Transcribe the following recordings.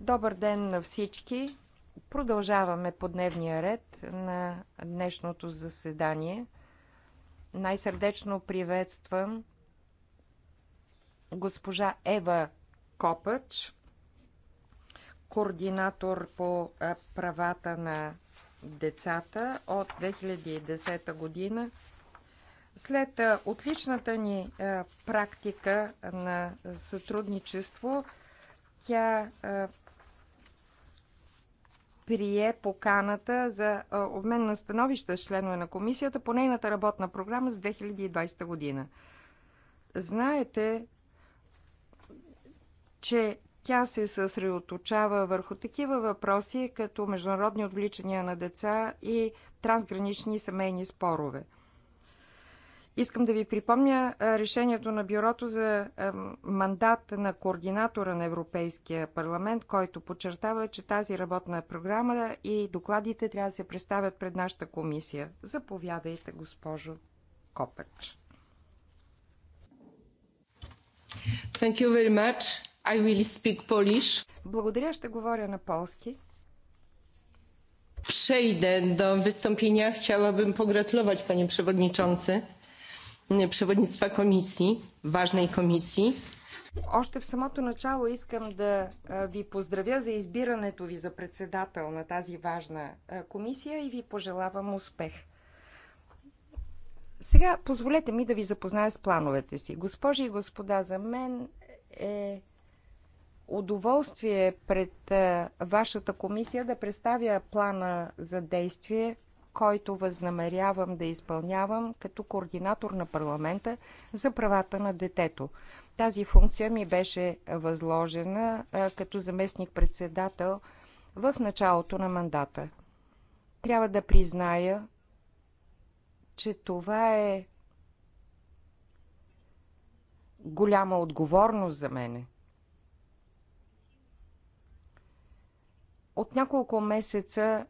Добър ден на всички. Продължаваме по дневния ред на днешното заседание. Най-сърдечно приветствам госпожа Ева Копач, координатор по правата на децата от 2010 година. След отличната ни практика на сътрудничество, тя прие поканата за обмен на становища с членове на комисията по нейната работна програма за 2020 година. Знаете, че тя се съсредоточава върху такива въпроси, като международни отвличания на деца и трансгранични семейни спорове – Искам да ви припомня решението на бюрото за мандат на координатора на Европейския парламент, който подчертава, че тази работна програма и докладите трябва да се представят пред нашата комисия. Заповядайте, госпожо Копач. Thank you very much. I will speak Polish. Благодаря, ще говоря на полски. Przejdę do wystąpienia. Chciałabym pogratulować, panie przewodniczący przewodnictwa komisji, ważnej комисии. Още в самото начало искам да ви поздравя за избирането ви за председател на тази важна комисия и ви пожелавам успех. Сега позволете ми да ви запозная с плановете си. Госпожи и господа, за мен е удоволствие пред вашата комисия да представя плана за действие който възнамерявам да изпълнявам като координатор на парламента за правата на детето. Тази функция ми беше възложена като заместник-председател в началото на мандата. Трябва да призная, че това е голяма отговорност за мене. От няколко месеца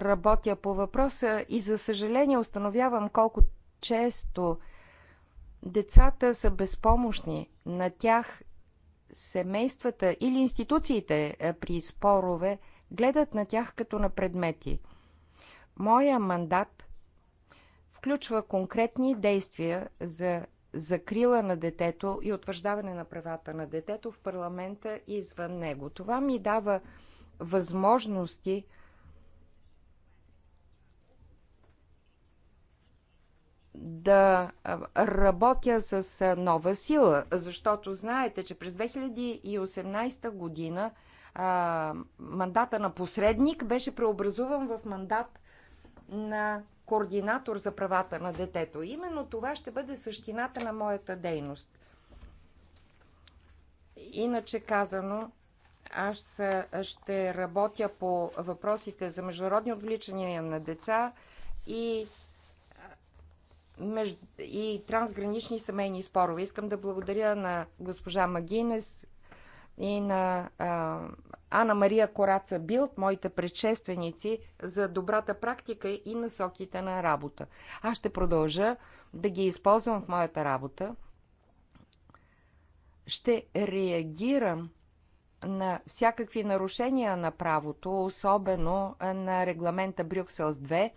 работя по въпроса и за съжаление установявам колко често децата са безпомощни. На тях семействата или институциите е, при спорове гледат на тях като на предмети. Моя мандат включва конкретни действия за закрила на детето и утвърждаване на правата на детето в парламента и извън него. Това ми дава възможности – да работя с нова сила, защото знаете, че през 2018 година а, мандата на посредник беше преобразуван в мандат на координатор за правата на детето. Именно това ще бъде същината на моята дейност. Иначе казано, аз ще работя по въпросите за международни отвличания на деца и и трансгранични семейни спорове. Искам да благодаря на госпожа Магинес и на а, Анна Мария Кораца Билт, моите предшественици, за добрата практика и насоките на работа. Аз ще продължа да ги използвам в моята работа. Ще реагирам на всякакви нарушения на правото, особено на регламента Брюксел 2,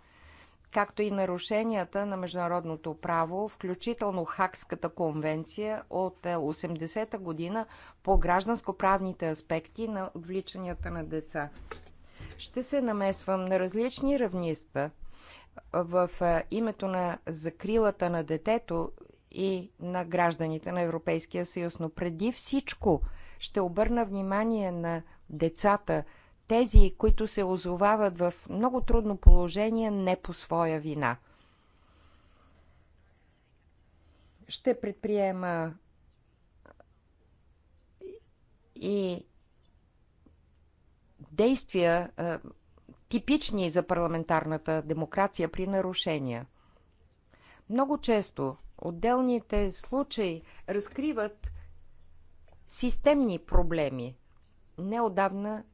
както и нарушенията на международното право, включително Хакската конвенция от 80-та е, година по гражданско-правните аспекти на отвличанията на деца. Ще се намесвам на различни равниста е, в е, името на закрилата на детето и на гражданите на Европейския съюз, но преди всичко ще обърна внимание на децата – тези, които се озовават в много трудно положение не по своя вина. Ще предприема и действия е, типични за парламентарната демокрация при нарушения. Много често отделните случаи разкриват системни проблеми. Неодавна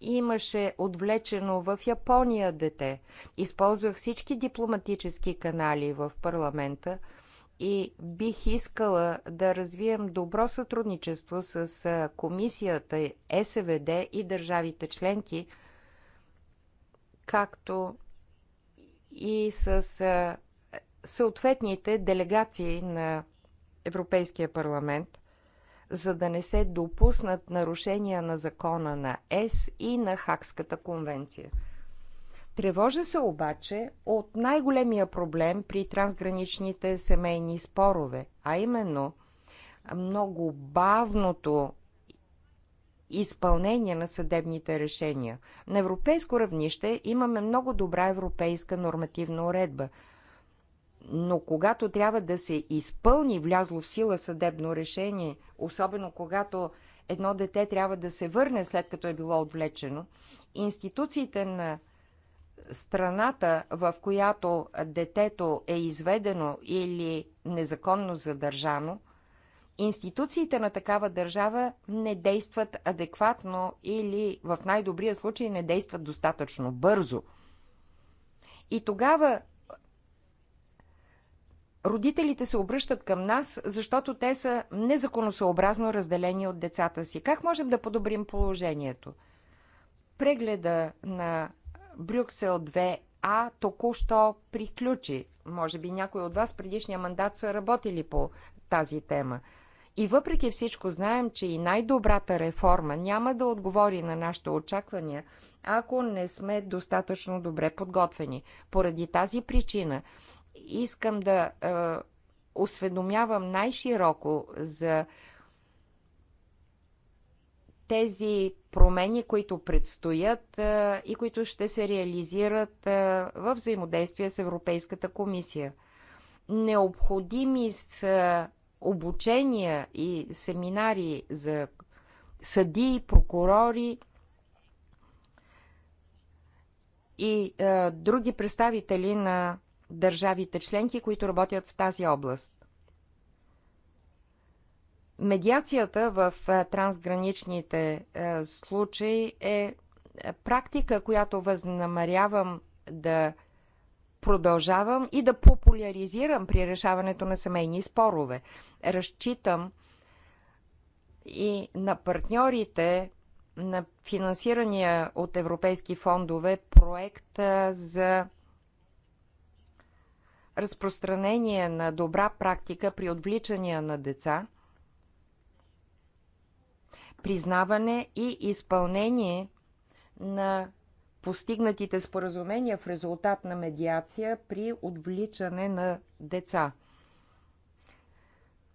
имаше отвлечено в Япония дете. Използвах всички дипломатически канали в парламента и бих искала да развием добро сътрудничество с комисията СВД и държавите членки, както и с съответните делегации на Европейския парламент – за да не се допуснат нарушения на закона на ЕС и на Хакската конвенция. Тревожа се обаче от най-големия проблем при трансграничните семейни спорове, а именно много бавното изпълнение на съдебните решения. На европейско равнище имаме много добра европейска нормативна уредба – но когато трябва да се изпълни влязло в сила съдебно решение, особено когато едно дете трябва да се върне след като е било отвлечено, институциите на страната, в която детето е изведено или незаконно задържано, институциите на такава държава не действат адекватно или в най-добрия случай не действат достатъчно бързо. И тогава родителите се обръщат към нас, защото те са незаконосъобразно разделени от децата си. Как можем да подобрим положението? Прегледа на Брюксел 2А току-що приключи. Може би някои от вас предишния мандат са работили по тази тема. И въпреки всичко знаем, че и най-добрата реформа няма да отговори на нашите очаквания, ако не сме достатъчно добре подготвени. Поради тази причина – Искам да е, осведомявам най-широко за тези промени, които предстоят е, и които ще се реализират е, в взаимодействие с Европейската комисия. Необходими са обучения и семинари за съдии, прокурори и е, други представители на държавите членки, които работят в тази област. Медиацията в трансграничните случаи е практика, която възнамерявам да продължавам и да популяризирам при решаването на семейни спорове. Разчитам и на партньорите на финансирания от европейски фондове проект за разпространение на добра практика при отвличания на деца, признаване и изпълнение на постигнатите споразумения в резултат на медиация при отвличане на деца.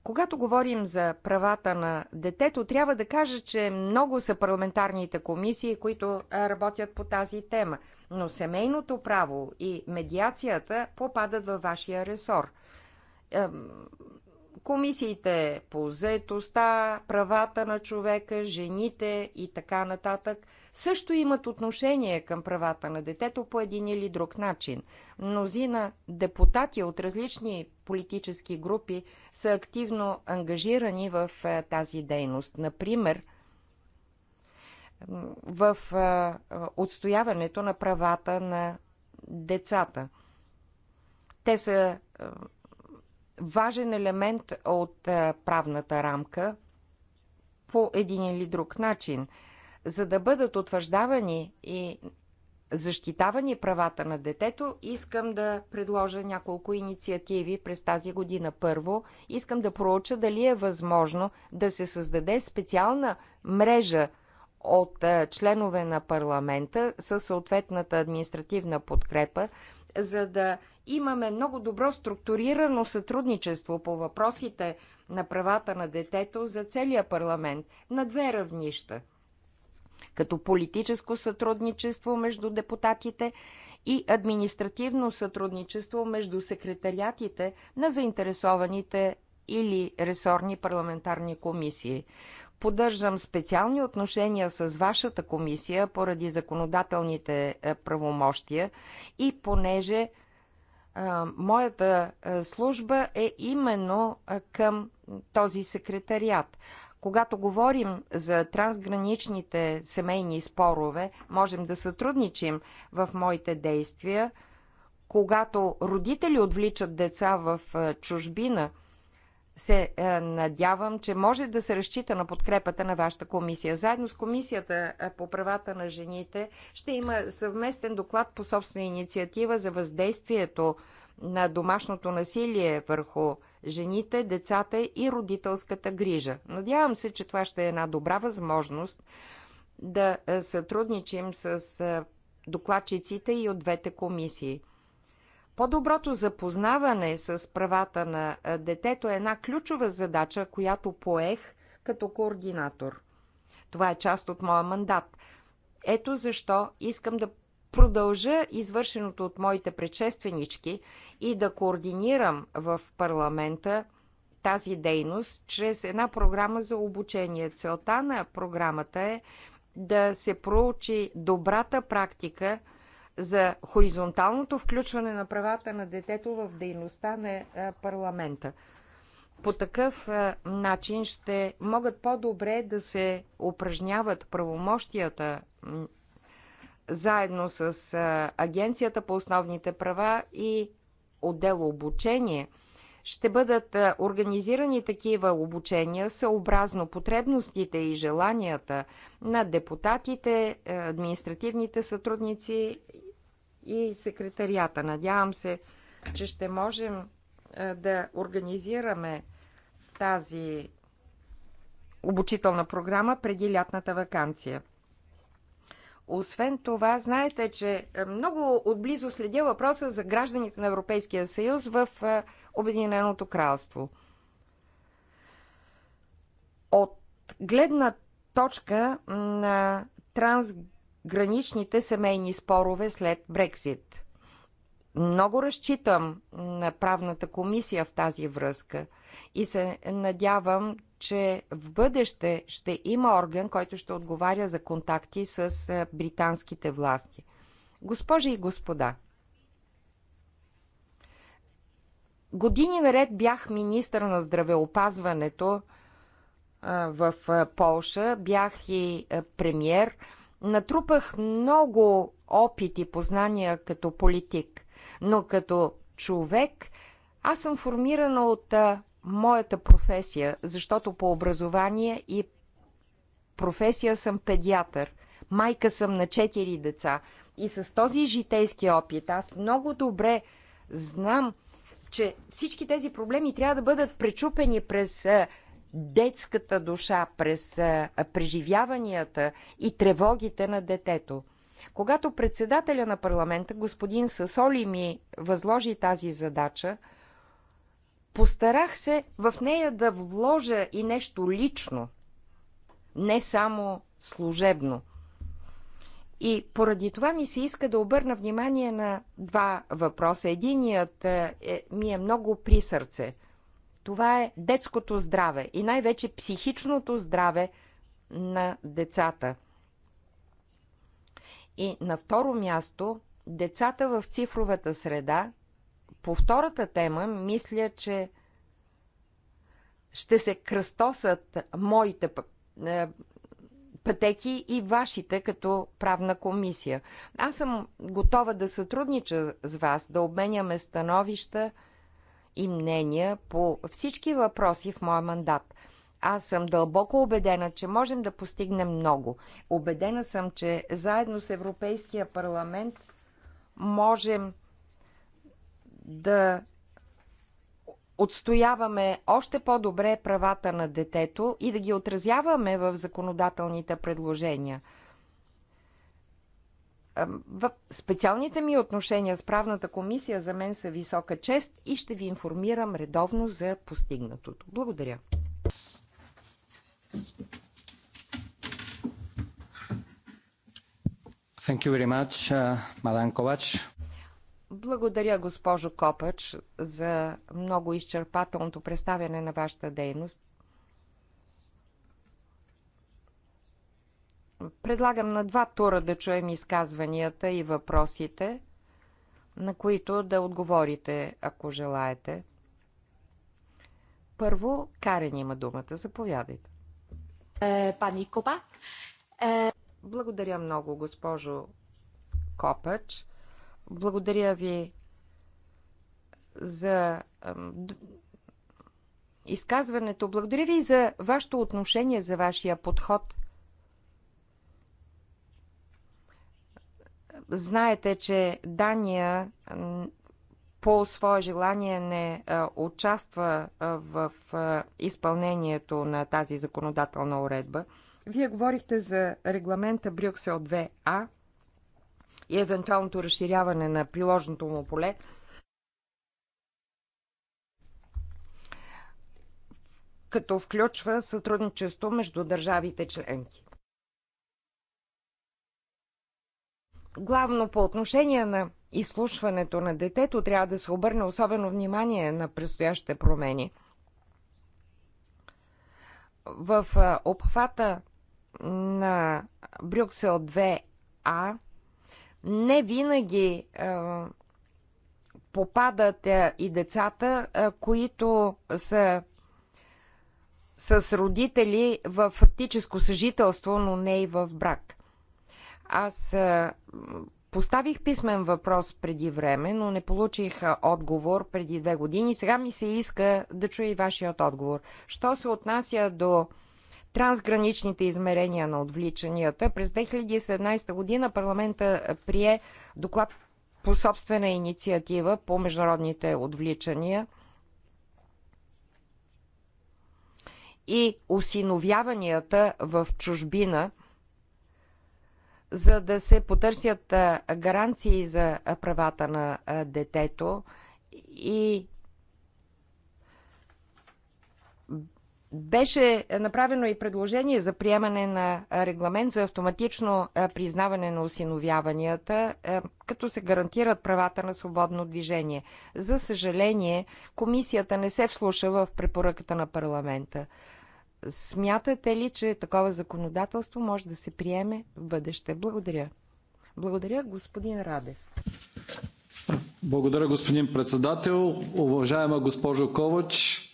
Когато говорим за правата на детето, трябва да кажа, че много са парламентарните комисии, които работят по тази тема – но семейното право и медиацията попадат във вашия ресор. Комисиите по заетостта, правата на човека, жените и така нататък също имат отношение към правата на детето по един или друг начин. Мнозина депутати от различни политически групи са активно ангажирани в е, тази дейност. Например, в отстояването на правата на децата. Те са важен елемент от правната рамка по един или друг начин. За да бъдат утвърждавани и защитавани правата на детето, искам да предложа няколко инициативи през тази година. Първо, искам да проуча дали е възможно да се създаде специална мрежа от е, членове на парламента със съответната административна подкрепа, за да имаме много добро структурирано сътрудничество по въпросите на правата на детето за целия парламент на две равнища като политическо сътрудничество между депутатите и административно сътрудничество между секретариатите на заинтересованите или ресорни парламентарни комисии. Поддържам специални отношения с вашата комисия поради законодателните е, правомощия и понеже е, моята е, служба е именно към този секретариат. Когато говорим за трансграничните семейни спорове, можем да сътрудничим в моите действия. Когато родители отвличат деца в чужбина – се е, надявам, че може да се разчита на подкрепата на вашата комисия. Заедно с комисията е, по правата на жените ще има съвместен доклад по собствена инициатива за въздействието на домашното насилие върху жените, децата и родителската грижа. Надявам се, че това ще е една добра възможност да е, сътрудничим с докладчиците и от двете комисии. По-доброто запознаване с правата на детето е една ключова задача, която поех като координатор. Това е част от моя мандат. Ето защо искам да продължа извършеното от моите предшественички и да координирам в парламента тази дейност чрез една програма за обучение. Целта на програмата е да се проучи добрата практика – за хоризонталното включване на правата на детето в дейността на парламента. По такъв начин ще могат по-добре да се упражняват правомощията заедно с Агенцията по основните права и отдел обучение. Ще бъдат организирани такива обучения съобразно потребностите и желанията на депутатите, административните сътрудници и секретарията. Надявам се, че ще можем да организираме тази обучителна програма преди лятната вакансия. Освен това, знаете, че много отблизо следя въпроса за гражданите на Европейския съюз в Обединеното кралство. От гледна точка на трансграничната граничните семейни спорове след Брексит. Много разчитам на правната комисия в тази връзка и се надявам, че в бъдеще ще има орган, който ще отговаря за контакти с британските власти. Госпожи и господа, години наред бях министър на здравеопазването в Полша, бях и премьер – Натрупах много опит и познания като политик, но като човек аз съм формирана от а, моята професия, защото по образование и професия съм педиатър. Майка съм на четири деца. И с този житейски опит аз много добре знам, че всички тези проблеми трябва да бъдат пречупени през детската душа, през преживяванията и тревогите на детето. Когато председателя на парламента, господин Сасоли, ми възложи тази задача, постарах се в нея да вложа и нещо лично, не само служебно. И поради това ми се иска да обърна внимание на два въпроса. Единият е, ми е много при сърце – това е детското здраве и най-вече психичното здраве на децата. И на второ място, децата в цифровата среда. По втората тема, мисля, че ще се кръстосат моите е, пътеки и вашите като правна комисия. Аз съм готова да сътруднича с вас, да обменяме становища и мнения по всички въпроси в моя мандат. Аз съм дълбоко убедена, че можем да постигнем много. Убедена съм, че заедно с Европейския парламент можем да отстояваме още по-добре правата на детето и да ги отразяваме в законодателните предложения – в специалните ми отношения с правната комисия за мен са висока чест и ще ви информирам редовно за постигнатото. Благодаря. Thank you very much, uh, Благодаря, госпожо Копач, за много изчерпателното представяне на вашата дейност. Предлагам на два тура да чуем изказванията и въпросите, на които да отговорите, ако желаете. Първо, Карен има думата. Заповядайте. Е, пани Копа. Е, Благодаря много, госпожо Копач. Благодаря ви за изказването. Благодаря ви за вашето отношение, за вашия подход. Знаете, че Дания по свое желание не участва в изпълнението на тази законодателна уредба. Вие говорихте за регламента Брюксел 2А и евентуалното разширяване на приложното му поле. като включва сътрудничество между държавите членки. Главно по отношение на изслушването на детето трябва да се обърне особено внимание на предстоящите промени. В обхвата на Брюксел 2А не винаги е, попадат е, и децата, е, които са с родители в фактическо съжителство, но не и в брак. Аз е, Поставих писмен въпрос преди време, но не получих е, отговор преди две години. Сега ми се иска да чуя и вашият отговор. Що се отнася до трансграничните измерения на отвличанията, през 2017 година парламента е, прие доклад по собствена инициатива по международните отвличания и осиновяванията в чужбина – за да се потърсят гаранции за правата на детето и беше направено и предложение за приемане на регламент за автоматично признаване на осиновяванията, като се гарантират правата на свободно движение. За съжаление, комисията не се вслуша в препоръката на парламента смятате ли, че такова законодателство може да се приеме в бъдеще? Благодаря. Благодаря, господин Радев. Благодаря, господин председател. Уважаема госпожо Ковач,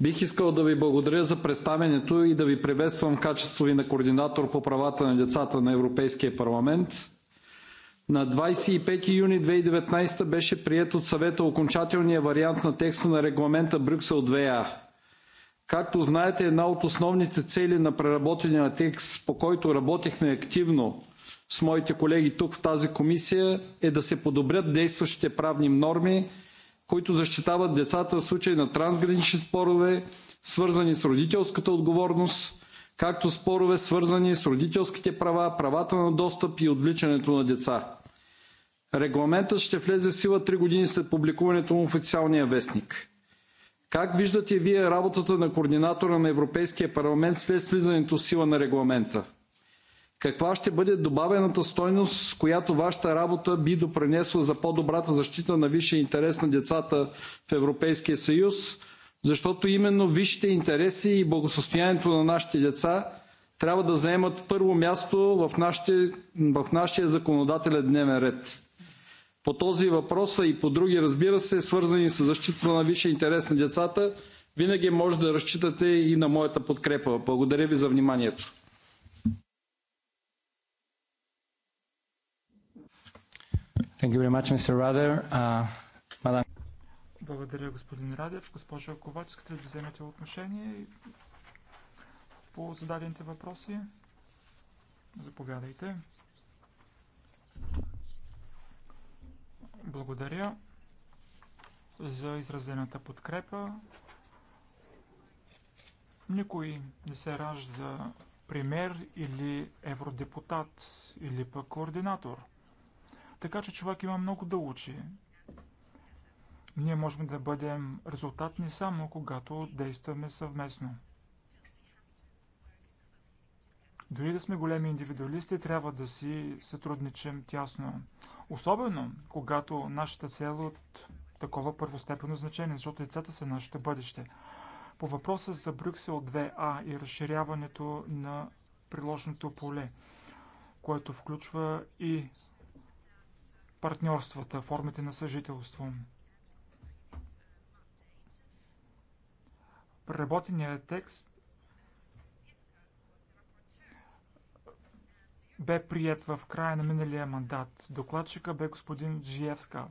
бих искал да ви благодаря за представенето и да ви приветствам в ви на координатор по правата на децата на Европейския парламент. На 25 юни 2019 беше прият от съвета окончателния вариант на текста на регламента Брюксел 2А. Както знаете, една от основните цели на преработения текст, по който работихме активно с моите колеги тук в тази комисия, е да се подобрят действащите правни норми, които защитават децата в случай на трансгранични спорове, свързани с родителската отговорност, както спорове, свързани с родителските права, правата на достъп и отвличането на деца. Регламентът ще влезе в сила 3 години след публикуването му в официалния вестник. Как виждате Вие работата на координатора на Европейския парламент след влизането в сила на регламента? Каква ще бъде добавената стойност, с която вашата работа би допринесла за по-добрата защита на висшия интерес на децата в Европейския съюз? Защото именно висшите интереси и благосостоянието на нашите деца трябва да заемат първо място в, нашите, в нашия законодателен дневен ред по този въпрос, и по други, разбира се, свързани с защита на висшия интерес на децата, винаги може да разчитате и на моята подкрепа. Благодаря ви за вниманието. Thank you very much, Mr. Uh, Благодаря, господин Радев. Госпожо Ковач, искате ли да вземете отношение по зададените въпроси? Заповядайте. Благодаря за изразената подкрепа. Никой не се ражда премьер или евродепутат или пък координатор. Така че човек има много да учи. Ние можем да бъдем резултатни само когато действаме съвместно. Дори да сме големи индивидуалисти, трябва да си сътрудничим тясно. Особено когато нашата цел е от такова първостепенно значение, защото децата са нашето бъдеще. По въпроса за Брюксел 2А и разширяването на приложното поле, което включва и партньорствата, формите на съжителство. Преработеният текст бе прият в края на миналия мандат. Докладчика бе господин Джиевска.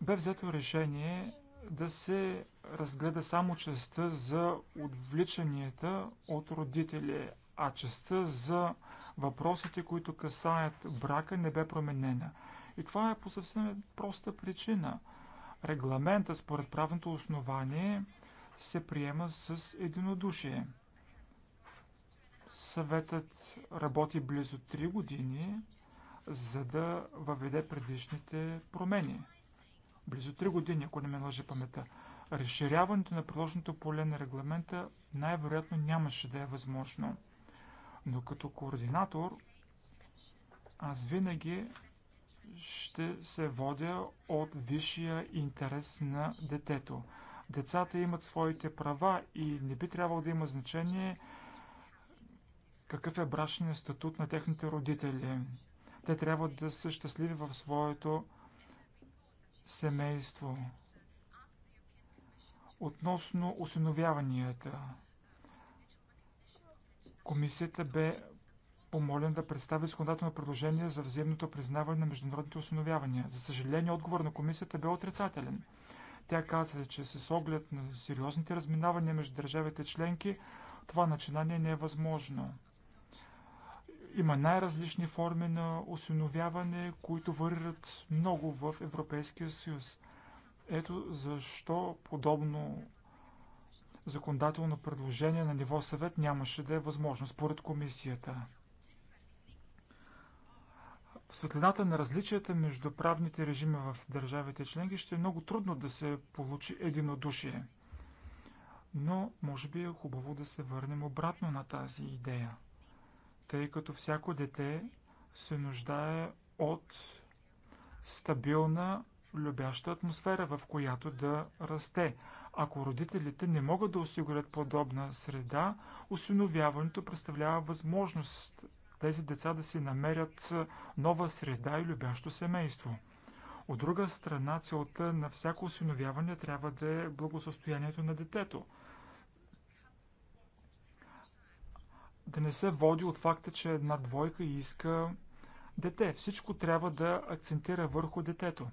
Бе взето решение да се разгледа само частта за отвличанията от родители, а частта за въпросите, които касаят брака, не бе променена. И това е по съвсем проста причина. Регламента според правното основание се приема с единодушие – Съветът работи близо 3 години, за да въведе предишните промени. Близо 3 години, ако не ме лъжи паметта. Разширяването на приложното поле на регламента най-вероятно нямаше да е възможно. Но като координатор, аз винаги ще се водя от висшия интерес на детето. Децата имат своите права и не би трябвало да има значение какъв е брачният статут на техните родители. Те трябва да са щастливи в своето семейство. Относно осиновяванията, комисията бе помолен да представи законодателно предложение за взаимното признаване на международните осиновявания. За съжаление, отговор на комисията бе отрицателен. Тя каза, че с оглед на сериозните разминавания между държавите членки, това начинание не е възможно. Има най-различни форми на осиновяване, които варират много в Европейския съюз. Ето защо подобно законодателно предложение на ниво съвет нямаше да е възможно според комисията. В светлината на различията между правните режими в държавите членки ще е много трудно да се получи единодушие. Но може би е хубаво да се върнем обратно на тази идея тъй като всяко дете се нуждае от стабилна, любяща атмосфера, в която да расте. Ако родителите не могат да осигурят подобна среда, осиновяването представлява възможност тези деца да си намерят нова среда и любящо семейство. От друга страна, целта на всяко осиновяване трябва да е благосостоянието на детето – да не се води от факта, че една двойка иска дете. Всичко трябва да акцентира върху детето.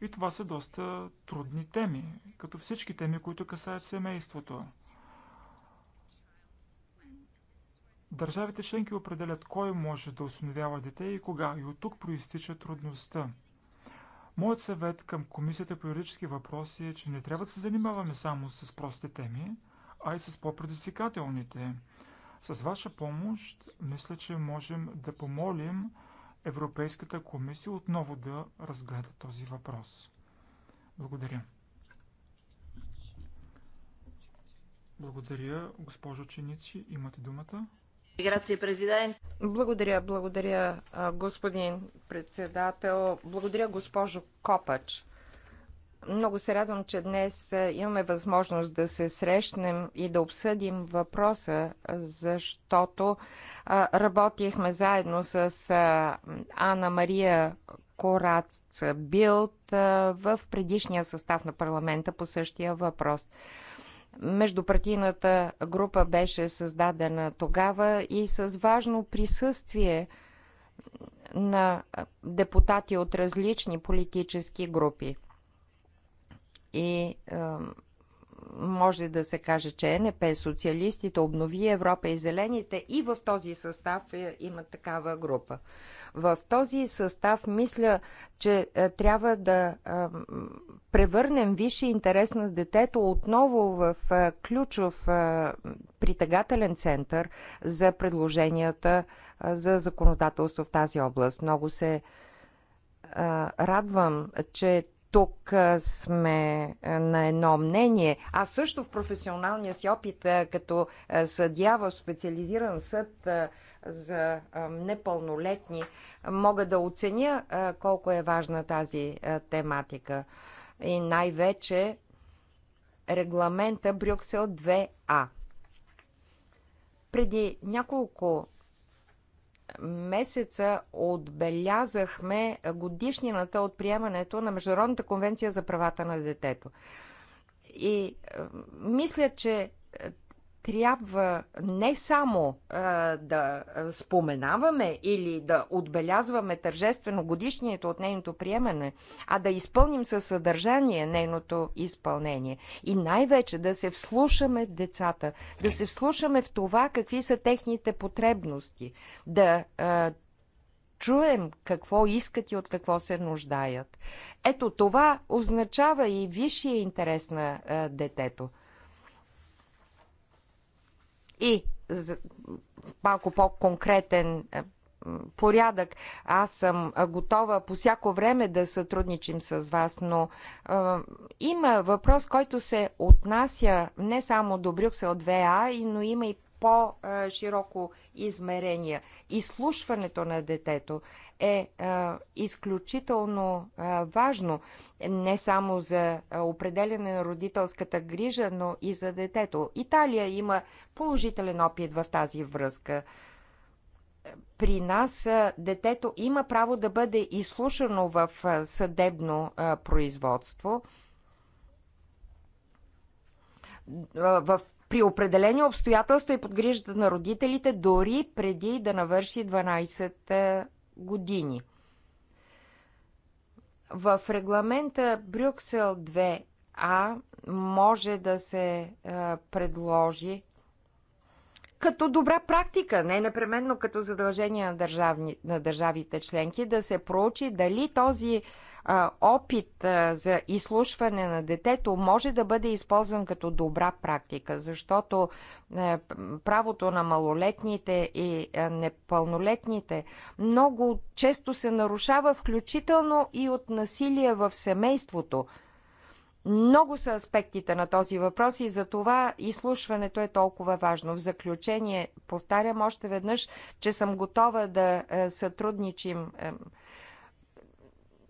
И това са доста трудни теми, като всички теми, които касаят семейството. Държавите членки определят кой може да осиновява дете и кога, и от тук проистича трудността – Моят съвет към Комисията по юридически въпроси е, че не трябва да се занимаваме само с простите теми, а и с по-предизвикателните. С ваша помощ, мисля, че можем да помолим Европейската комисия отново да разгледа този въпрос. Благодаря. Благодаря, госпожо ученици. Имате думата. Благодаря, благодаря, господин председател. Благодаря, госпожо Копач. Много се радвам, че днес имаме възможност да се срещнем и да обсъдим въпроса, защото работихме заедно с Анна Мария Корац Билт в предишния състав на парламента по същия въпрос. Междупартийната група беше създадена тогава и с важно присъствие на депутати от различни политически групи. И може да се каже, че НП, социалистите, обнови Европа и зелените и в този състав е, има такава група. В този състав мисля, че е, трябва да е, превърнем висши интерес на детето отново в ключов притегателен център за предложенията за законодателство в тази област. Много се радвам, че тук сме на едно мнение. Аз също в професионалния си опит като съдя в специализиран съд за непълнолетни мога да оценя колко е важна тази тематика. И най-вече регламента Брюксел 2А. Преди няколко месеца отбелязахме годишнината от приемането на Международната конвенция за правата на детето. И е, мисля, че трябва не само а, да споменаваме или да отбелязваме тържествено годишнието от нейното приемане, а да изпълним със съдържание нейното изпълнение. И най-вече да се вслушаме в децата, да се вслушаме в това какви са техните потребности, да а, чуем какво искат и от какво се нуждаят. Ето това означава и висшия интерес на а, детето – и за малко по-конкретен е, порядък. Аз съм готова по всяко време да сътрудничим с вас, но е, има въпрос, който се отнася не само до Брюксел 2А, но има и по-широко измерение. Изслушването на детето е изключително важно не само за определяне на родителската грижа, но и за детето. Италия има положителен опит в тази връзка. При нас детето има право да бъде изслушано в съдебно производство в при определени обстоятелства и под грижата на родителите дори преди да навърши 12 е, години. В регламента Брюксел 2А може да се е, предложи като добра практика, не непременно като задължение на, държавни, на държавите членки, да се проучи дали този опит за изслушване на детето може да бъде използван като добра практика, защото е, правото на малолетните и е, непълнолетните много често се нарушава, включително и от насилие в семейството. Много са аспектите на този въпрос и за това изслушването е толкова важно. В заключение повтарям още веднъж, че съм готова да е, сътрудничим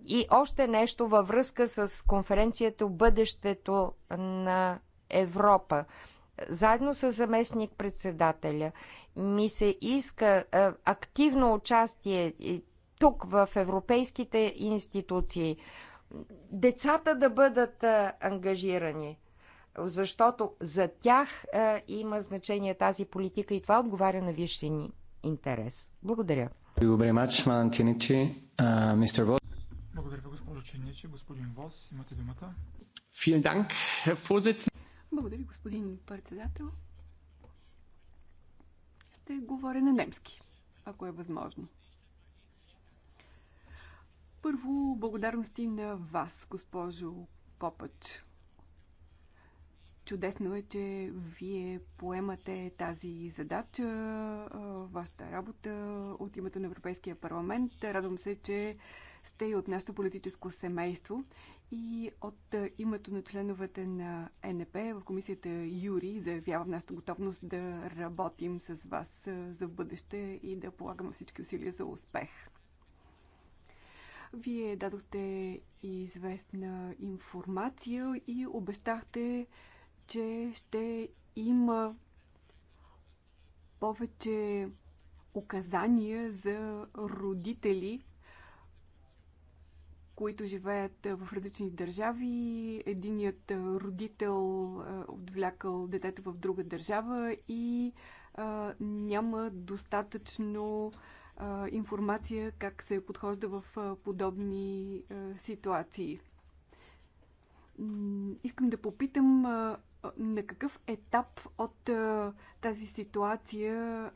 и още нещо във връзка с конференцията Бъдещето на Европа. Заедно с заместник-председателя ми се иска активно участие тук в европейските институции. Децата да бъдат ангажирани защото за тях а, има значение тази политика и това отговаря на висшия ни интерес. Благодаря. Благодаря ви, госпожо Ченичи. Господин Вос, имате думата. Благодаря ви, господин председател. Ще говоря на немски, ако е възможно. Първо, благодарности на вас, госпожо Копач. Чудесно е, че вие поемате тази задача, вашата работа от името на Европейския парламент. Радвам се, че сте и от нашето политическо семейство и от името на членовете на НП в комисията Юри заявявам нашата готовност да работим с вас за бъдеще и да полагаме всички усилия за успех. Вие дадохте известна информация и обещахте, че ще има повече указания за родители които живеят в различни държави. Единият родител отвлякал детето в друга държава и няма достатъчно информация как се подхожда в подобни ситуации. Искам да попитам на какъв етап от тази ситуация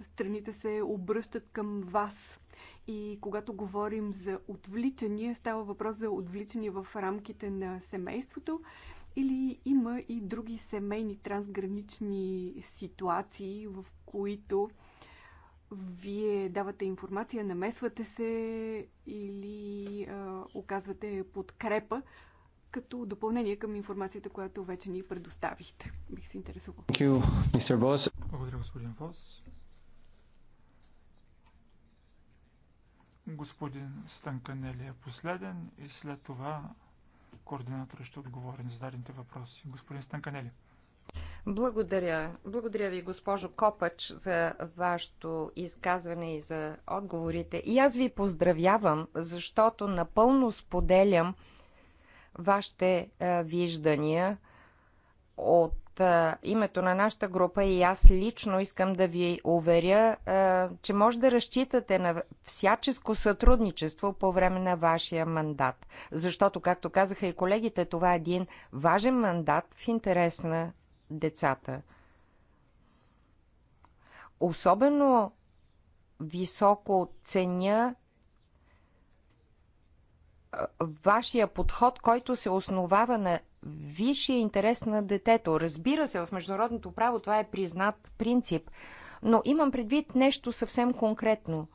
страните се обръщат към вас? И когато говорим за отвличания, става въпрос за отвличания в рамките на семейството или има и други семейни трансгранични ситуации, в които вие давате информация, намесвате се или а, оказвате подкрепа като допълнение към информацията, която вече ни предоставихте. Бих се интересувал. Благодаря, господин Фос. Господин Станканели е последен и след това координатор ще отговори на зададените въпроси. Господин Станканели. Благодаря. Благодаря ви, госпожо Копач, за вашето изказване и за отговорите. И аз ви поздравявам, защото напълно споделям вашите е, виждания от името на нашата група и аз лично искам да ви уверя, че може да разчитате на всяческо сътрудничество по време на вашия мандат. Защото, както казаха и колегите, това е един важен мандат в интерес на децата. Особено високо ценя вашия подход, който се основава на висшия е интерес на детето. Разбира се, в международното право това е признат принцип, но имам предвид нещо съвсем конкретно.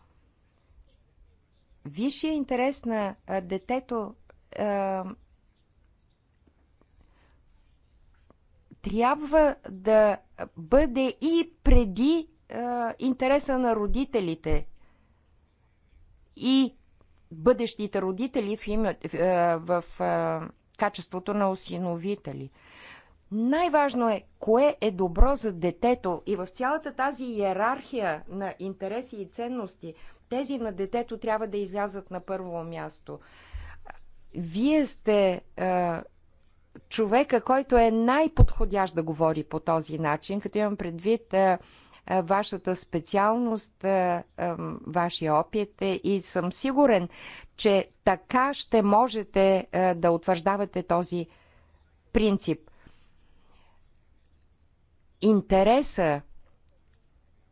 Висшия е интерес на детето е, трябва да бъде и преди е, интереса на родителите и бъдещите родители в, име, в, в, в качеството на осиновители. Най-важно е кое е добро за детето и в цялата тази иерархия на интереси и ценности, тези на детето трябва да излязат на първо място. Вие сте е, човека, който е най-подходящ да говори по този начин, като имам предвид е, вашата специалност, вашия опит е и съм сигурен, че така ще можете да утвърждавате този принцип. Интереса,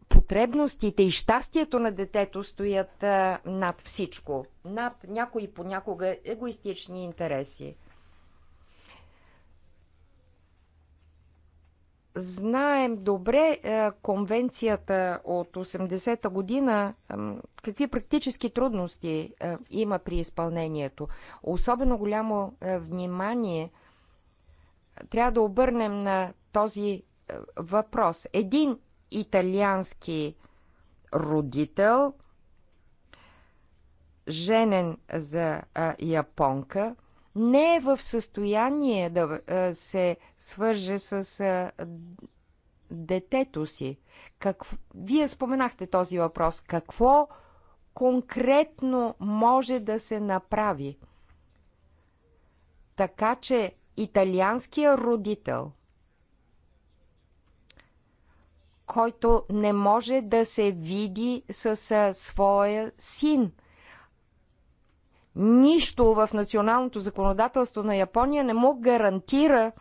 потребностите и щастието на детето стоят над всичко, над някои понякога егоистични интереси. знаем добре е, конвенцията от 80-та година, какви практически трудности е, има при изпълнението. Особено голямо е, внимание трябва да обърнем на този въпрос. Един италиански родител, женен за японка, не е в състояние да се свърже с детето си. Как... Вие споменахте този въпрос. Какво конкретно може да се направи? Така че италианския родител, който не може да се види с своя син – Нищо в националното законодателство на Япония не му гарантира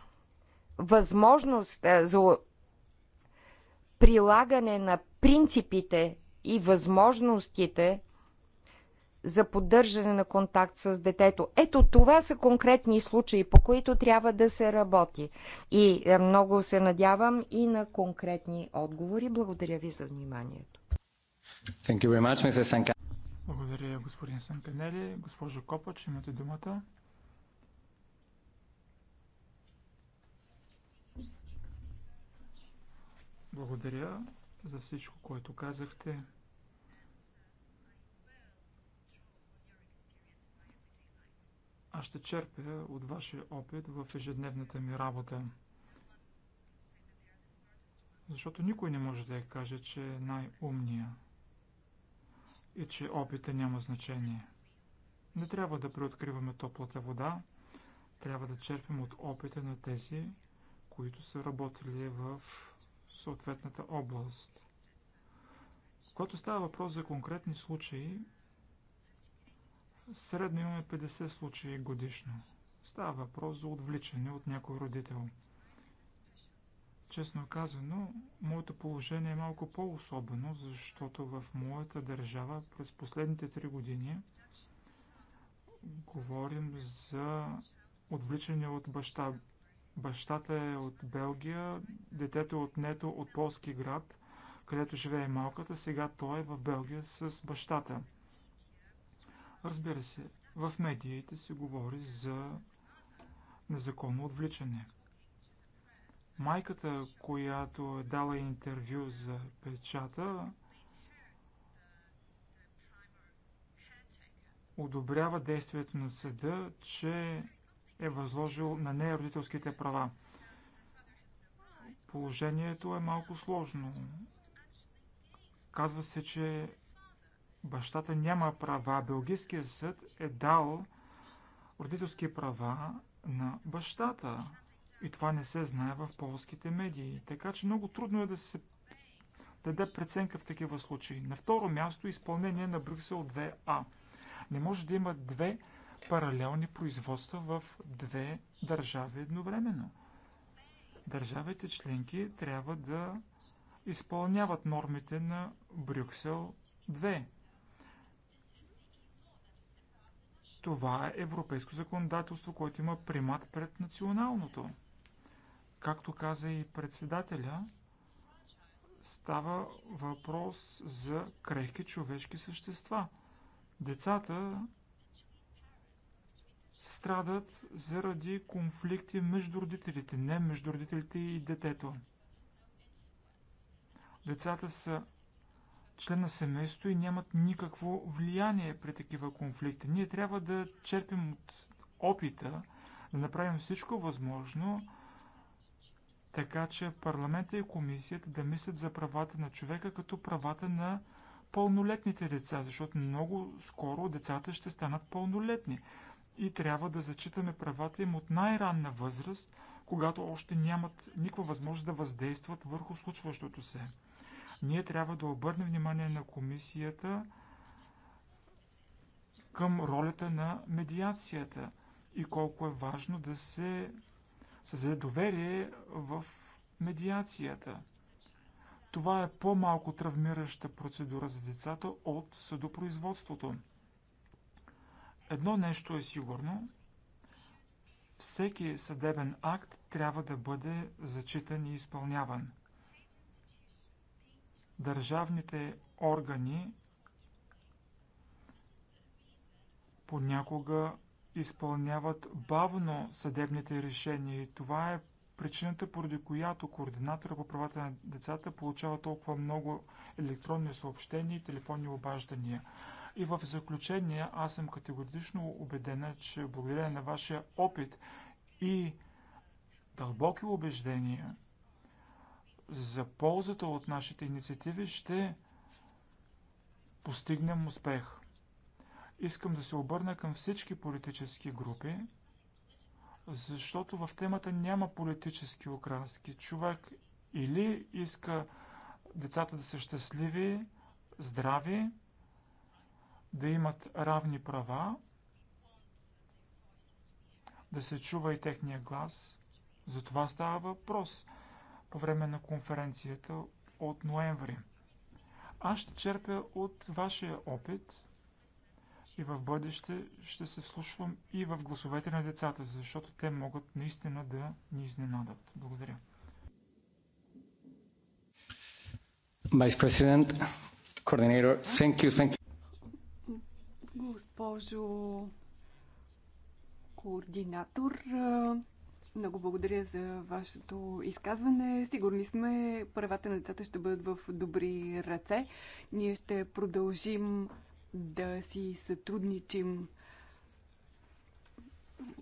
възможност е, за прилагане на принципите и възможностите за поддържане на контакт с детето. Ето това са конкретни случаи, по които трябва да се работи. И е, много се надявам и на конкретни отговори. Благодаря ви за вниманието. Thank you very much, Mrs. Благодаря, господин Санканели. Госпожо Копач, имате думата. Благодаря за всичко, което казахте. Аз ще черпя от вашия опит в ежедневната ми работа. Защото никой не може да я каже, че е най-умния и че опита няма значение. Не трябва да преоткриваме топлата вода, трябва да черпим от опита на тези, които са работили в съответната област. Когато става въпрос за конкретни случаи, средно имаме 50 случаи годишно. Става въпрос за отвличане от някой родител – Честно казано, моето положение е малко по-особено, защото в моята държава през последните три години говорим за отвличане от баща. Бащата е от Белгия, детето е отнето от полски град, където живее малката, сега той е в Белгия с бащата. Разбира се, в медиите се говори за незаконно отвличане – Майката, която е дала интервю за печата, одобрява действието на съда, че е възложил на нея родителските права. Положението е малко сложно. Казва се, че бащата няма права. Белгийският съд е дал родителски права на бащата. И това не се знае в полските медии. Така че много трудно е да се даде преценка в такива случаи. На второ място изпълнение на Брюксел 2А. Не може да има две паралелни производства в две държави едновременно. Държавите членки трябва да изпълняват нормите на Брюксел 2. Това е европейско законодателство, което има примат пред националното. Както каза и председателя, става въпрос за крехки човешки същества. Децата страдат заради конфликти между родителите, не между родителите и детето. Децата са член на семейство и нямат никакво влияние при такива конфликти. Ние трябва да черпим от опита, да направим всичко възможно, така че парламента и комисията да мислят за правата на човека като правата на пълнолетните деца, защото много скоро децата ще станат пълнолетни и трябва да зачитаме правата им от най-ранна възраст, когато още нямат никаква възможност да въздействат върху случващото се. Ние трябва да обърнем внимание на комисията към ролята на медиацията и колко е важно да се създаде доверие в медиацията. Това е по-малко травмираща процедура за децата от съдопроизводството. Едно нещо е сигурно. Всеки съдебен акт трябва да бъде зачитан и изпълняван. Държавните органи понякога изпълняват бавно съдебните решения и това е причината, поради която координатора по правата на децата получава толкова много електронни съобщения и телефонни обаждания. И в заключение, аз съм категорично убедена, че благодарение на вашия опит и дълбоки убеждения за ползата от нашите инициативи ще постигнем успех. Искам да се обърна към всички политически групи, защото в темата няма политически окраски. Човек или иска децата да са щастливи, здрави, да имат равни права, да се чува и техния глас. За това става въпрос по време на конференцията от ноември. Аз ще черпя от вашия опит и в бъдеще ще се вслушвам и в гласовете на децата, защото те могат наистина да ни изненадат. Благодаря. Vice President, Coordinator, thank you, thank you. Госпожо координатор, много благодаря за вашето изказване. Сигурни сме, правата на децата ще бъдат в добри ръце. Ние ще продължим да си сътрудничим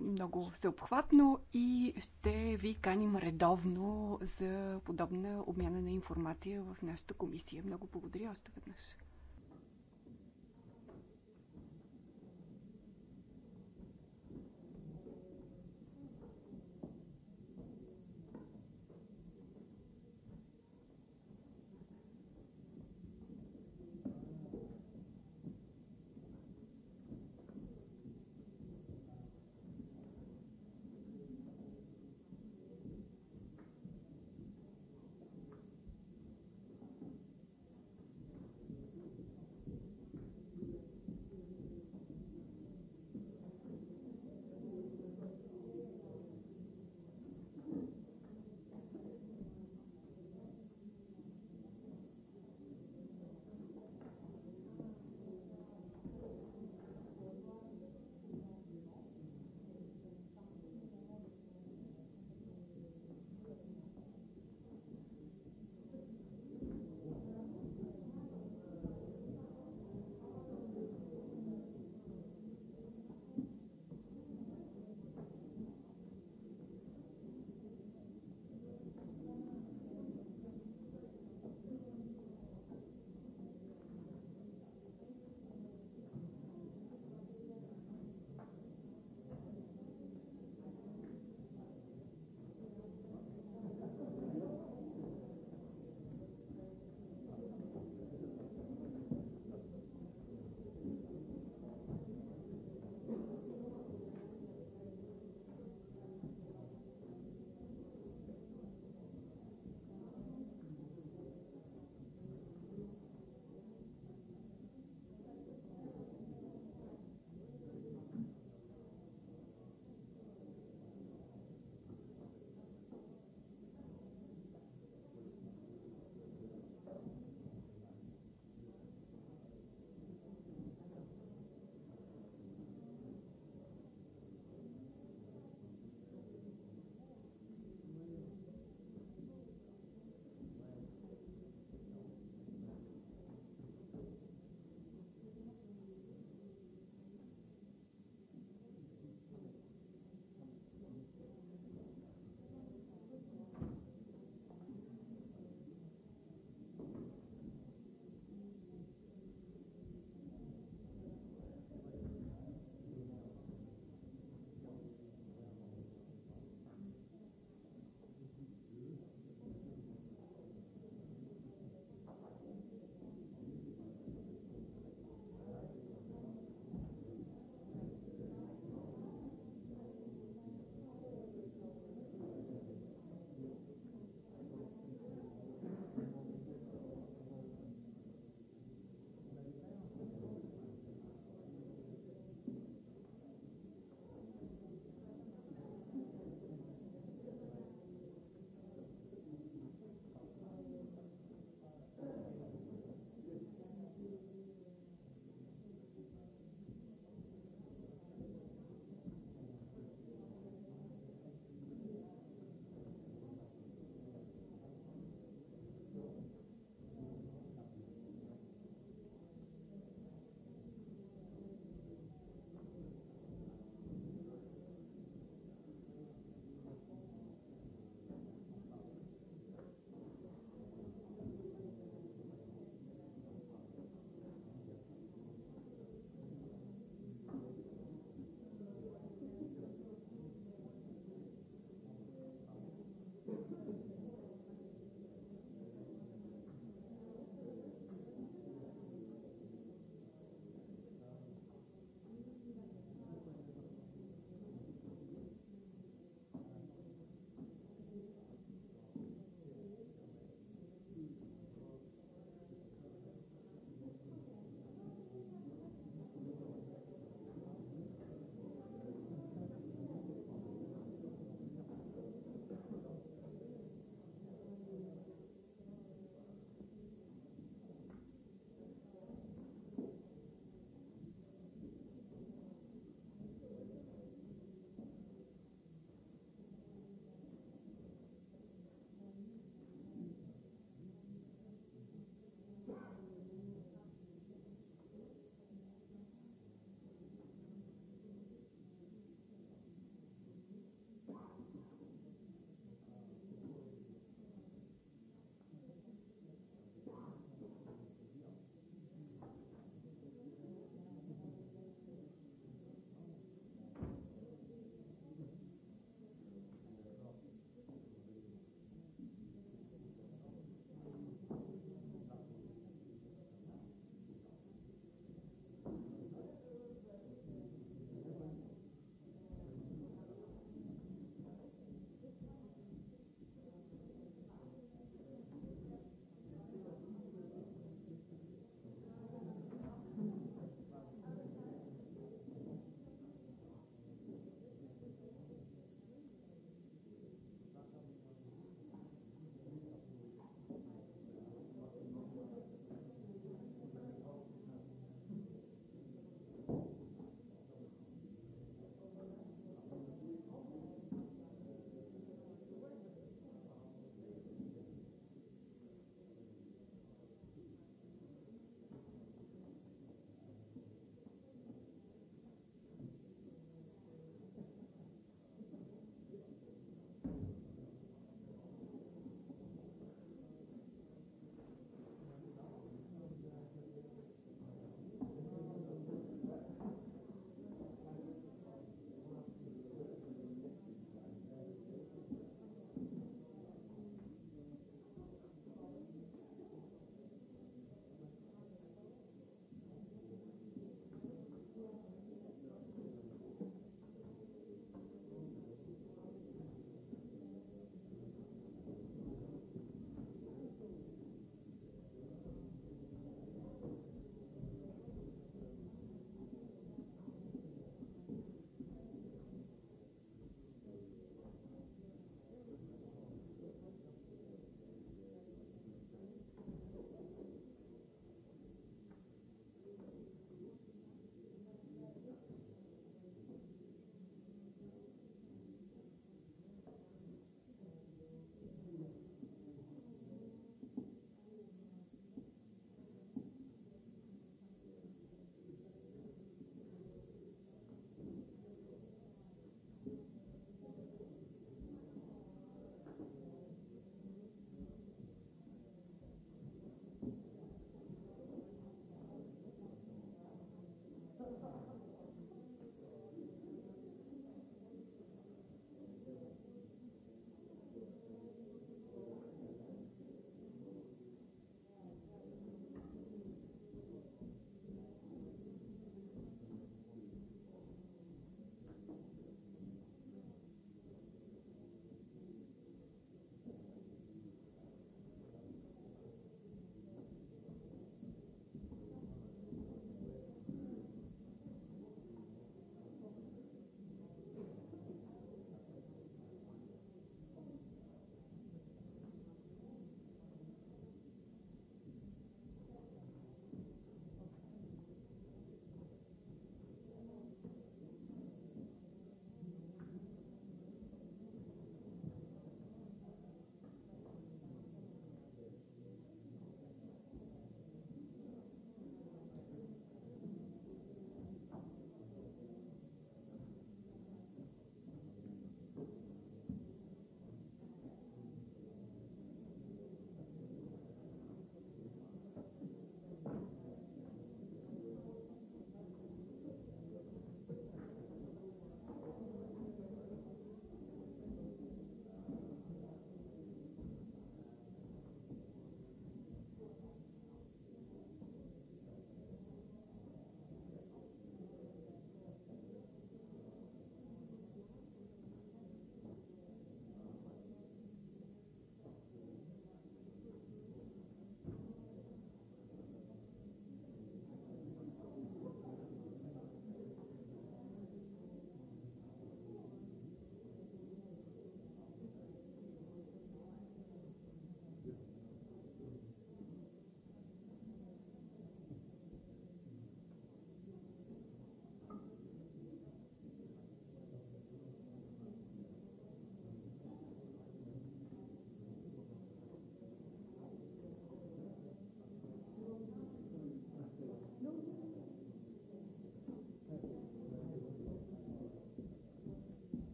много всеобхватно и ще ви каним редовно за подобна обмяна на информация в нашата комисия. Много благодаря още веднъж.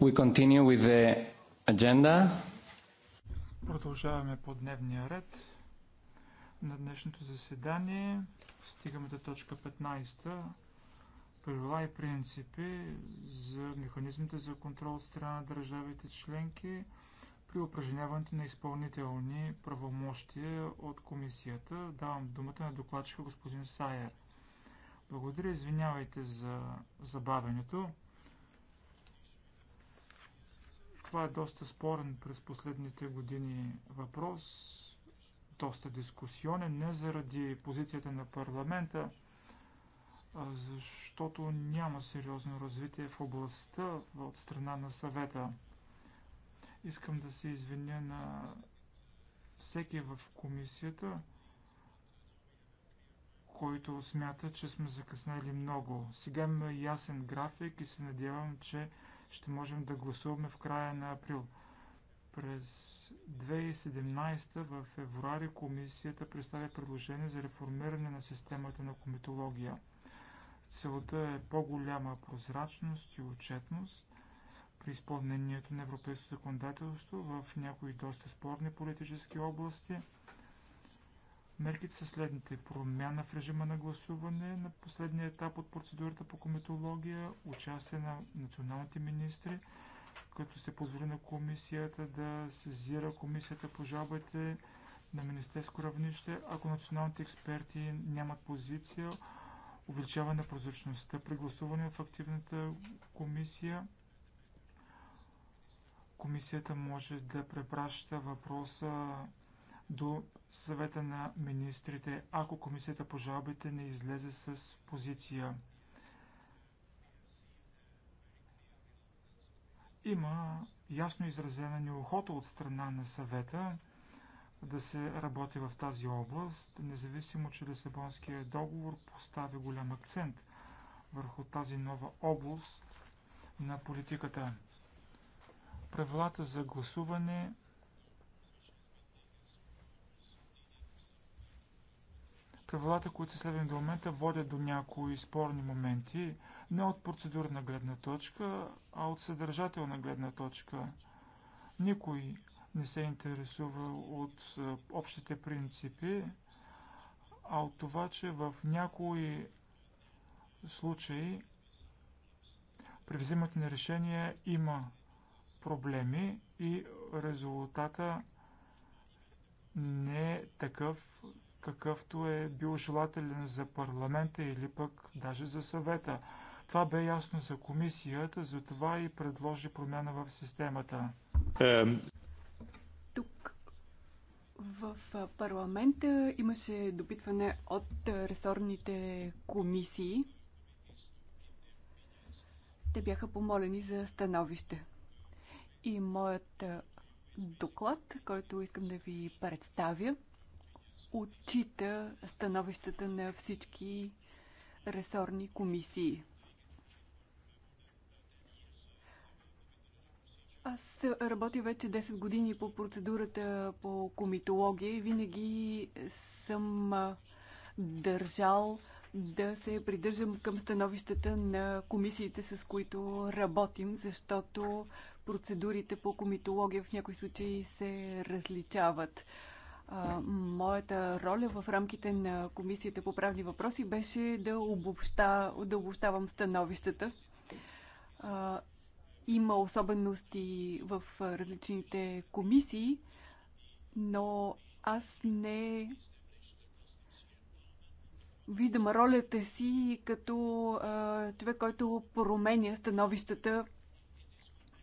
We continue with the agenda. Продължаваме по дневния ред на днешното заседание. Стигаме до точка 15. Правила и принципи за механизмите за контрол от страна на държавите членки при упражняването на изпълнителни правомощия от комисията. Давам думата на докладчика господин Сайер. Благодаря, извинявайте за забавенето. Това е доста спорен през последните години въпрос, доста дискусионен, не заради позицията на парламента, а защото няма сериозно развитие в областта от страна на съвета. Искам да се извиня на всеки в комисията, който смята, че сме закъснели много. Сега има ясен график и се надявам, че ще можем да гласуваме в края на април. През 2017 в февруари комисията представя предложение за реформиране на системата на комитология. Целта е по-голяма прозрачност и отчетност при изпълнението на европейското законодателство в някои доста спорни политически области – Мерките са следните. Промяна в режима на гласуване на последния етап от процедурата по кометология, участие на националните министри, като се позволи на комисията да сезира комисията по жалбите на министерско равнище, ако националните експерти нямат позиция, увеличаване на прозрачността при гласуване в активната комисия. Комисията може да препраща въпроса до съвета на министрите, ако комисията по жалбите не излезе с позиция. Има ясно изразена неохота от страна на съвета да се работи в тази област, независимо, че Лисабонския договор постави голям акцент върху тази нова област на политиката. Правилата за гласуване Правилата, които са следвани до момента, водят до някои спорни моменти, не от процедурна гледна точка, а от съдържателна гледна точка. Никой не се интересува от общите принципи, а от това, че в някои случаи при взимането на решения има проблеми и резултата не е такъв, какъвто е бил желателен за парламента или пък даже за съвета. Това бе ясно за комисията, затова и предложи промяна в системата. Тук в парламента имаше допитване от ресорните комисии. Те бяха помолени за становище. И моят доклад, който искам да ви представя, отчита становищата на всички ресорни комисии. Аз работя вече 10 години по процедурата по комитология и винаги съм държал да се придържам към становищата на комисиите, с които работим, защото процедурите по комитология в някои случаи се различават моята роля в рамките на Комисията по правни въпроси беше да, обобща, да обобщавам становищата. А, има особености в различните комисии, но аз не виждам ролята си като а, човек, който променя становищата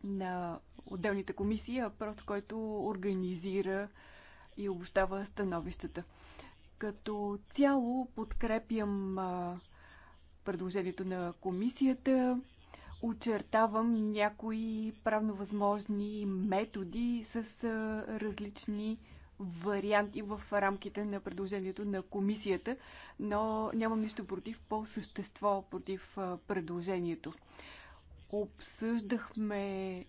на отделните комисии, а просто който организира а, и обощава становищата. Като цяло подкрепям предложението на комисията, очертавам някои правно възможни методи с различни варианти в рамките на предложението на комисията, но нямам нищо против по същество против предложението. Обсъждахме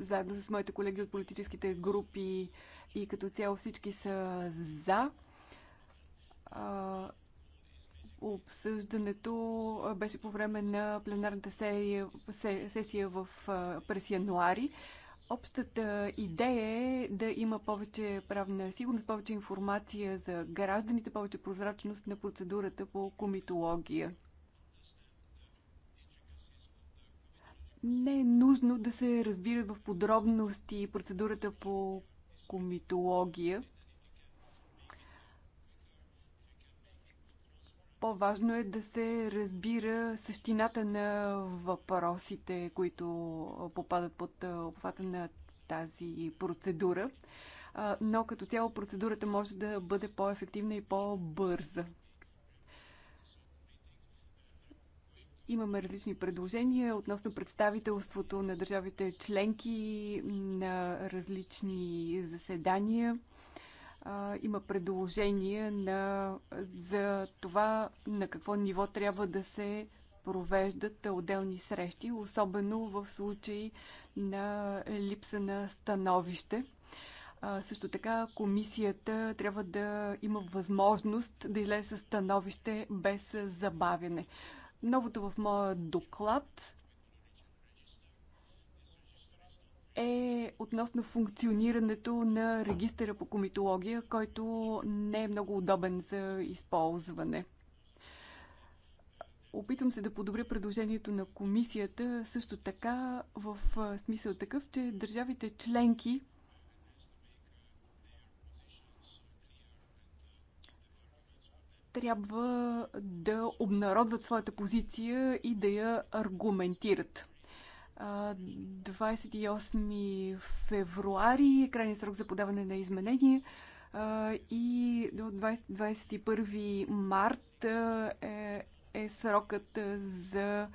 заедно с моите колеги от политическите групи и като цяло всички са за. А, обсъждането беше по време на пленарната серия, сесия в, през януари. Общата идея е да има повече правна сигурност, повече информация за гражданите, повече прозрачност на процедурата по комитология. не е нужно да се разбира в подробности процедурата по комитология. По-важно е да се разбира същината на въпросите, които попадат под обхвата на тази процедура. Но като цяло процедурата може да бъде по-ефективна и по-бърза. Имаме различни предложения относно представителството на държавите членки на различни заседания. Има предложения на, за това на какво ниво трябва да се провеждат отделни срещи, особено в случай на липса на становище. А, също така комисията трябва да има възможност да излезе становище без забавяне. Новото в моя доклад е относно функционирането на регистъра по комитология, който не е много удобен за използване. Опитвам се да подобря предложението на комисията също така в смисъл такъв, че държавите членки трябва да обнародват своята позиция и да я аргументират. 28 февруари е крайният срок за подаване на изменения и до 21 март е, е срокът за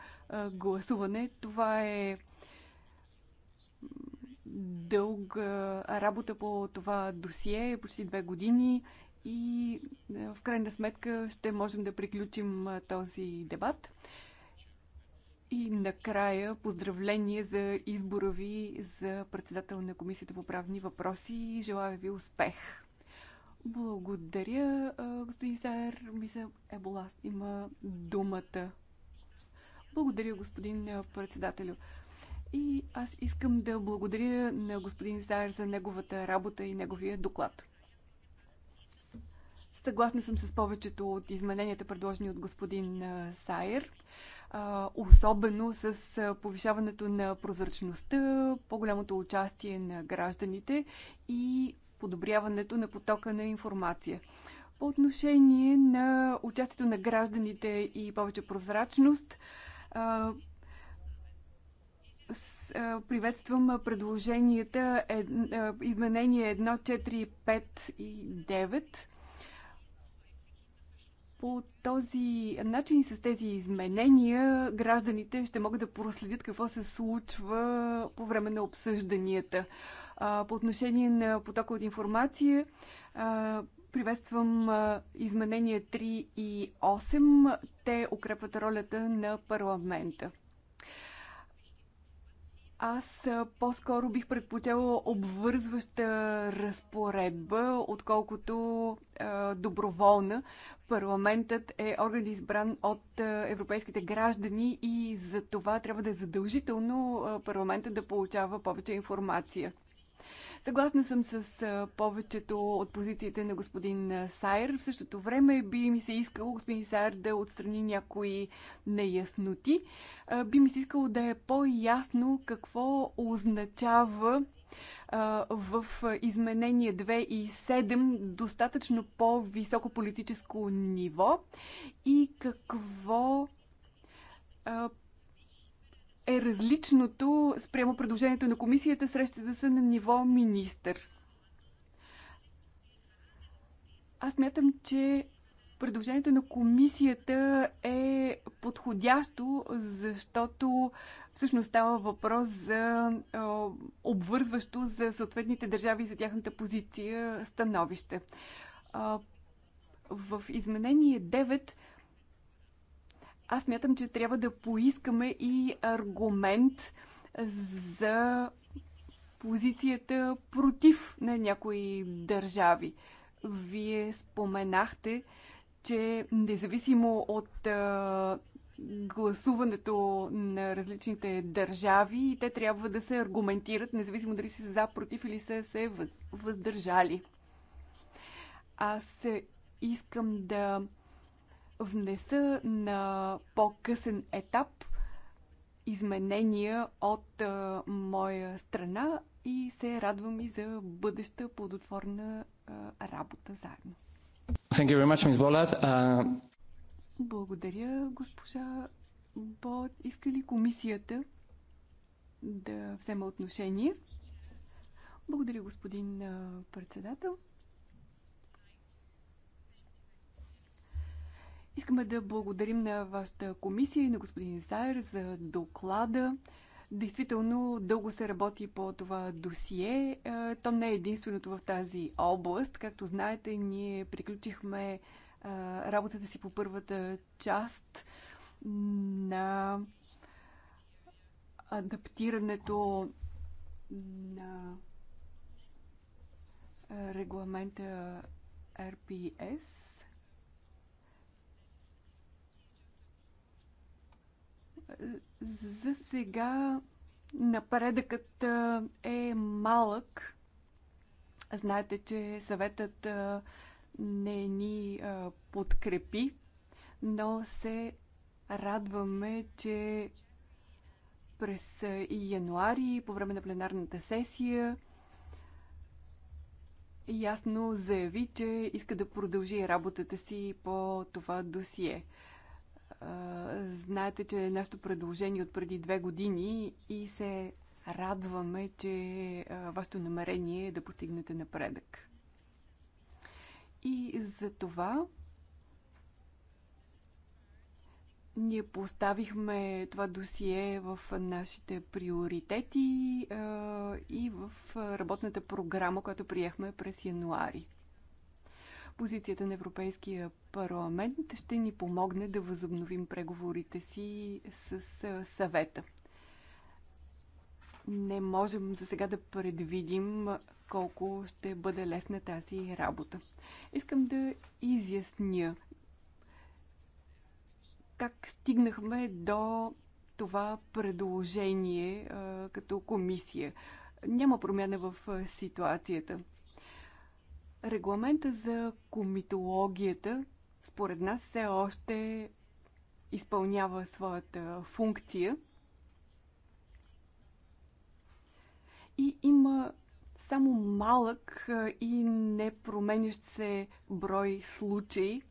гласуване. Това е дълга работа по това досие, почти две години и е, в крайна сметка ще можем да приключим е, този дебат. И накрая поздравление за избора ви за председател на Комисията по правни въпроси и желая ви успех. Благодаря, е, господин Саер. Мисля, Еболас има думата. Благодаря, господин председателю. И аз искам да благодаря на господин Заер за неговата работа и неговия доклад. Съгласна съм с повечето от измененията, предложени от господин Сайер, особено с повишаването на прозрачността, по-голямото участие на гражданите и подобряването на потока на информация. По отношение на участието на гражданите и повече прозрачност, приветствам предложенията изменения 1, 4, 5 и 9 по този начин, с тези изменения, гражданите ще могат да проследят какво се случва по време на обсъжданията. По отношение на потока от информация, приветствам изменения 3 и 8. Те укрепват ролята на парламента. Аз по-скоро бих предпочела обвързваща разпоредба, отколкото е, доброволна. Парламентът е орган избран от европейските граждани и за това трябва да е задължително парламентът да получава повече информация. Съгласна съм с повечето от позициите на господин Сайер. В същото време би ми се искало господин Сайер да отстрани някои неясноти. Би ми се искало да е по-ясно какво означава в изменение 2 и 7 достатъчно по-високо политическо ниво и какво е различното спрямо предложението на комисията срещата да са на ниво министър? Аз мятам, че предложението на комисията е подходящо, защото всъщност става въпрос за обвързващо за съответните държави и за тяхната позиция становище. в изменение 9 аз мятам, че трябва да поискаме и аргумент за позицията против на някои държави. Вие споменахте, че независимо от а, гласуването на различните държави, те трябва да се аргументират, независимо дали са за, против или са се въздържали. Аз искам да внеса на по-късен етап изменения от а, моя страна и се радвам и за бъдеща плодотворна а, работа заедно. Thank you very much, Ms. Bolat. Uh... Благодаря, госпожа Бот. Иска ли комисията да взема отношение? Благодаря, господин председател. Искаме да благодарим на вашата комисия и на господин Сайер за доклада. Действително дълго се работи по това досие. Е, то не е единственото в тази област. Както знаете, ние приключихме е, работата си по първата част на адаптирането на е, регламента RPS За сега напредъкът е малък. Знаете, че съветът не ни подкрепи, но се радваме, че през януари, по време на пленарната сесия, ясно заяви, че иска да продължи работата си по това досие. Знаете, че е нашето предложение от преди две години и се радваме, че вашето намерение е да постигнете напредък. И за това ние поставихме това досие в нашите приоритети и в работната програма, която приехме през януари. Позицията на Европейския парламент ще ни помогне да възобновим преговорите си с съвета. Не можем за сега да предвидим колко ще бъде лесна тази работа. Искам да изясня как стигнахме до това предложение като комисия. Няма промяна в ситуацията. Регламента за комитологията, според нас, все още изпълнява своята функция и има само малък и непроменящ се брой случаи,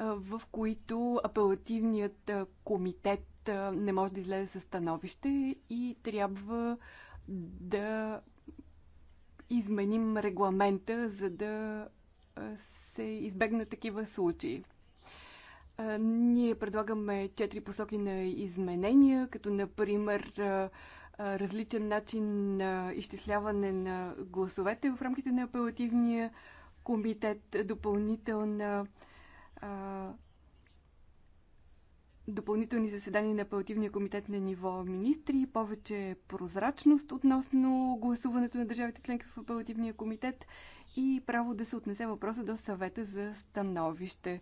в които апелативният комитет не може да излезе със становище и трябва да изменим регламента, за да се избегнат такива случаи. Ние предлагаме четири посоки на изменения, като например различен начин на изчисляване на гласовете в рамките на апелативния комитет, допълнителна допълнителни заседания на апелативния комитет на ниво министри, повече прозрачност относно гласуването на държавите членки в апелативния комитет и право да се отнесе въпроса до съвета за становище.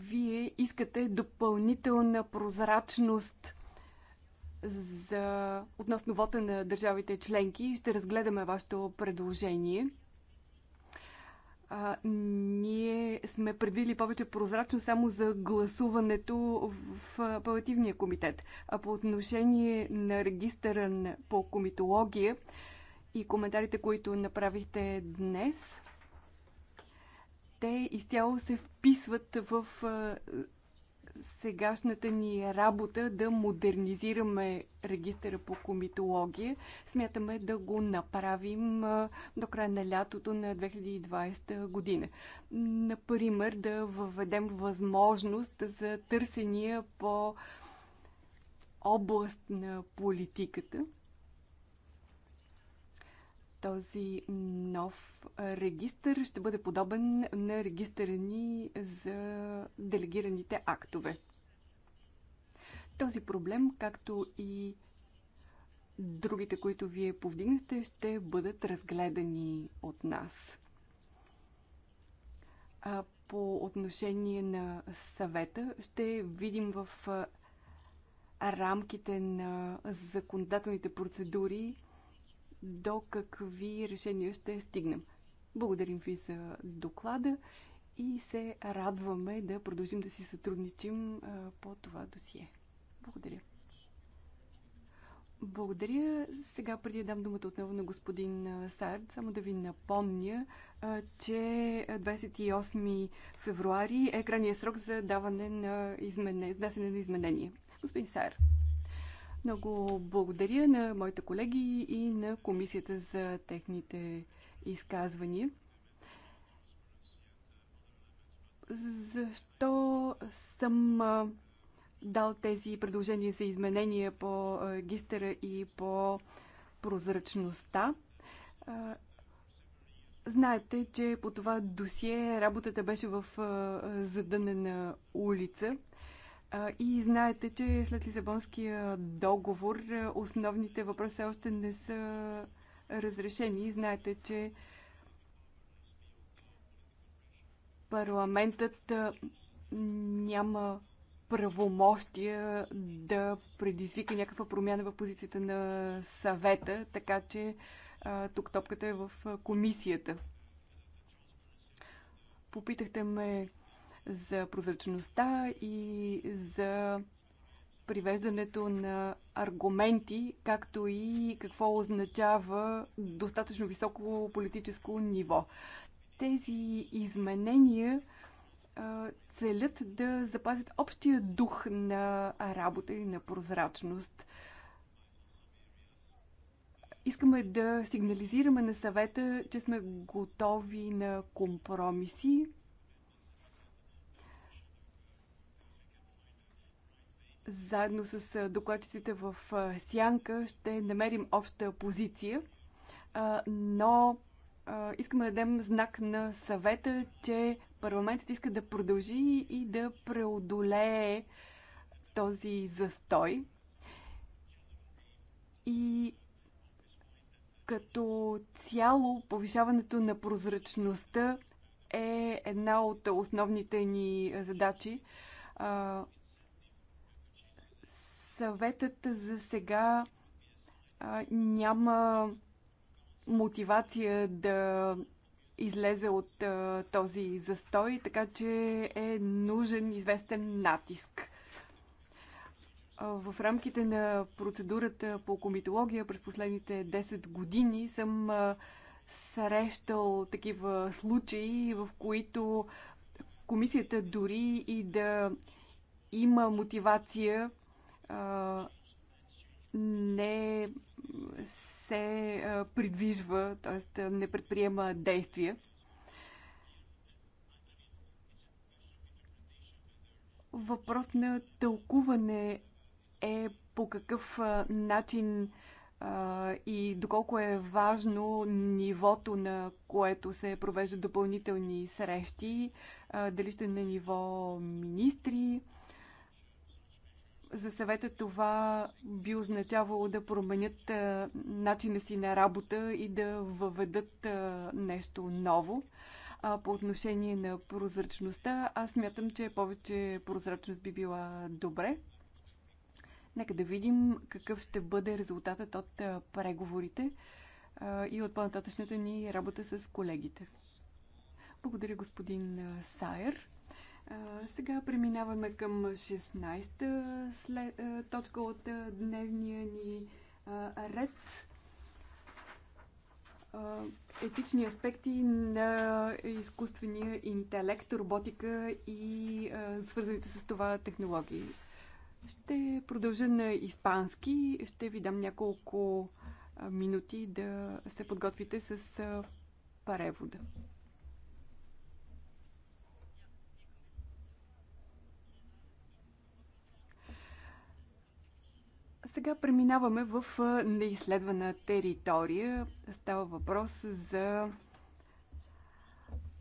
Вие искате допълнителна прозрачност за... относно вота на държавите членки. Ще разгледаме вашето предложение – а, ние сме предвидили повече прозрачно само за гласуването в апелативния комитет. А по отношение на регистъра по комитология и коментарите, които направихте днес, те изцяло се вписват в сегашната ни работа да модернизираме регистъра по комитология. Смятаме да го направим до края на лятото на 2020 година. Например, да въведем възможност за търсения по област на политиката. Този нов регистър ще бъде подобен на регистъра ни за делегираните актове. Този проблем, както и другите, които вие повдигнете, ще бъдат разгледани от нас. А по отношение на съвета ще видим в рамките на законодателните процедури до какви решения ще стигнем. Благодарим ви за доклада и се радваме да продължим да си сътрудничим по това досие. Благодаря. Благодаря. Сега преди да дам думата отново на господин Сард, само да ви напомня, че 28 февруари е крайният срок за даване на измене, изнасяне на изменение. Господин Сар, много благодаря на моите колеги и на комисията за техните изказвания. Защо съм дал тези предложения за изменения по регистъра и по прозрачността? Знаете, че по това досие работата беше в задънена улица. И знаете, че след Лисабонския договор основните въпроси още не са разрешени. Знаете, че парламентът няма правомощия да предизвика някаква промяна в позицията на съвета, така че тук топката е в комисията. Попитахте ме за прозрачността и за привеждането на аргументи, както и какво означава достатъчно високо политическо ниво. Тези изменения целят да запазят общия дух на работа и на прозрачност. Искаме да сигнализираме на съвета, че сме готови на компромиси, заедно с докладчиците в Сянка ще намерим обща позиция, но искаме да дадем знак на съвета, че парламентът иска да продължи и да преодолее този застой. И като цяло повишаването на прозрачността е една от основните ни задачи. Съветът за сега а, няма мотивация да излезе от а, този застой, така че е нужен известен натиск. В рамките на процедурата по комитология през последните 10 години съм срещал такива случаи, в които комисията дори и да има мотивация не се придвижва, т.е. не предприема действия. Въпрос на тълкуване е по какъв начин и доколко е важно нивото, на което се провеждат допълнителни срещи, дали ще е на ниво министри, за съвета това би означавало да променят начина си на работа и да въведат нещо ново. А, по отношение на прозрачността, аз смятам, че повече прозрачност би била добре. Нека да видим какъв ще бъде резултатът от преговорите и от по-нататъчната ни работа с колегите. Благодаря, господин Сайер. Сега преминаваме към 16-та точка от дневния ни ред. Етични аспекти на изкуствения интелект, роботика и свързаните с това технологии. Ще продължа на испански. Ще ви дам няколко минути да се подготвите с превода. Сега преминаваме в неизследвана територия. Става въпрос за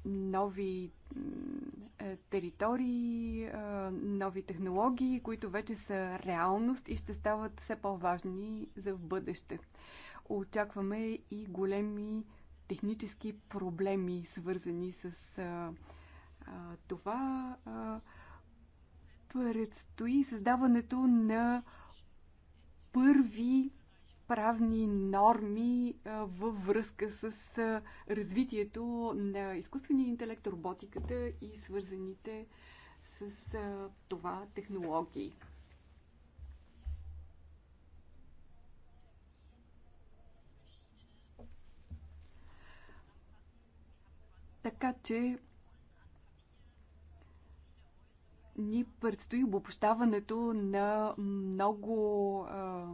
нови е, територии, нови технологии, които вече са реалност и ще стават все по-важни за в бъдеще. Очакваме и големи технически проблеми, свързани с това. Предстои създаването на първи правни норми във връзка с развитието на изкуствения интелект, роботиката и свързаните с това технологии. Така че ни предстои обобщаването на много а,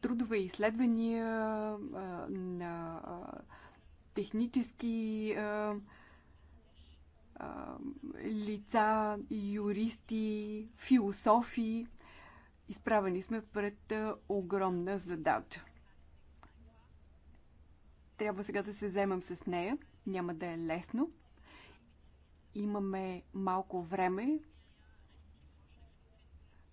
трудове изследвания, а, на а, технически а, а, лица, юристи, философи. Изправени сме пред а, огромна задача. Трябва сега да се вземем с нея. Няма да е лесно. Имаме малко време,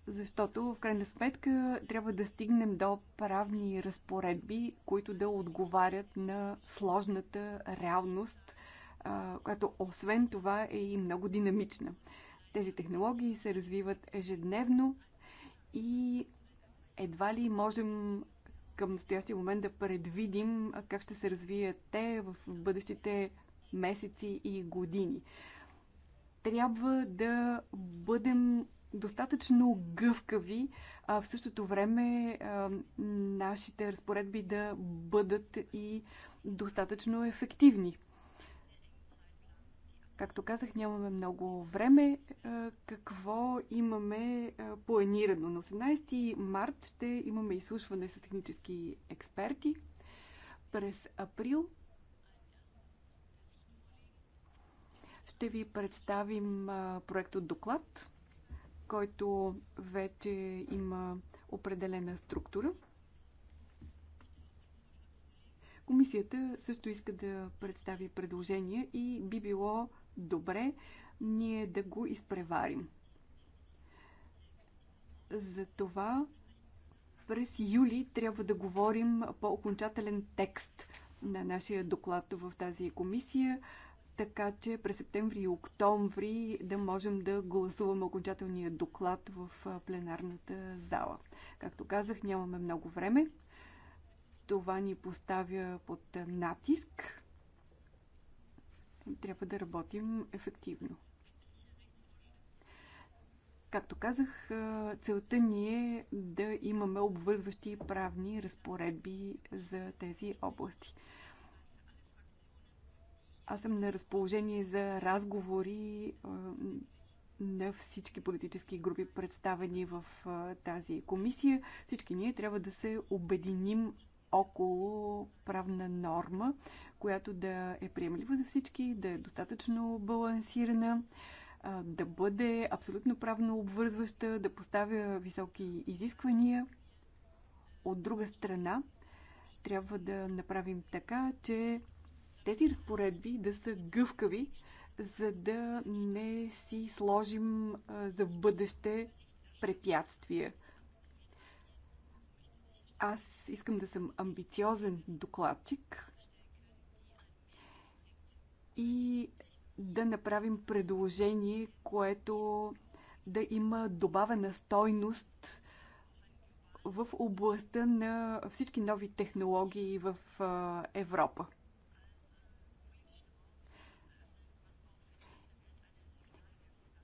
защото в крайна сметка трябва да стигнем до правни разпоредби, които да отговарят на сложната реалност, която освен това е и много динамична. Тези технологии се развиват ежедневно и едва ли можем към настоящия момент да предвидим как ще се развият те в бъдещите месеци и години. Трябва да бъдем достатъчно гъвкави, а в същото време а, нашите разпоредби да бъдат и достатъчно ефективни. Както казах, нямаме много време. Какво имаме планирано? На 18 март ще имаме изслушване с технически експерти. През април ще ви представим проект от доклад който вече има определена структура. Комисията също иска да представи предложения и би било добре ние да го изпреварим. Затова през юли трябва да говорим по окончателен текст на нашия доклад в тази комисия така че през септември и октомври да можем да гласуваме окончателния доклад в пленарната зала. Както казах, нямаме много време. Това ни поставя под натиск. Трябва да работим ефективно. Както казах, целта ни е да имаме обвързващи правни разпоредби за тези области. Аз съм на разположение за разговори на всички политически групи, представени в тази комисия. Всички ние трябва да се обединим около правна норма, която да е приемлива за всички, да е достатъчно балансирана, да бъде абсолютно правно обвързваща, да поставя високи изисквания. От друга страна, трябва да направим така, че тези разпоредби да са гъвкави, за да не си сложим за бъдеще препятствия. Аз искам да съм амбициозен докладчик и да направим предложение, което да има добавена стойност в областта на всички нови технологии в Европа.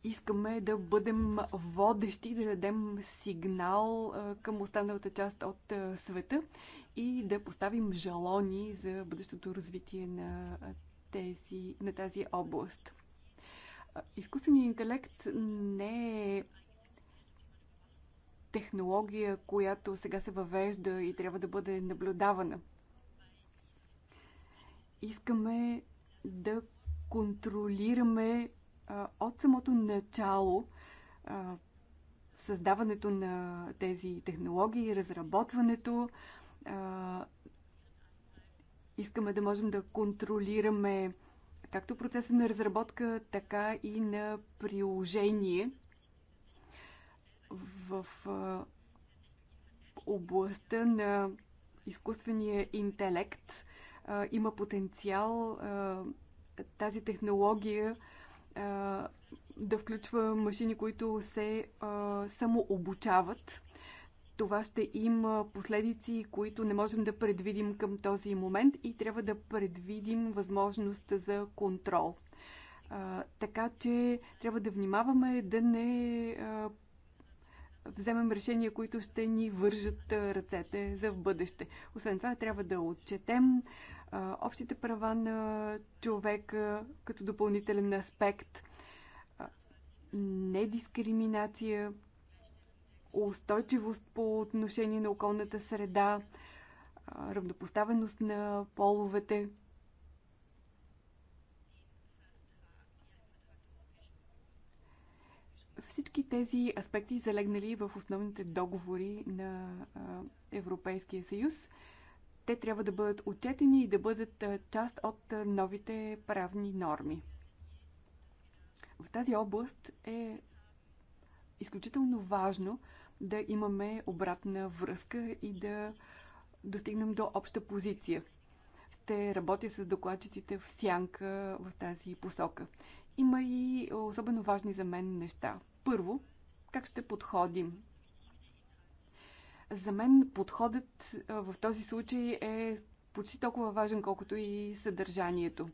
искаме да бъдем водещи, да дадем сигнал към останалата част от света и да поставим жалони за бъдещото развитие на, тези, на тази област. Изкуственият интелект не е технология, която сега се въвежда и трябва да бъде наблюдавана. Искаме да контролираме от самото начало създаването на тези технологии, разработването. Искаме да можем да контролираме както процеса на разработка, така и на приложение в областта на изкуствения интелект. Има потенциал тази технология да включва машини, които се самообучават. Това ще има последици, които не можем да предвидим към този момент и трябва да предвидим възможност за контрол. А, така че трябва да внимаваме да не а, вземем решения, които ще ни вържат ръцете за в бъдеще. Освен това, трябва да отчетем общите права на човека като допълнителен аспект, недискриминация, устойчивост по отношение на околната среда, равнопоставеност на половете. Всички тези аспекти залегнали в основните договори на Европейския съюз – те трябва да бъдат отчетени и да бъдат част от новите правни норми. В тази област е изключително важно да имаме обратна връзка и да достигнем до обща позиция. Ще работя с докладчиците в сянка в тази посока. Има и особено важни за мен неща. Първо, как ще подходим за мен подходът в този случай е почти толкова важен, колкото и съдържанието.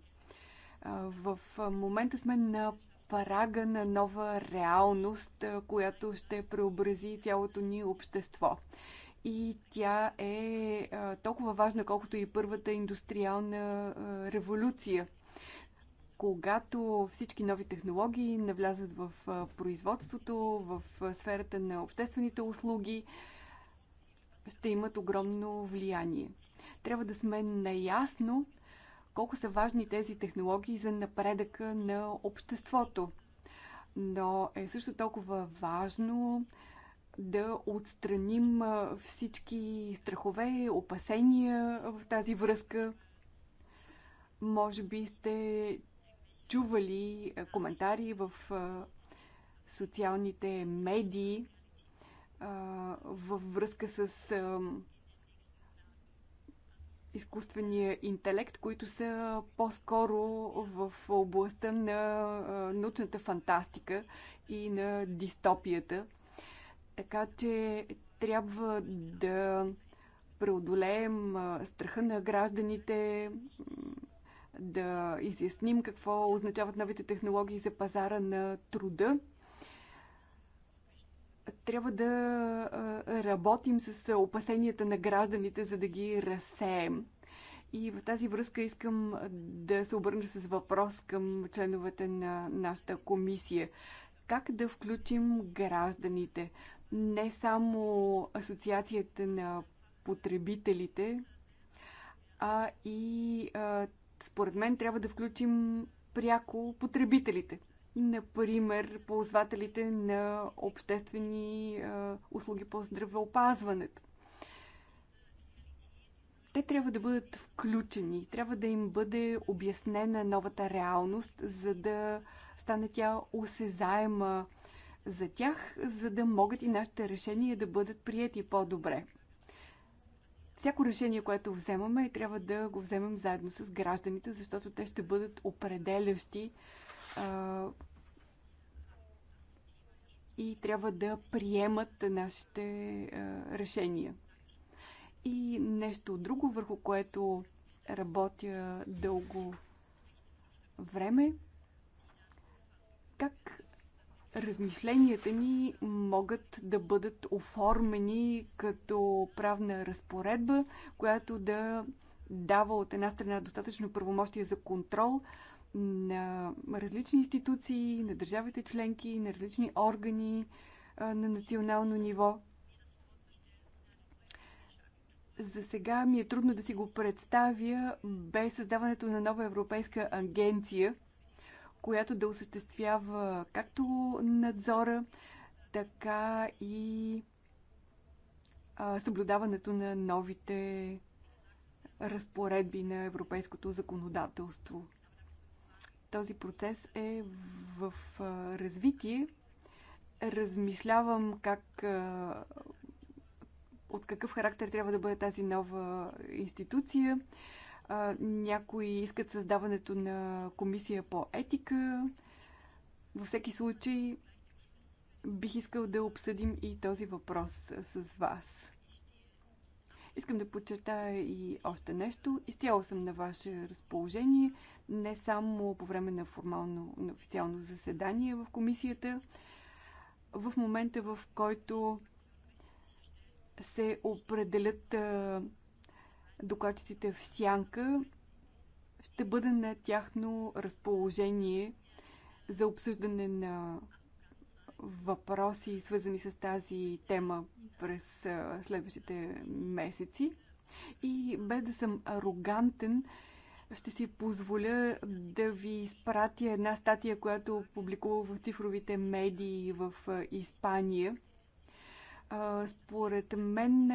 В момента сме на парага на нова реалност, която ще преобрази цялото ни общество. И тя е толкова важна, колкото и първата индустриална революция. Когато всички нови технологии навлязат в производството, в сферата на обществените услуги, ще имат огромно влияние. Трябва да сме наясно колко са важни тези технологии за напредъка на обществото. Но е също толкова важно да отстраним всички страхове, опасения в тази връзка. Може би сте чували коментари в социалните медии във връзка с изкуствения интелект, които са по-скоро в областта на научната фантастика и на дистопията. Така че трябва да преодолеем страха на гражданите, да изясним какво означават новите технологии за пазара на труда трябва да работим с опасенията на гражданите, за да ги разсеем. И в тази връзка искам да се обърна с въпрос към членовете на нашата комисия. Как да включим гражданите? Не само Асоциацията на потребителите, а и според мен трябва да включим пряко потребителите. Например, ползвателите на обществени услуги по здравеопазването. Те трябва да бъдат включени, трябва да им бъде обяснена новата реалност, за да стане тя осезаема за тях, за да могат и нашите решения да бъдат прияти по-добре. Всяко решение, което вземаме, трябва да го вземем заедно с гражданите, защото те ще бъдат определящи и трябва да приемат нашите а, решения. И нещо друго, върху което работя дълго време, как размишленията ни могат да бъдат оформени като правна разпоредба, която да дава от една страна достатъчно правомощие за контрол, на различни институции, на държавите членки, на различни органи на национално ниво. За сега ми е трудно да си го представя без създаването на нова европейска агенция, която да осъществява както надзора, така и съблюдаването на новите разпоредби на европейското законодателство. Този процес е в развитие. Размишлявам как от какъв характер трябва да бъде тази нова институция. Някои искат създаването на комисия по етика. Във всеки случай бих искал да обсъдим и този въпрос с вас. Искам да подчертая и още нещо. Изцяло съм на ваше разположение, не само по време на формално, на официално заседание в комисията, в момента в който се определят докладчиците в сянка, ще бъде на тяхно разположение за обсъждане на въпроси, свързани с тази тема през следващите месеци. И без да съм арогантен, ще си позволя да ви изпратя една статия, която публикува в цифровите медии в Испания. Според мен,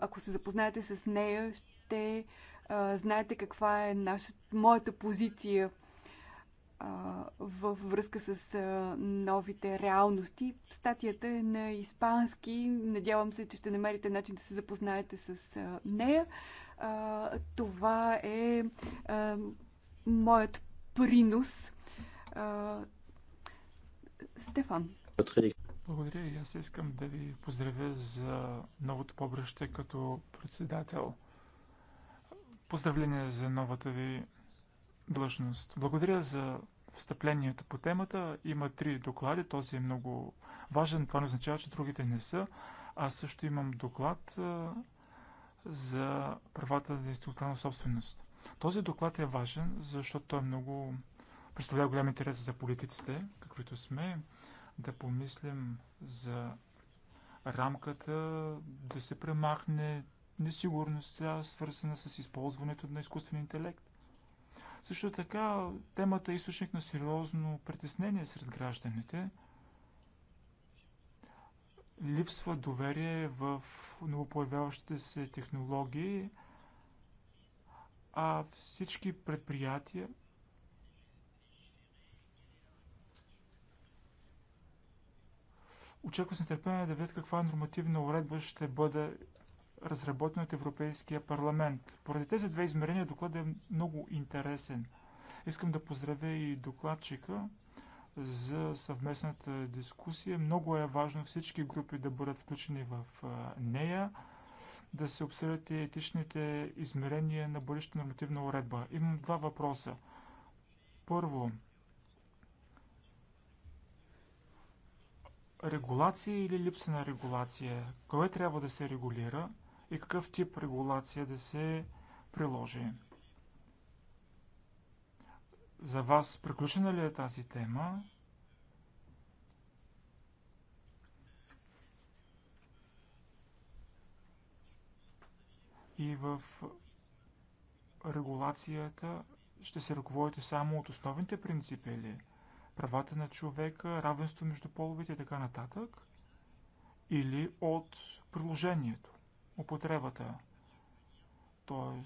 ако се запознаете с нея, ще знаете каква е нашата, моята позиция във връзка с новите реалности. Статията е на испански. Надявам се, че ще намерите начин да се запознаете с нея. това е моят принос. Стефан. Благодаря и аз искам да ви поздравя за новото побръще като председател. Поздравления за новата ви длъжност. Благодаря за встъплението по темата. Има три доклади. Този е много важен. Това не означава, че другите не са. Аз също имам доклад за правата за интелектуална собственост. Този доклад е важен, защото той е много представлява голям интерес за политиците, каквито сме, да помислим за рамката, да се премахне несигурността, свързана с използването на изкуствен интелект. Също така темата е източник на сериозно притеснение сред гражданите. Липсва доверие в новопоявяващите се технологии, а всички предприятия очаква с нетърпение да видят каква нормативна уредба ще бъде разработен от Европейския парламент. Поради тези две измерения докладът е много интересен. Искам да поздравя и докладчика за съвместната дискусия. Много е важно всички групи да бъдат включени в нея, да се обсъдят и етичните измерения на бъдеща нормативна уредба. Имам два въпроса. Първо, регулация или липса на регулация? Кое трябва да се регулира? и какъв тип регулация да се приложи. За вас приключена ли е тази тема? И в регулацията ще се ръководите само от основните принципи ли? Правата на човека, равенство между половите и така нататък? Или от приложението? употребата, т.е.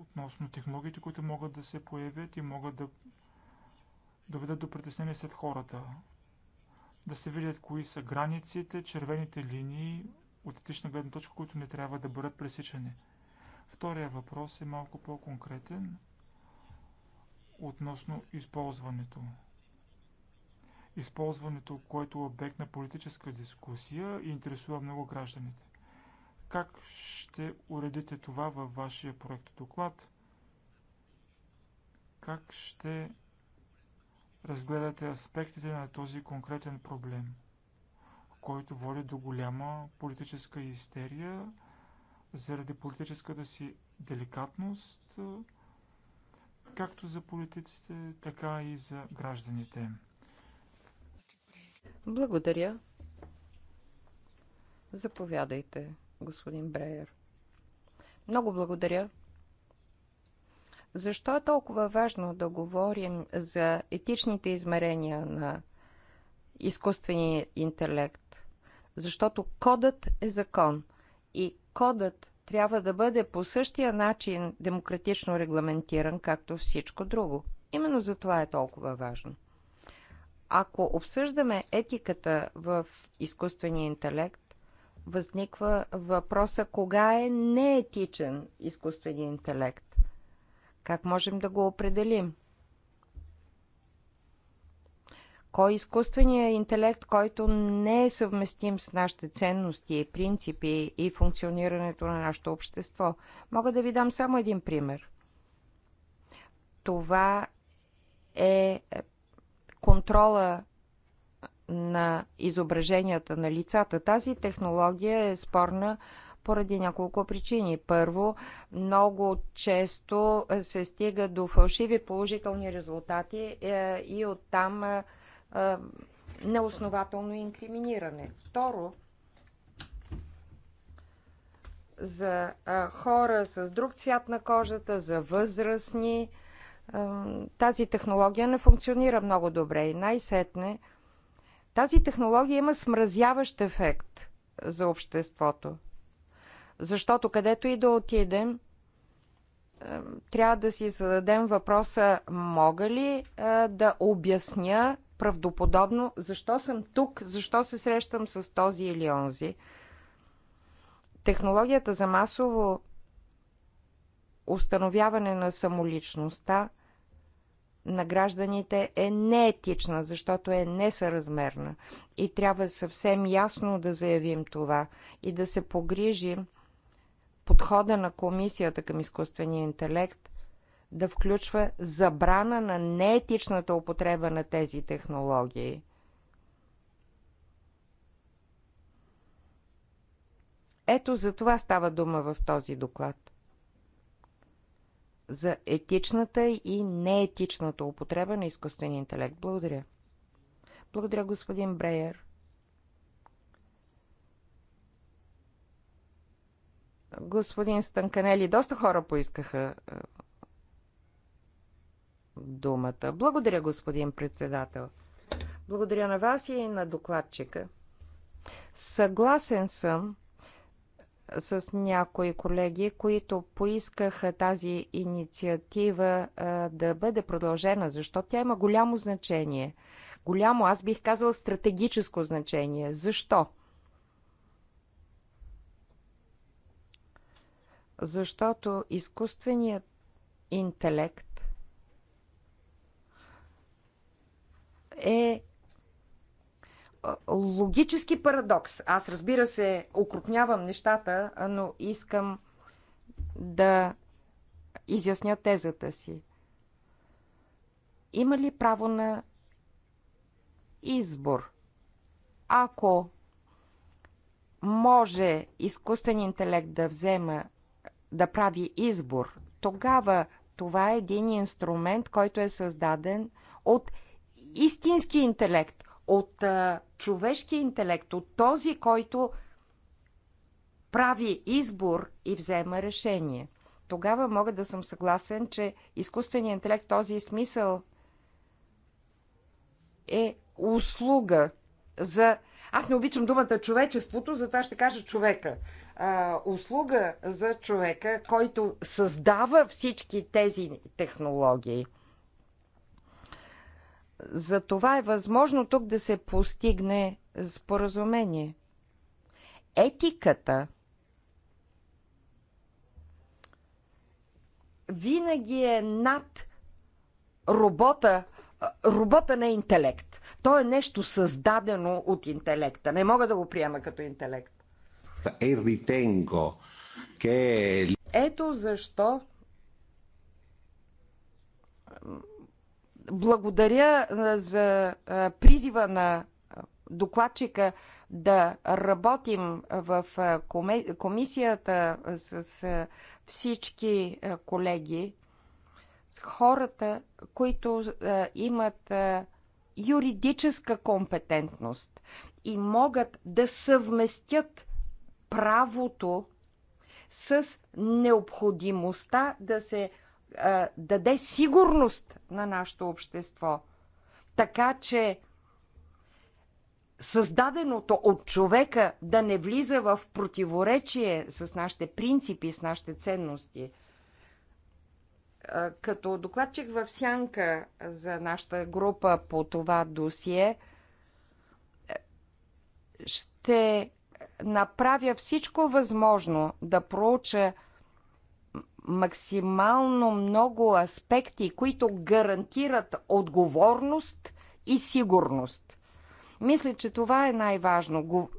относно технологиите, които могат да се появят и могат да доведат до притеснение след хората. Да се видят кои са границите, червените линии от етична гледна точка, които не трябва да бъдат пресичани. Втория въпрос е малко по-конкретен относно използването. Използването, което е обект на политическа дискусия и интересува много гражданите. Как ще уредите това във вашия проект доклад? Как ще разгледате аспектите на този конкретен проблем, който води до голяма политическа истерия заради политическата си деликатност, както за политиците, така и за гражданите. Благодаря. Заповядайте господин Бреер. Много благодаря. Защо е толкова важно да говорим за етичните измерения на изкуствения интелект? Защото кодът е закон и кодът трябва да бъде по същия начин демократично регламентиран, както всичко друго. Именно за това е толкова важно. Ако обсъждаме етиката в изкуствения интелект, възниква въпроса кога е неетичен изкуственият интелект. Как можем да го определим? Кой е изкуственият интелект, който не е съвместим с нашите ценности, и принципи и функционирането на нашето общество? Мога да ви дам само един пример. Това е контрола на изображенията на лицата. Тази технология е спорна поради няколко причини. Първо, много често се стига до фалшиви положителни резултати е, и оттам е, е, неоснователно инкриминиране. Второ, за хора с друг цвят на кожата, за възрастни, тази технология не функционира много добре и най-сетне – тази технология има смразяващ ефект за обществото. Защото където и да отидем, е, трябва да си зададем въпроса, мога ли е, да обясня правдоподобно защо съм тук, защо се срещам с този или онзи. Технологията за масово установяване на самоличността на гражданите е неетична, защото е несъразмерна. И трябва съвсем ясно да заявим това и да се погрижим подхода на комисията към изкуствения интелект да включва забрана на неетичната употреба на тези технологии. Ето за това става дума в този доклад за етичната и неетичната употреба на изкуствения интелект. Благодаря. Благодаря, господин Бреер. Господин Станканели, доста хора поискаха е, думата. Благодаря, господин председател. Благодаря на вас и на докладчика. Съгласен съм, с някои колеги, които поискаха тази инициатива да бъде продължена, защото тя има голямо значение. Голямо, аз бих казал стратегическо значение. Защо? Защото изкуственият интелект е логически парадокс. Аз разбира се, окрупнявам нещата, но искам да изясня тезата си. Има ли право на избор? Ако може изкуствен интелект да взема, да прави избор, тогава това е един инструмент, който е създаден от истински интелект, от а, човешкия интелект, от този, който прави избор и взема решение. Тогава мога да съм съгласен, че изкуственият интелект този смисъл е услуга за. Аз не обичам думата човечеството, затова ще кажа човека. А, услуга за човека, който създава всички тези технологии за това е възможно тук да се постигне споразумение. Етиката винаги е над робота, робота на интелект. То е нещо създадено от интелекта. Не мога да го приема като интелект. Е, е Ето защо благодаря за призива на докладчика да работим в комисията с всички колеги, с хората, които имат юридическа компетентност и могат да съвместят правото с необходимостта да се а, даде сигурност на нашето общество. Така че създаденото от човека да не влиза в противоречие с нашите принципи, с нашите ценности. Като докладчик в сянка за нашата група по това досие, ще направя всичко възможно да проуча максимално много аспекти, които гарантират отговорност и сигурност. Мисля, че това е най-важно.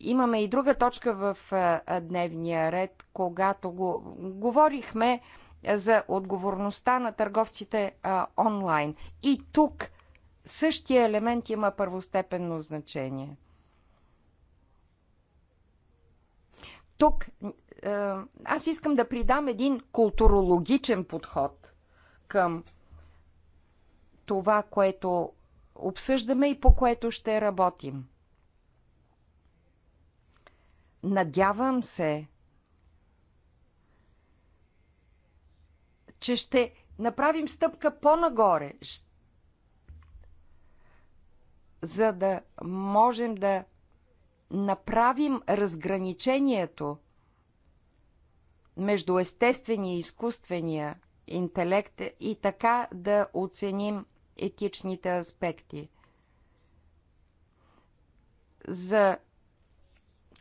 Имаме и друга точка в дневния ред, когато го... говорихме за отговорността на търговците а, онлайн. И тук същия елемент има първостепенно значение. Тук е, аз искам да придам един културологичен подход към това, което обсъждаме и по което ще работим. Надявам се, че ще направим стъпка по-нагоре, за да можем да направим разграничението между естествения и изкуствения интелект и така да оценим етичните аспекти. За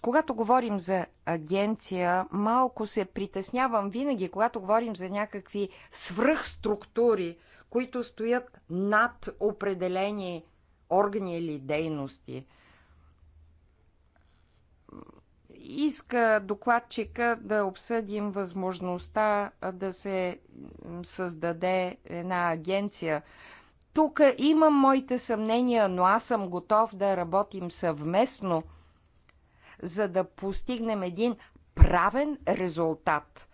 когато говорим за агенция, малко се притеснявам винаги, когато говорим за някакви свръхструктури, които стоят над определени органи или дейности – иска докладчика да обсъдим възможността да се създаде една агенция. Тук имам моите съмнения, но аз съм готов да работим съвместно, за да постигнем един правен резултат,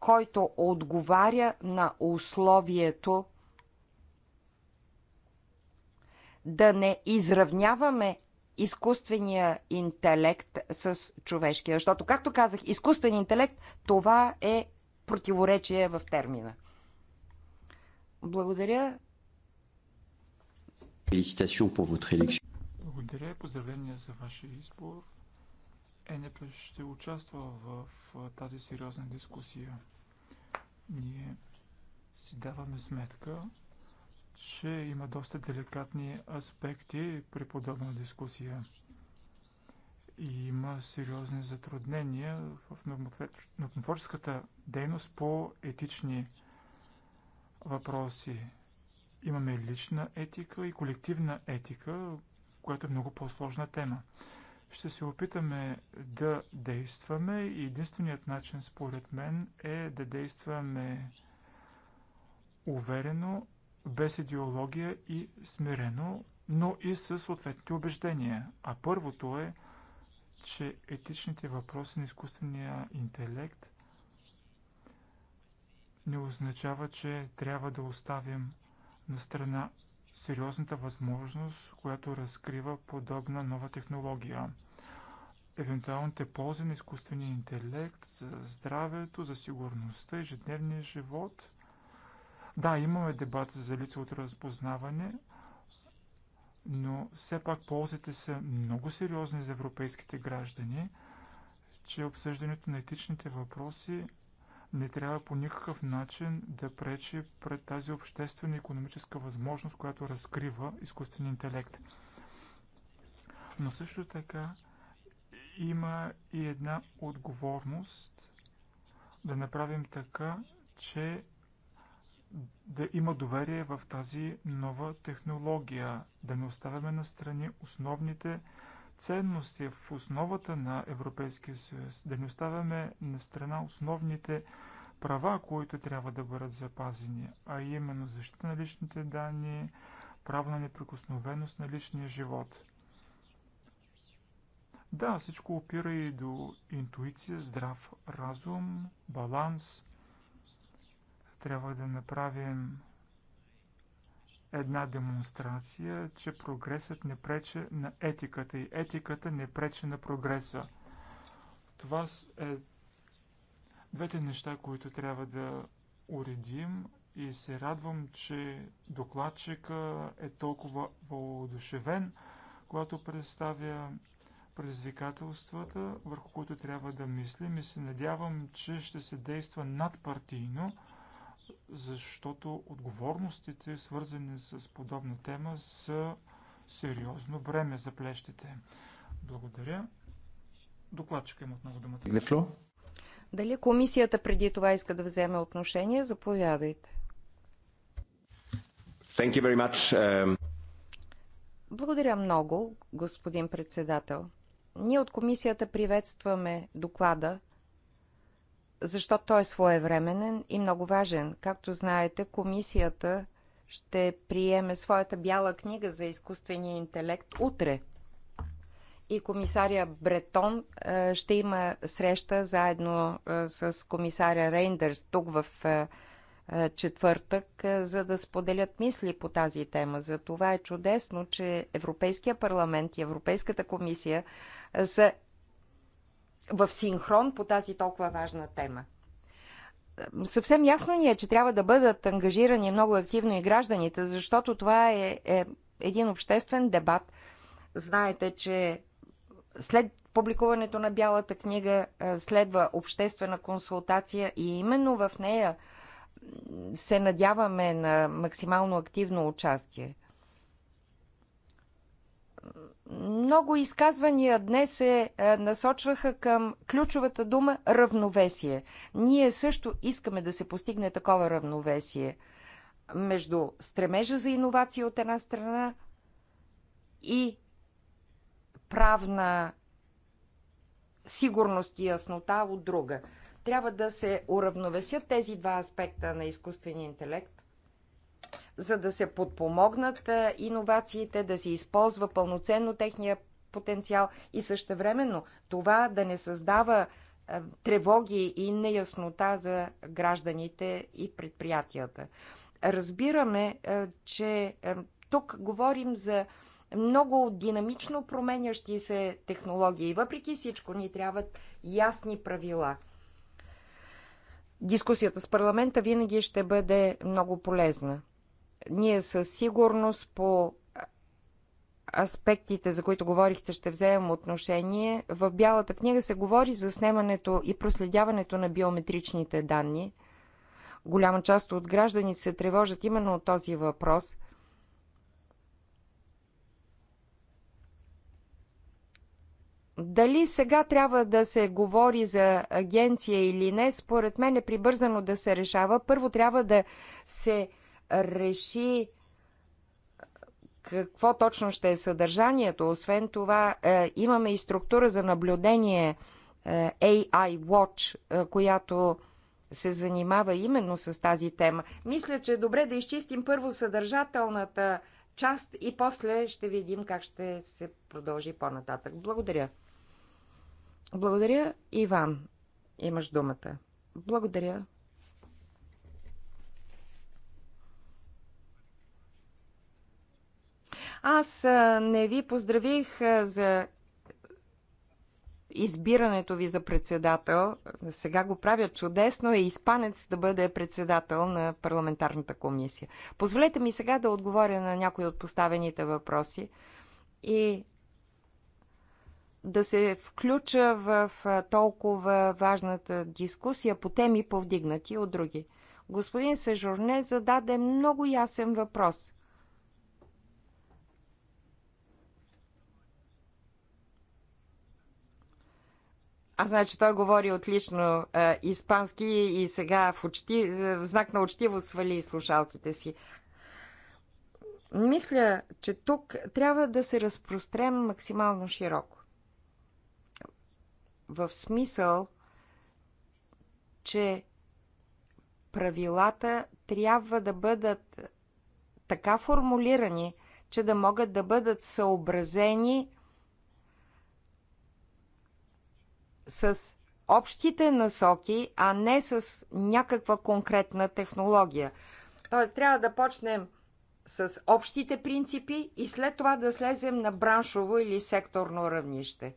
който отговаря на условието да не изравняваме изкуствения интелект с човешкия. Защото, както казах, изкуствен интелект това е противоречие в термина. Благодаря. Félicitations pour votre élection. Благодаря. Поздравления за вашия избор. ЕНЕП ще участва в тази сериозна дискусия. Ние си даваме сметка, че има доста деликатни аспекти при подобна дискусия. И има сериозни затруднения в нормотворческата дейност по етични въпроси. Имаме лична етика и колективна етика, която е много по-сложна тема. Ще се опитаме да действаме и единственият начин, според мен, е да действаме уверено без идеология и смирено, но и със съответните убеждения. А първото е, че етичните въпроси на изкуствения интелект не означава, че трябва да оставим на страна сериозната възможност, която разкрива подобна нова технология. Евентуалните ползи на изкуствения интелект за здравето, за сигурността, ежедневния живот – да, имаме дебат за лицевото разпознаване, но все пак ползите са много сериозни за европейските граждани, че обсъждането на етичните въпроси не трябва по никакъв начин да пречи пред тази обществена и економическа възможност, която разкрива изкуствен интелект. Но също така има и една отговорност да направим така, че да има доверие в тази нова технология, да не оставяме настрани основните ценности в основата на Европейския съюз, да не оставяме на страна основните права, които трябва да бъдат запазени, а именно защита на личните данни, право на неприкосновеност на личния живот. Да, всичко опира и до интуиция, здрав разум, баланс – трябва да направим една демонстрация, че прогресът не прече на етиката и етиката не прече на прогреса. Това е двете неща, които трябва да уредим и се радвам, че докладчика е толкова воодушевен, когато представя предизвикателствата, върху които трябва да мислим и се надявам, че ще се действа надпартийно, защото отговорностите, свързани с подобна тема, са сериозно бреме за плещите. Благодаря. Докладчика има отново думата. Лефло? Дали комисията преди това иска да вземе отношение? Заповядайте. Thank you very much. Um, Благодаря много, господин председател. Ние от комисията приветстваме доклада защото той е своевременен и много важен. Както знаете, комисията ще приеме своята бяла книга за изкуствения интелект утре. И комисаря Бретон е, ще има среща заедно е, с комисаря Рейндърс тук в е, четвъртък, за да споделят мисли по тази тема. За това е чудесно, че Европейския парламент и Европейската комисия са в синхрон по тази толкова важна тема. Съвсем ясно ни е, че трябва да бъдат ангажирани много активно и гражданите, защото това е, е един обществен дебат. Знаете, че след публикуването на Бялата книга следва обществена консултация и именно в нея се надяваме на максимално активно участие. Много изказвания днес се е, насочваха към ключовата дума равновесие. Ние също искаме да се постигне такова равновесие между стремежа за иновация от една страна и правна сигурност и яснота от друга. Трябва да се уравновесят тези два аспекта на изкуствения интелект, за да се подпомогнат иновациите, да се използва пълноценно техния потенциал и същевременно това да не създава тревоги и неяснота за гражданите и предприятията. Разбираме, че тук говорим за много динамично променящи се технологии. Въпреки всичко ни трябват ясни правила. Дискусията с парламента винаги ще бъде много полезна. Ние със сигурност по аспектите, за които говорихте, ще вземем отношение. В Бялата книга се говори за снимането и проследяването на биометричните данни. Голяма част от гражданите се тревожат именно от този въпрос. Дали сега трябва да се говори за агенция или не, според мен е прибързано да се решава. Първо трябва да се реши какво точно ще е съдържанието. Освен това, е, имаме и структура за наблюдение е, AI Watch, е, която се занимава именно с тази тема. Мисля, че е добре да изчистим първо съдържателната част и после ще видим как ще се продължи по-нататък. Благодаря. Благодаря, Иван. Имаш думата. Благодаря. Аз не ви поздравих за избирането ви за председател. Сега го правя чудесно е испанец да бъде председател на парламентарната комисия. Позволете ми сега да отговоря на някои от поставените въпроси и да се включа в толкова важната дискусия по теми повдигнати от други. Господин Сежурне зададе много ясен въпрос. А значи, той говори отлично е, испански и сега в, учти, е, в знак на учтиво свали слушалките си. Мисля, че тук трябва да се разпрострем максимално широко. В смисъл, че правилата трябва да бъдат така формулирани, че да могат да бъдат съобразени с общите насоки, а не с някаква конкретна технология. Тоест, трябва да почнем с общите принципи и след това да слезем на браншово или секторно равнище.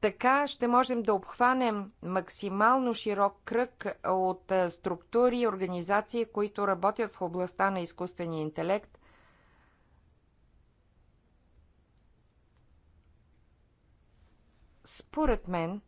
Така ще можем да обхванем максимално широк кръг от структури и организации, които работят в областта на изкуствения интелект – Според мен,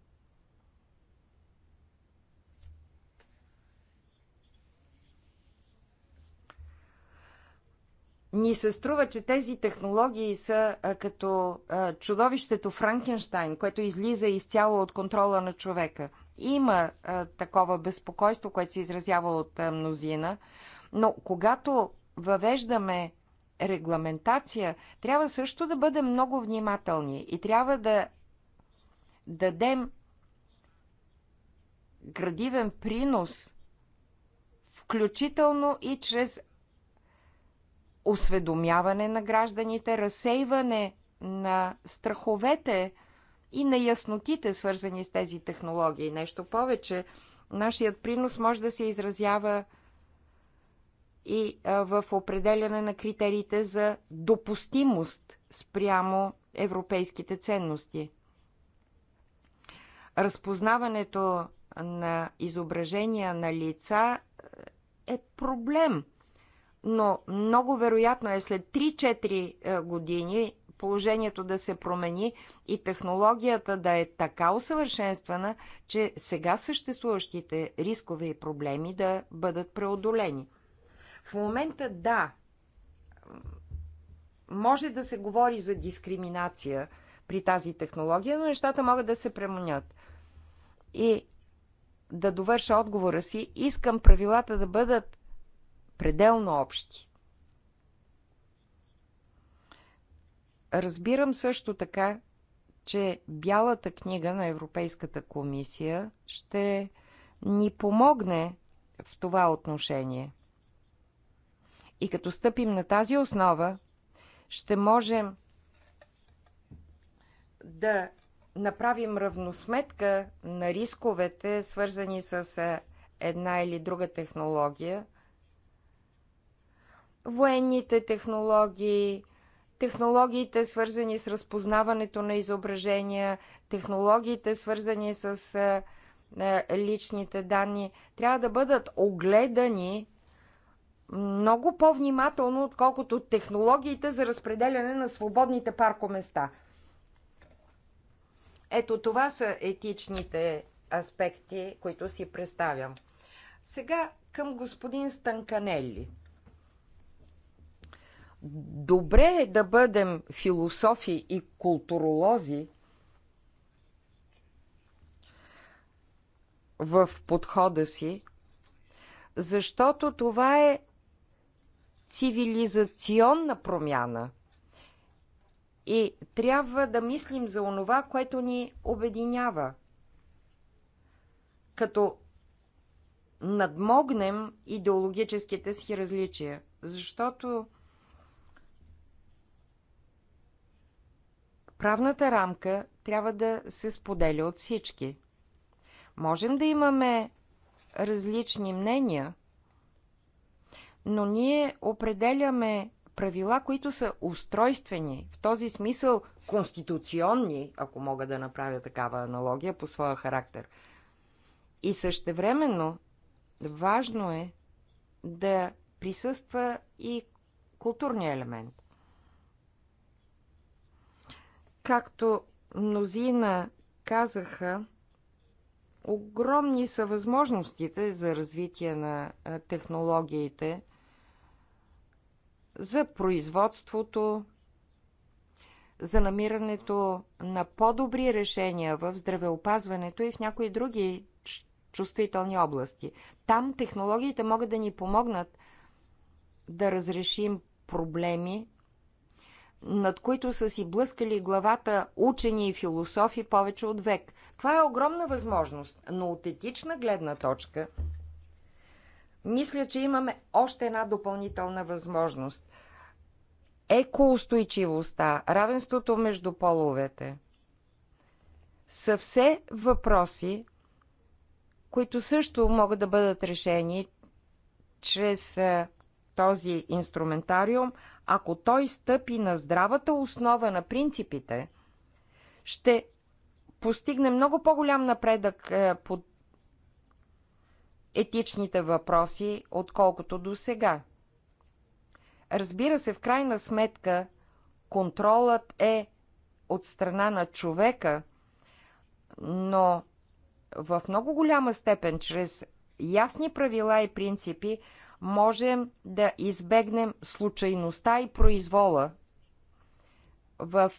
ни се струва, че тези технологии са а, като а, чудовището Франкенштайн, което излиза изцяло от контрола на човека. Има а, такова безпокойство, което се изразява от а, мнозина, но когато въвеждаме регламентация, трябва също да бъдем много внимателни и трябва да дадем градивен принос, включително и чрез осведомяване на гражданите, разсейване на страховете и на яснотите, свързани с тези технологии. Нещо повече, нашият принос може да се изразява и в определяне на критериите за допустимост спрямо европейските ценности разпознаването на изображения на лица е проблем. Но много вероятно е след 3-4 е, години положението да се промени и технологията да е така усъвършенствана, че сега съществуващите рискове и проблеми да бъдат преодолени. В момента да, може да се говори за дискриминация при тази технология, но нещата могат да се пременят. И да довърша отговора си, искам правилата да бъдат пределно общи. Разбирам също така, че Бялата книга на Европейската комисия ще ни помогне в това отношение. И като стъпим на тази основа, ще можем да направим равносметка на рисковете, свързани с една или друга технология, военните технологии, технологиите, свързани с разпознаването на изображения, технологиите, свързани с личните данни, трябва да бъдат огледани много по-внимателно, отколкото технологиите за разпределяне на свободните паркоместа. Ето това са етичните аспекти, които си представям. Сега към господин Станканелли. Добре е да бъдем философи и културолози в подхода си, защото това е цивилизационна промяна – и трябва да мислим за онова, което ни обединява. Като надмогнем идеологическите си различия. Защото правната рамка трябва да се споделя от всички. Можем да имаме различни мнения, но ние определяме правила, които са устройствени, в този смисъл конституционни, ако мога да направя такава аналогия по своя характер. И същевременно важно е да присъства и културния елемент. Както мнозина казаха, огромни са възможностите за развитие на технологиите за производството, за намирането на по-добри решения в здравеопазването и в някои други чувствителни области. Там технологиите могат да ни помогнат да разрешим проблеми, над които са си блъскали главата учени и философи повече от век. Това е огромна възможност, но от етична гледна точка – мисля, че имаме още една допълнителна възможност. Екоустойчивостта, равенството между половете са все въпроси, които също могат да бъдат решени чрез е, този инструментариум, ако той стъпи на здравата основа на принципите, ще постигне много по-голям напредък е, под етичните въпроси, отколкото до сега. Разбира се, в крайна сметка, контролът е от страна на човека, но в много голяма степен, чрез ясни правила и принципи, можем да избегнем случайността и произвола в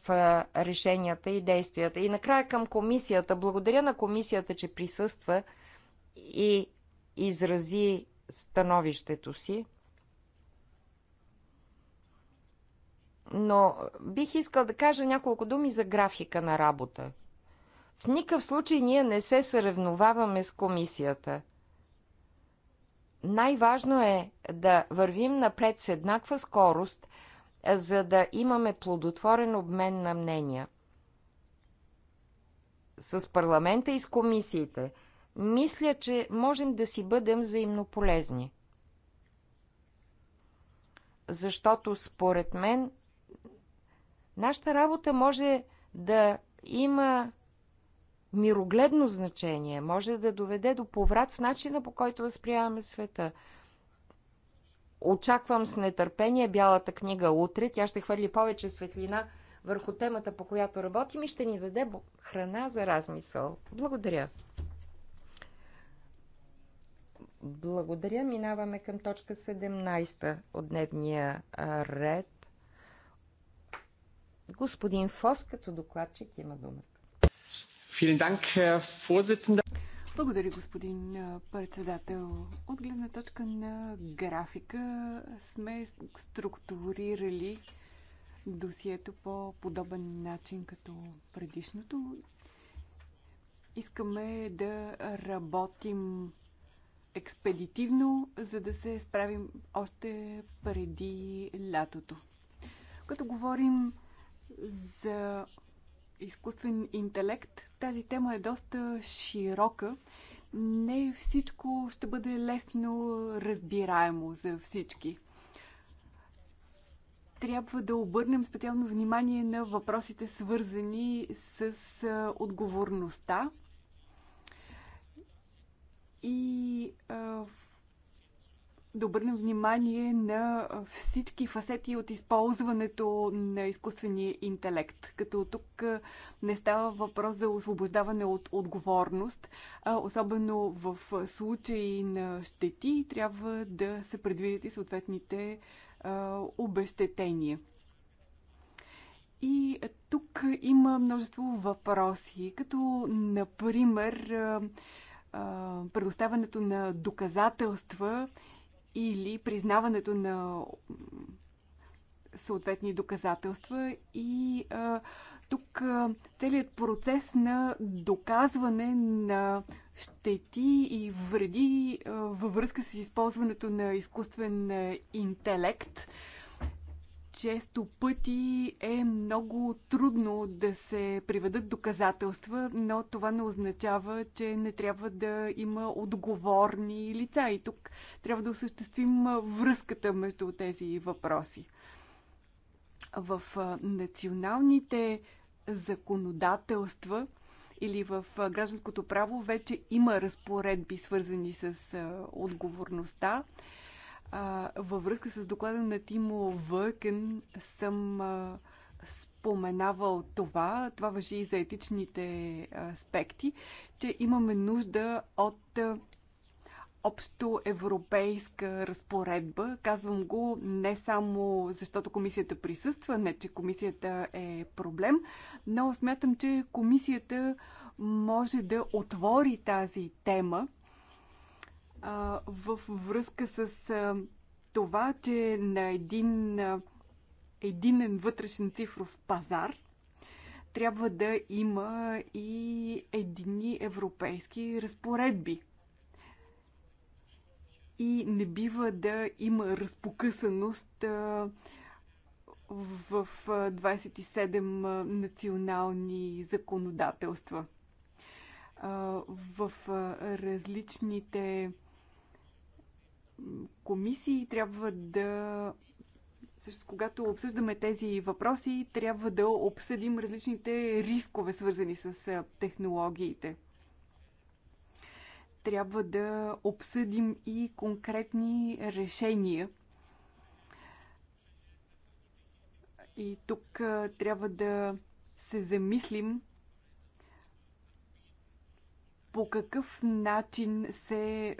решенията и действията. И накрая към комисията. Благодаря на комисията, че присъства и изрази становището си. Но бих искал да кажа няколко думи за графика на работа. В никакъв случай ние не се съревноваваме с комисията. Най-важно е да вървим напред с еднаква скорост, за да имаме плодотворен обмен на мнения. С парламента и с комисиите – мисля, че можем да си бъдем взаимно полезни. Защото според мен нашата работа може да има мирогледно значение, може да доведе до поврат в начина по който възприемаме света. Очаквам с нетърпение бялата книга утре. Тя ще хвърли повече светлина върху темата, по която работим и ще ни даде храна за размисъл. Благодаря. Благодаря. Минаваме към точка 17 от дневния ред. Господин Фос като докладчик има думата. Благодаря, господин председател. От гледна точка на графика сме структурирали досието по подобен начин като предишното. Искаме да работим експедитивно, за да се справим още преди лятото. Като говорим за изкуствен интелект, тази тема е доста широка. Не всичко ще бъде лесно разбираемо за всички. Трябва да обърнем специално внимание на въпросите, свързани с отговорността и а, да обърнем внимание на всички фасети от използването на изкуствения интелект. Като тук не става въпрос за освобождаване от отговорност, а особено в случаи на щети трябва да се предвидят и съответните а, обещетения. И тук има множество въпроси, като например предоставянето на доказателства или признаването на съответни доказателства и а, тук а, целият процес на доказване на щети и вреди а, във връзка с използването на изкуствен интелект често пъти е много трудно да се приведат доказателства, но това не означава, че не трябва да има отговорни лица. И тук трябва да осъществим връзката между тези въпроси. В националните законодателства или в гражданското право вече има разпоредби, свързани с отговорността. А, във връзка с доклада на Тимо Въркен съм а, споменавал това, това въжи и за етичните аспекти, че имаме нужда от общо европейска разпоредба. Казвам го не само защото комисията присъства, не че комисията е проблем, но смятам, че комисията може да отвори тази тема в връзка с това, че на един единен вътрешен цифров пазар трябва да има и едини европейски разпоредби. И не бива да има разпокъсаност в 27 национални законодателства. В различните комисии трябва да също когато обсъждаме тези въпроси, трябва да обсъдим различните рискове, свързани с технологиите. Трябва да обсъдим и конкретни решения. И тук трябва да се замислим по какъв начин се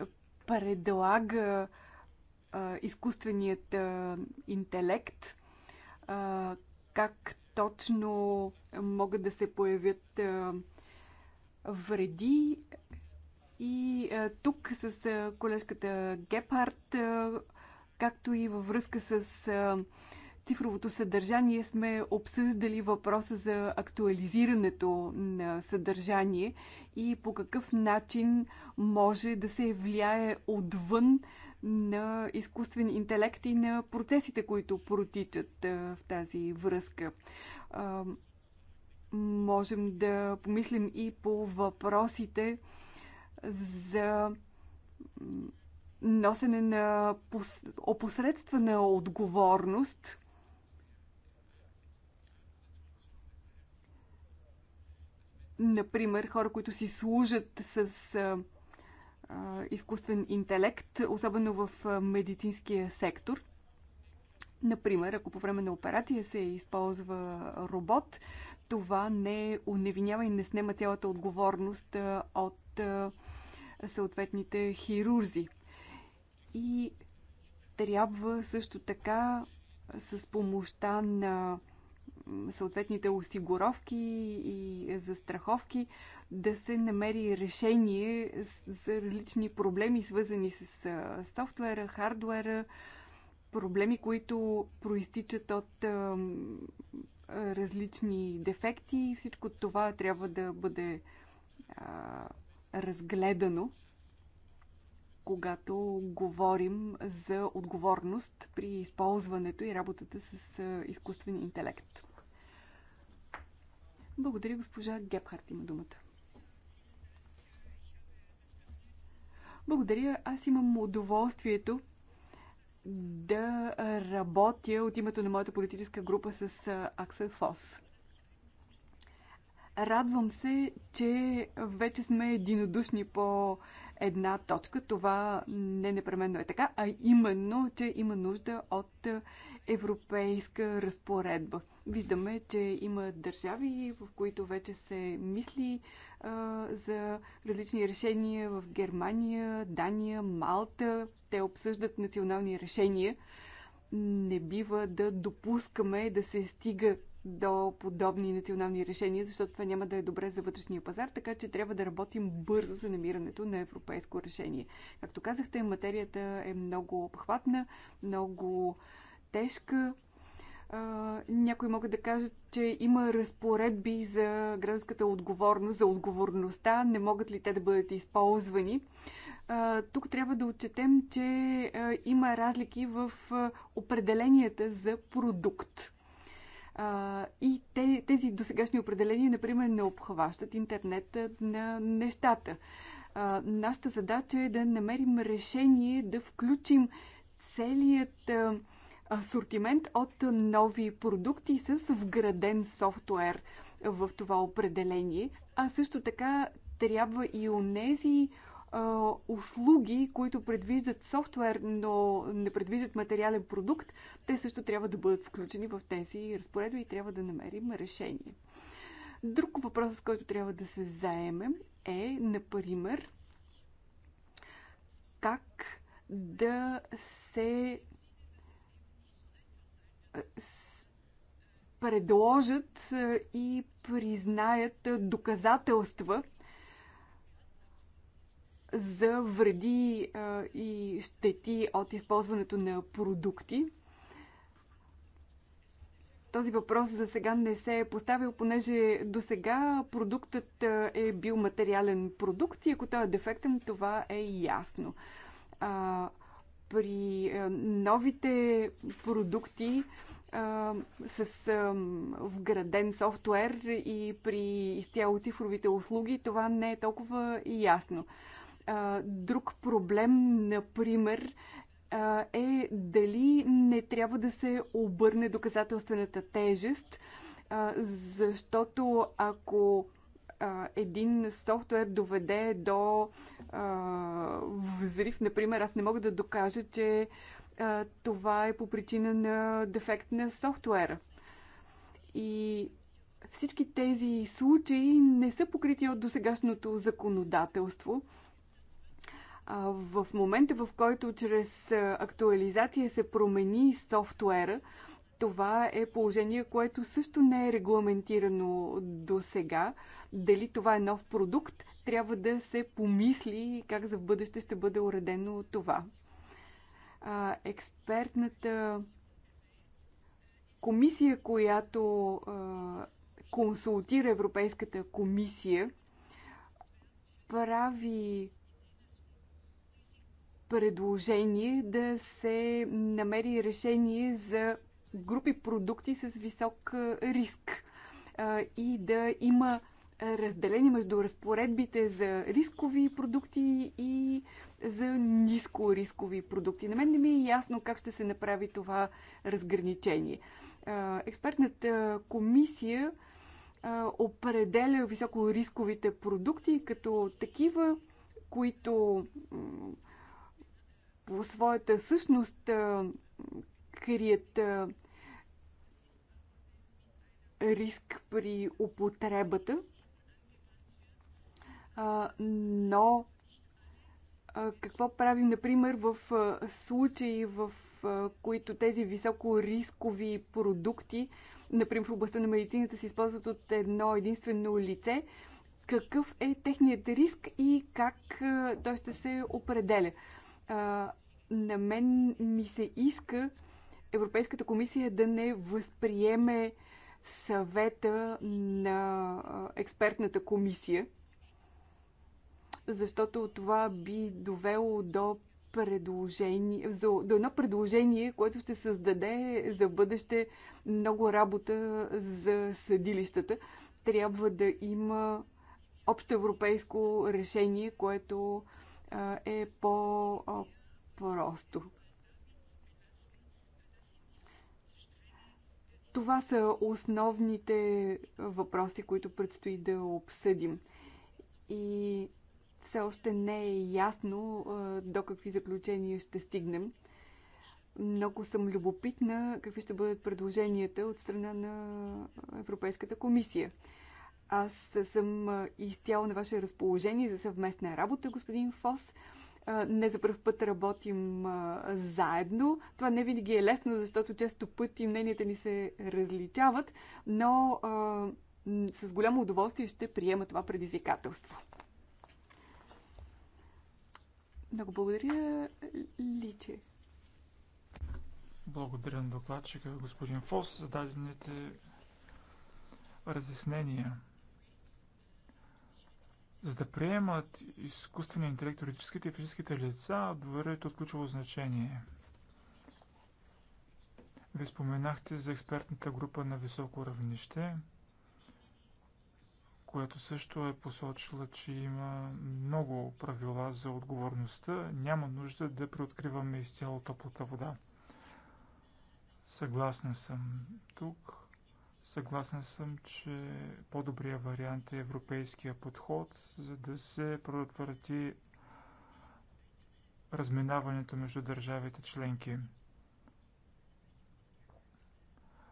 предлага а, изкуственият а, интелект, а, как точно могат да се появят а, вреди. И а, тук с а, колежката Гепард, а, както и във връзка с а, цифровото съдържание сме обсъждали въпроса за актуализирането на съдържание и по какъв начин може да се влияе отвън на изкуствен интелект и на процесите, които протичат в тази връзка. Можем да помислим и по въпросите за носене на опосредствена отговорност Например, хора, които си служат с а, а, изкуствен интелект, особено в медицинския сектор. Например, ако по време на операция се използва робот, това не уневинява и не снема цялата отговорност от съответните хирурзи. И трябва също така с помощта на съответните осигуровки и застраховки, да се намери решение за различни проблеми, свързани с софтуера, хардуера, проблеми, които проистичат от различни дефекти. Всичко това трябва да бъде разгледано когато говорим за отговорност при използването и работата с изкуствен интелект. Благодаря, госпожа Гепхарт има думата. Благодаря. Аз имам удоволствието да работя от името на моята политическа група с Аксел Фос. Радвам се, че вече сме единодушни по една точка. Това не непременно е така, а именно, че има нужда от европейска разпоредба. Виждаме, че има държави, в които вече се мисли а, за различни решения в Германия, Дания, Малта. Те обсъждат национални решения. Не бива да допускаме да се стига до подобни национални решения, защото това няма да е добре за вътрешния пазар, така че трябва да работим бързо за намирането на европейско решение. Както казахте, материята е много обхватна, много тежка. Някои могат да кажат, че има разпоредби за гражданската отговорност, за отговорността, не могат ли те да бъдат използвани. Тук трябва да отчетем, че има разлики в определенията за продукт. И те, тези досегашни определения, например, не обхващат интернет на нещата. Нашата задача е да намерим решение да включим целият асортимент от нови продукти с вграден софтуер в това определение, а също така трябва и онези а, услуги, които предвиждат софтуер, но не предвиждат материален продукт, те също трябва да бъдат включени в тези разпоредби и трябва да намерим решение. Друг въпрос, с който трябва да се заемем е, например, как да се предложат е, и признаят е, доказателства за вреди е, и щети от използването на продукти. Този въпрос за сега не се е поставил, понеже до сега продуктът е бил материален продукт и ако той е дефектен, това е ясно при е, новите продукти е, с е, вграден софтуер и при изцяло цифровите услуги, това не е толкова ясно. друг проблем, например, е дали не трябва да се обърне доказателствената тежест, защото ако а, един софтуер доведе до а, взрив, например, аз не мога да докажа, че а, това е по причина на дефект на софтуера. И всички тези случаи не са покрити от досегашното законодателство. В момента, в който чрез актуализация се промени софтуера, това е положение, което също не е регламентирано до сега дали това е нов продукт, трябва да се помисли как за в бъдеще ще бъде уредено това. Експертната комисия, която консултира Европейската комисия, прави предложение да се намери решение за групи продукти с висок риск и да има разделени между разпоредбите за рискови продукти и за ниско рискови продукти. На мен не ми е ясно как ще се направи това разграничение. Експертната комисия определя високо рисковите продукти като такива, които по своята същност крият риск при употребата но какво правим, например, в случаи, в които тези високорискови продукти, например в областта на медицината, се използват от едно единствено лице, какъв е техният риск и как той ще се определя. На мен ми се иска Европейската комисия да не възприеме съвета на експертната комисия, защото това би довело до предложение, за, до едно предложение, което ще създаде за бъдеще много работа за съдилищата. Трябва да има общо европейско решение, което а, е по-просто. Това са основните въпроси, които предстои да обсъдим. И все още не е ясно до какви заключения ще стигнем. Много съм любопитна какви ще бъдат предложенията от страна на Европейската комисия. Аз съм изцяло на ваше разположение за съвместна работа, господин Фос. Не за първ път работим заедно. Това не винаги е лесно, защото често пъти мненията ни се различават, но с голямо удоволствие ще приема това предизвикателство. Много благодаря, Личе. Благодаря на докладчика господин Фос за дадените разяснения. За да приемат изкуствения интелект юридическите и физическите лица, доверието от ключово значение. Вие споменахте за експертната група на високо равнище – която също е посочила, че има много правила за отговорността. Няма нужда да преоткриваме изцяло топлата вода. Съгласна съм тук. Съгласна съм, че по-добрия вариант е европейския подход, за да се предотврати разминаването между държавите членки.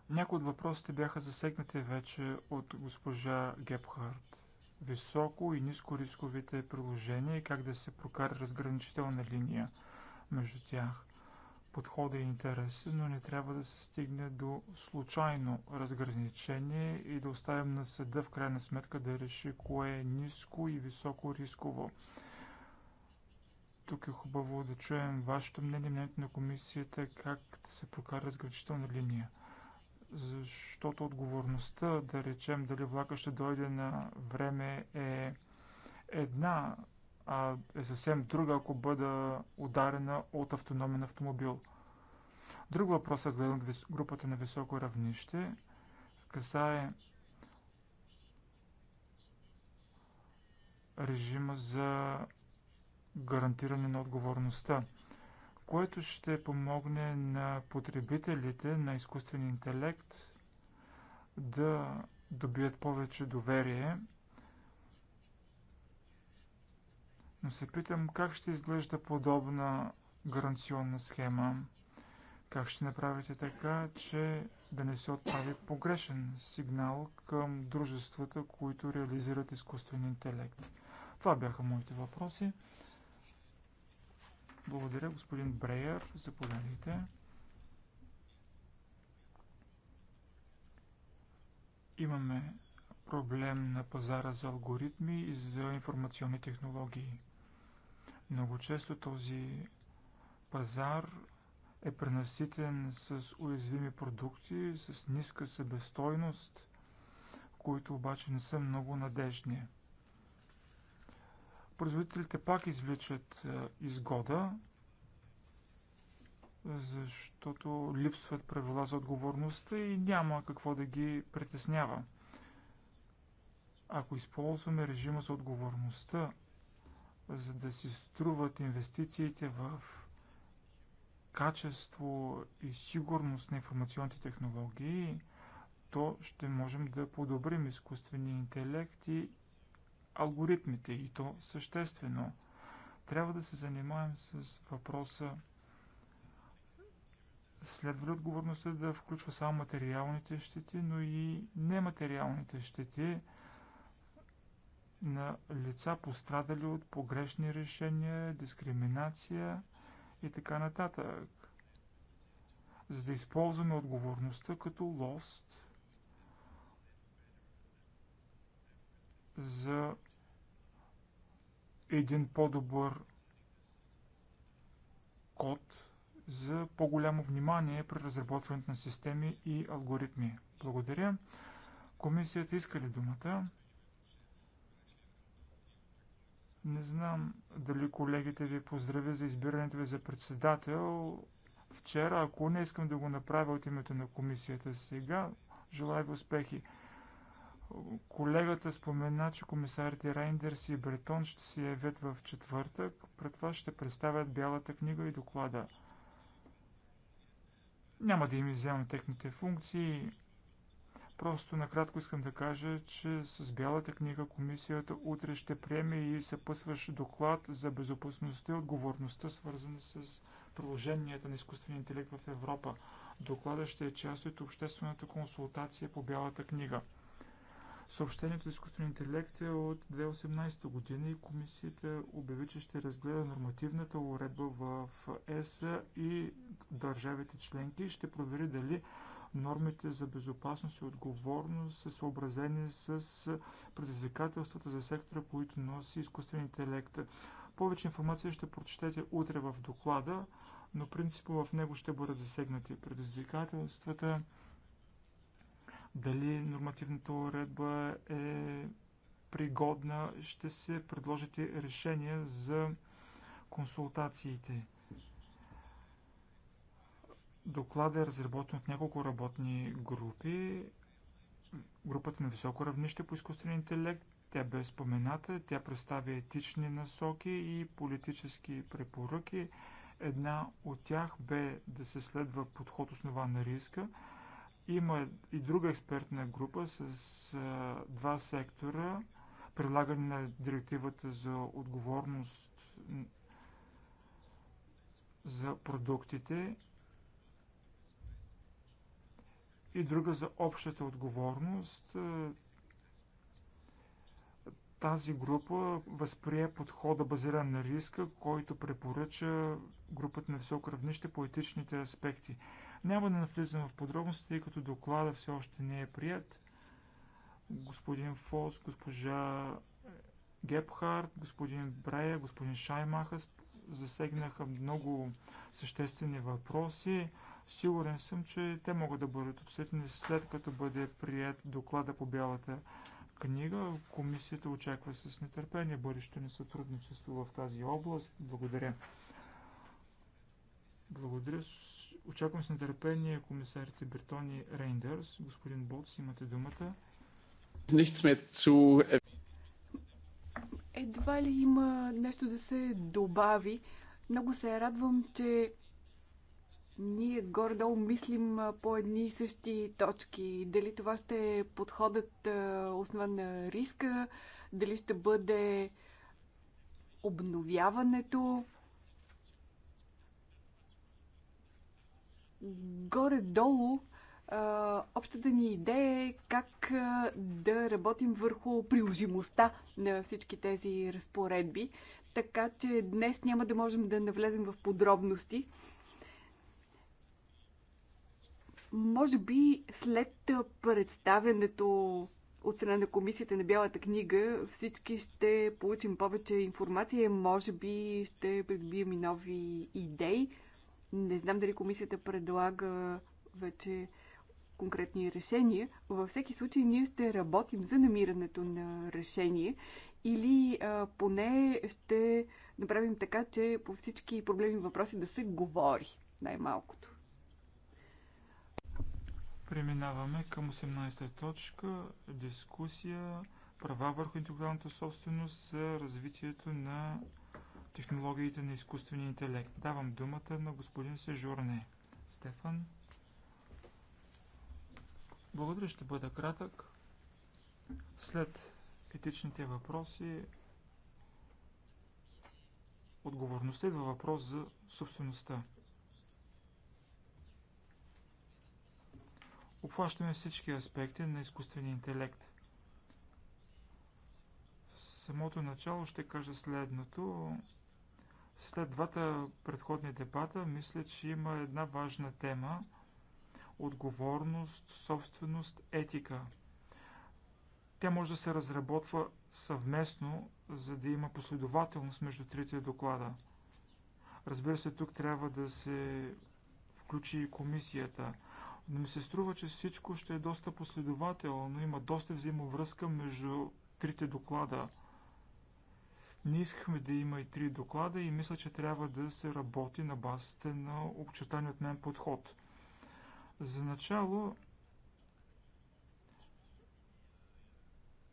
Някои от въпросите бяха засегнати вече от госпожа Гепхард. Високо и ниско рисковите приложения и как да се прокара разграничителна линия между тях. Подхода и е интереси, но не трябва да се стигне до случайно разграничение и да оставим на съда в крайна сметка да реши кое е ниско и високо рисково. Тук е хубаво да чуем вашето мнение, мнението на комисията, как да се прокара разграничителна линия защото отговорността, да речем, дали влака ще дойде на време е една, а е съвсем друга, ако бъда ударена от автономен автомобил. Друг въпрос, е от групата на високо равнище, касае режима за гарантиране на отговорността което ще помогне на потребителите на изкуствен интелект да добият повече доверие. Но се питам как ще изглежда подобна гаранционна схема. Как ще направите така, че да не се отправи погрешен сигнал към дружествата, които реализират изкуствен интелект? Това бяха моите въпроси. Благодаря, господин Бреер. Заповядайте. Имаме проблем на пазара за алгоритми и за информационни технологии. Много често този пазар е пренаситен с уязвими продукти, с ниска себестойност, които обаче не са много надежни производителите пак извличат е, изгода, защото липсват правила за отговорността и няма какво да ги притеснява. Ако използваме режима за отговорността, за да си струват инвестициите в качество и сигурност на информационните технологии, то ще можем да подобрим изкуствения интелект и алгоритмите и то съществено. Трябва да се занимаем с въпроса следва ли отговорността да включва само материалните щети, но и нематериалните щети на лица пострадали от погрешни решения, дискриминация и така нататък. За да използваме отговорността като лост за един по-добър код за по-голямо внимание при разработването на системи и алгоритми. Благодаря. Комисията иска ли думата? Не знам дали колегите ви поздравя за избирането ви за председател вчера. Ако не искам да го направя от името на комисията сега, желая ви успехи. Колегата спомена, че комисарите Райндърс и Бретон ще се явят в четвъртък. Пред това ще представят Бялата книга и доклада. Няма да им изземам техните функции. Просто накратко искам да кажа, че с Бялата книга комисията утре ще приеме и съпъсващ доклад за безопасността и отговорността, свързана с приложенията на изкуствения интелект в Европа. Докладът ще е част от обществената консултация по Бялата книга. Съобщението за изкуствен интелект е от 2018 година и комисията обяви, че ще разгледа нормативната уредба в ЕС и държавите членки и ще провери дали нормите за безопасност и отговорност са съобразени с предизвикателствата за сектора, които носи изкуствен интелект. Повече информация ще прочетете утре в доклада, но принципно в него ще бъдат засегнати предизвикателствата, дали нормативната уредба е пригодна, ще се предложат и решения за консултациите. Докладът е разработен от няколко работни групи. Групата на високо равнище по изкуствен интелект, тя бе спомената, тя представя етични насоки и политически препоръки. Една от тях бе да се следва подход основа на риска, има и друга експертна група с два сектора прилагане на директивата за отговорност за продуктите и друга за общата отговорност. Тази група възприе подхода базиран на риска, който препоръча групата на високо равнище по етичните аспекти. Няма да навлизам в подробности, тъй като доклада все още не е прият. Господин Фолс, госпожа Гепхард, господин Брея, господин Шаймахас засегнаха много съществени въпроси. Сигурен съм, че те могат да бъдат обсъдени след като бъде прият доклада по бялата книга. Комисията очаква с нетърпение бъдещето ни сътрудничество в тази област. Благодаря. Благодаря. Очаквам с нетърпение комисарите Бертони Рейндърс. Господин Болц, имате думата. Едва ли има нещо да се добави. Много се радвам, че ние горе долу мислим по едни и същи точки. Дали това ще е подходът основан на риска, дали ще бъде обновяването. Горе-долу общата ни идея е как да работим върху приложимостта на всички тези разпоредби, така че днес няма да можем да навлезем в подробности, Може би след представянето от страна на комисията на Бялата книга всички ще получим повече информация, може би ще придобием и нови идеи. Не знам дали комисията предлага вече конкретни решения. Във всеки случай ние ще работим за намирането на решение или а, поне ще направим така, че по всички проблеми и въпроси да се говори най-малкото. Преминаваме към 18 та точка. Дискусия права върху интелектуалната собственост за развитието на технологиите на изкуствения интелект. Давам думата на господин Сежурне. Стефан. Благодаря, ще бъда кратък. След етичните въпроси, отговорността идва въпрос за собствеността. обхващаме всички аспекти на изкуствения интелект. В самото начало ще кажа следното. След двата предходни дебата, мисля, че има една важна тема отговорност, собственост, етика. Тя може да се разработва съвместно, за да има последователност между трите доклада. Разбира се, тук трябва да се включи и комисията – но ми се струва, че всичко ще е доста последователно. Има доста взаимовръзка между трите доклада. Ние искахме да има и три доклада и мисля, че трябва да се работи на базата на обчетани от мен подход. За начало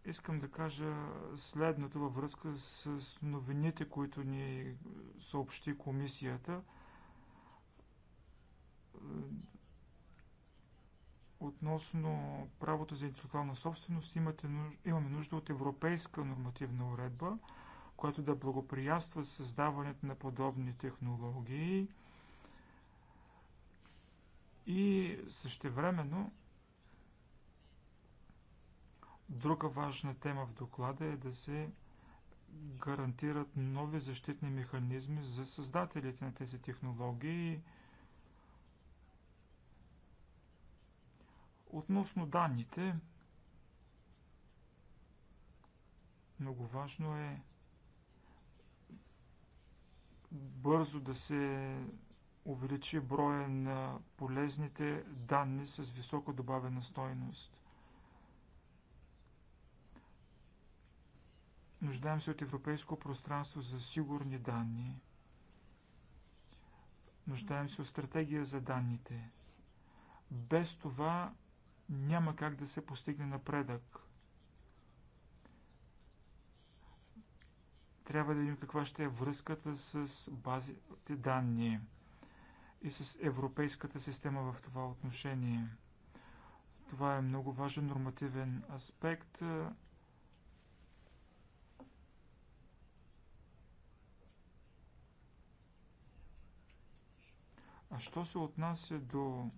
искам да кажа следното във връзка с новините, които ни съобщи комисията относно правото за интелектуална собственост имате, имаме нужда от европейска нормативна уредба, която да благоприятства създаването на подобни технологии и същевременно друга важна тема в доклада е да се гарантират нови защитни механизми за създателите на тези технологии – Относно данните, много важно е бързо да се увеличи броя на полезните данни с висока добавена стойност. Нуждаем се от европейско пространство за сигурни данни. Нуждаем се от стратегия за данните. Без това няма как да се постигне напредък. Трябва да видим каква ще е връзката с базите данни и с европейската система в това отношение. Това е много важен нормативен аспект. А що се отнася до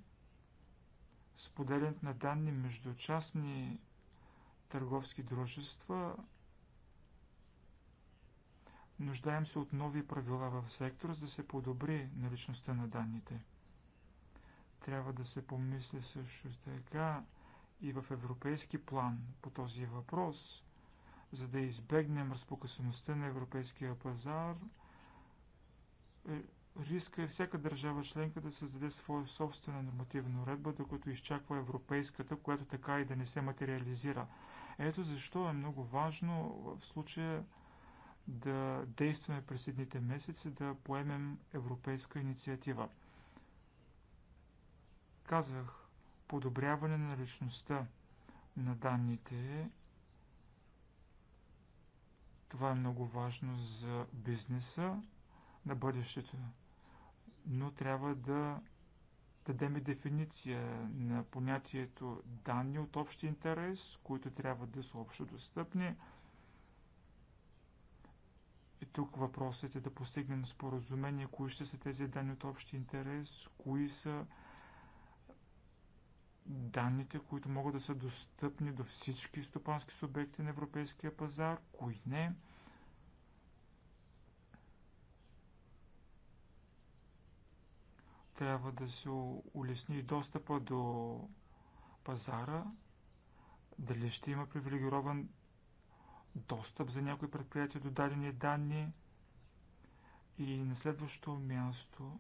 споделянето на данни между частни търговски дружества. Нуждаем се от нови правила в сектора, за да се подобри наличността на данните. Трябва да се помисли също така и в европейски план по този въпрос, за да избегнем разпокъсаността на европейския пазар е, – Риска е всяка държава членка да създаде своя собствена нормативна уредба, докато изчаква европейската, която така и да не се материализира. Ето защо е много важно в случая да действаме през едните месеци, да поемем европейска инициатива. Казах, подобряване на личността на данните. Това е много важно за бизнеса на бъдещето но трябва да дадем дефиниция на понятието данни от общ интерес, които трябва да са общо достъпни. И тук въпросът е да постигнем споразумение, кои ще са тези данни от общ интерес, кои са данните, които могат да са достъпни до всички стопански субекти на европейския пазар, кои не. Трябва да се улесни достъпа до пазара, дали ще има привилегирован достъп за някои предприятия до дадени данни и на следващо място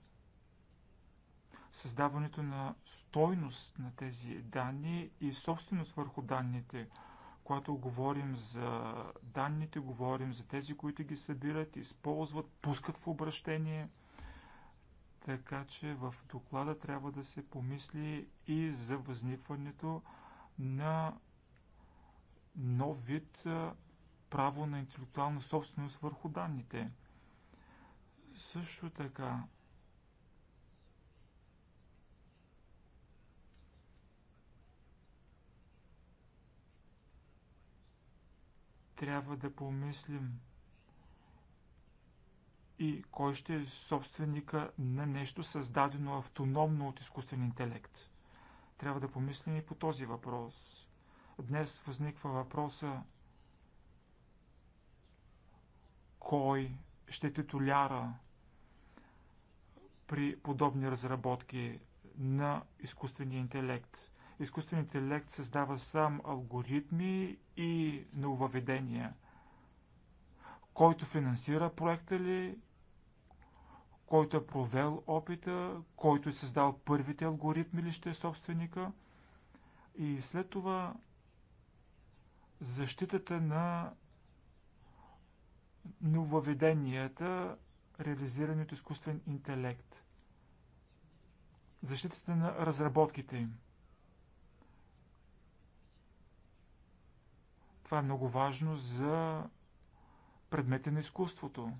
създаването на стойност на тези данни и собственост върху данните. Когато говорим за данните, говорим за тези, които ги събират, използват, пускат в обращение – така че в доклада трябва да се помисли и за възникването на нов вид право на интелектуална собственост върху данните. Също така, трябва да помислим и кой ще е собственика на нещо създадено автономно от изкуствен интелект. Трябва да помислим и по този въпрос. Днес възниква въпроса кой ще титуляра при подобни разработки на изкуствения интелект. Изкуственият интелект създава сам алгоритми и нововведения. Който финансира проекта ли който е провел опита, който е създал първите алгоритми ли ще е собственика и след това защитата на нововеденията, реализирани от изкуствен интелект, защитата на разработките им. Това е много важно за предмета на изкуството.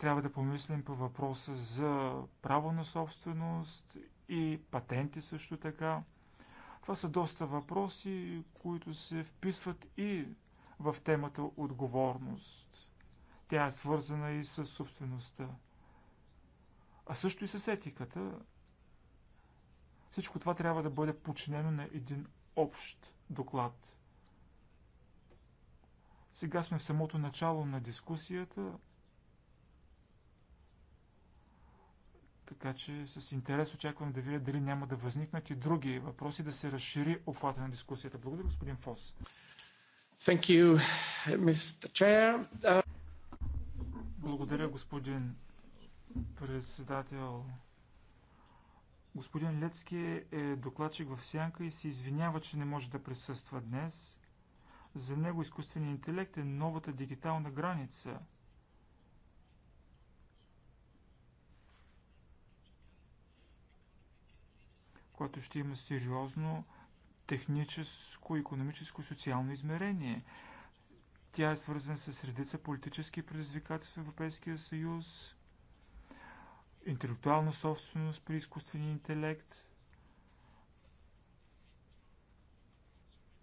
Трябва да помислим по въпроса за право на собственост и патенти също така. Това са доста въпроси, които се вписват и в темата отговорност. Тя е свързана и с собствеността, а също и с етиката. Всичко това трябва да бъде починено на един общ доклад. Сега сме в самото начало на дискусията – Така че с интерес очаквам да видя дали няма да възникнат и други въпроси, да се разшири обхвата на дискусията. Благодаря, господин Фос. You, uh... Благодаря, господин председател. Господин Лецки е докладчик в Сянка и се извинява, че не може да присъства днес. За него изкуственият интелект е новата дигитална граница – което ще има сериозно техническо, економическо, социално измерение. Тя е свързана с редица политически предизвикателства в Европейския съюз, интелектуална собственост при изкуствения интелект,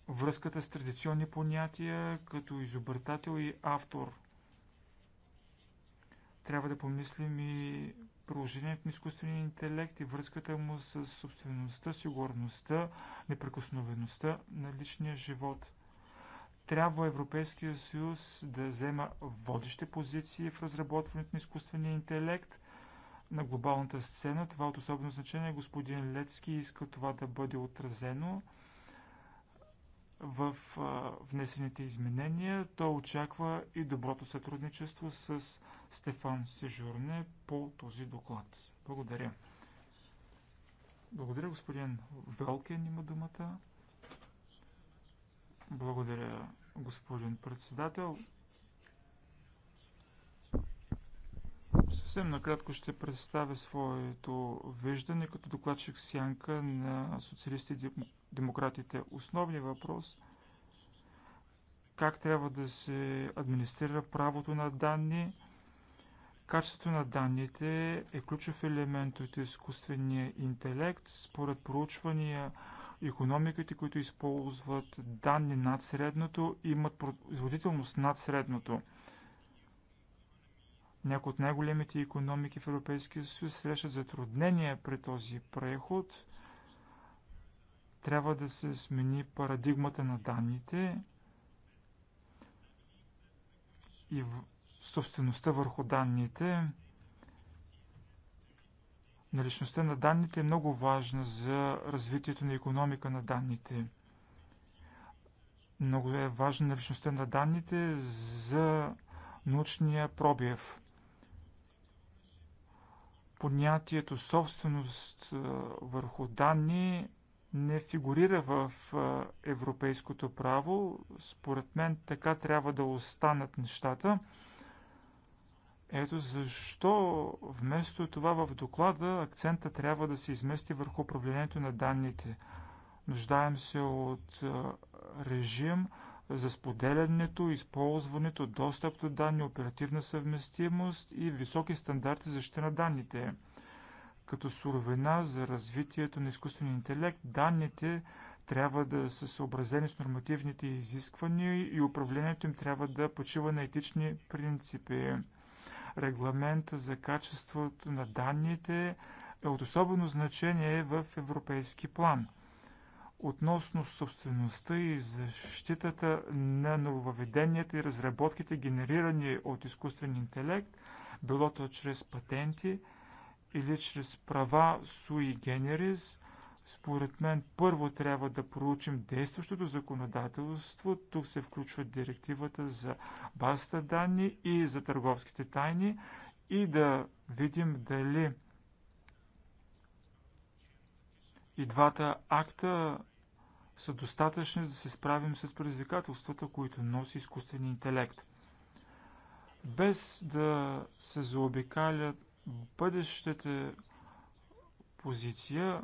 връзката с традиционни понятия като изобретател и автор. Трябва да помислим и приложението на изкуствения интелект и връзката му с собствеността, сигурността, неприкосновеността на личния живот. Трябва Европейския съюз да взема водещи позиции в разработването на изкуствения интелект на глобалната сцена. Това е от особено значение. Господин Лецки иска това да бъде отразено в внесените изменения. Той очаква и доброто сътрудничество с Стефан Сежурне по този доклад. Благодаря. Благодаря, господин Велкен има думата. Благодаря, господин председател. Съвсем накратко ще представя своето виждане като докладчик сянка на социалисти и демократите. Основният въпрос как трябва да се администрира правото на данни, Качеството на данните е ключов елемент от изкуствения интелект. Според проучвания, економиките, които използват данни над средното, имат производителност над средното. Някои от най-големите економики в Европейския съюз срещат затруднения при този преход. Трябва да се смени парадигмата на данните и собствеността върху данните. Наличността на данните е много важна за развитието на економика на данните. Много е важна наличността на данните за научния пробив. Понятието собственост върху данни не фигурира в европейското право. Според мен така трябва да останат нещата – ето защо вместо това в доклада акцента трябва да се измести върху управлението на данните. Нуждаем се от режим за споделянето, използването, достъп до данни, оперативна съвместимост и високи стандарти защита на данните. Като суровина за развитието на изкуствения интелект, данните трябва да са съобразени с нормативните изисквания и управлението им трябва да почива на етични принципи. Регламент за качеството на данните е от особено значение в европейски план. Относно собствеността и защитата на нововведенията и разработките, генерирани от изкуствен интелект, било то чрез патенти или чрез права sui generis, според мен първо трябва да проучим действащото законодателство. Тук се включва директивата за базата данни и за търговските тайни и да видим дали и двата акта са достатъчни да се справим с предизвикателствата, които носи изкуствен интелект. Без да се заобикалят бъдещата позиция,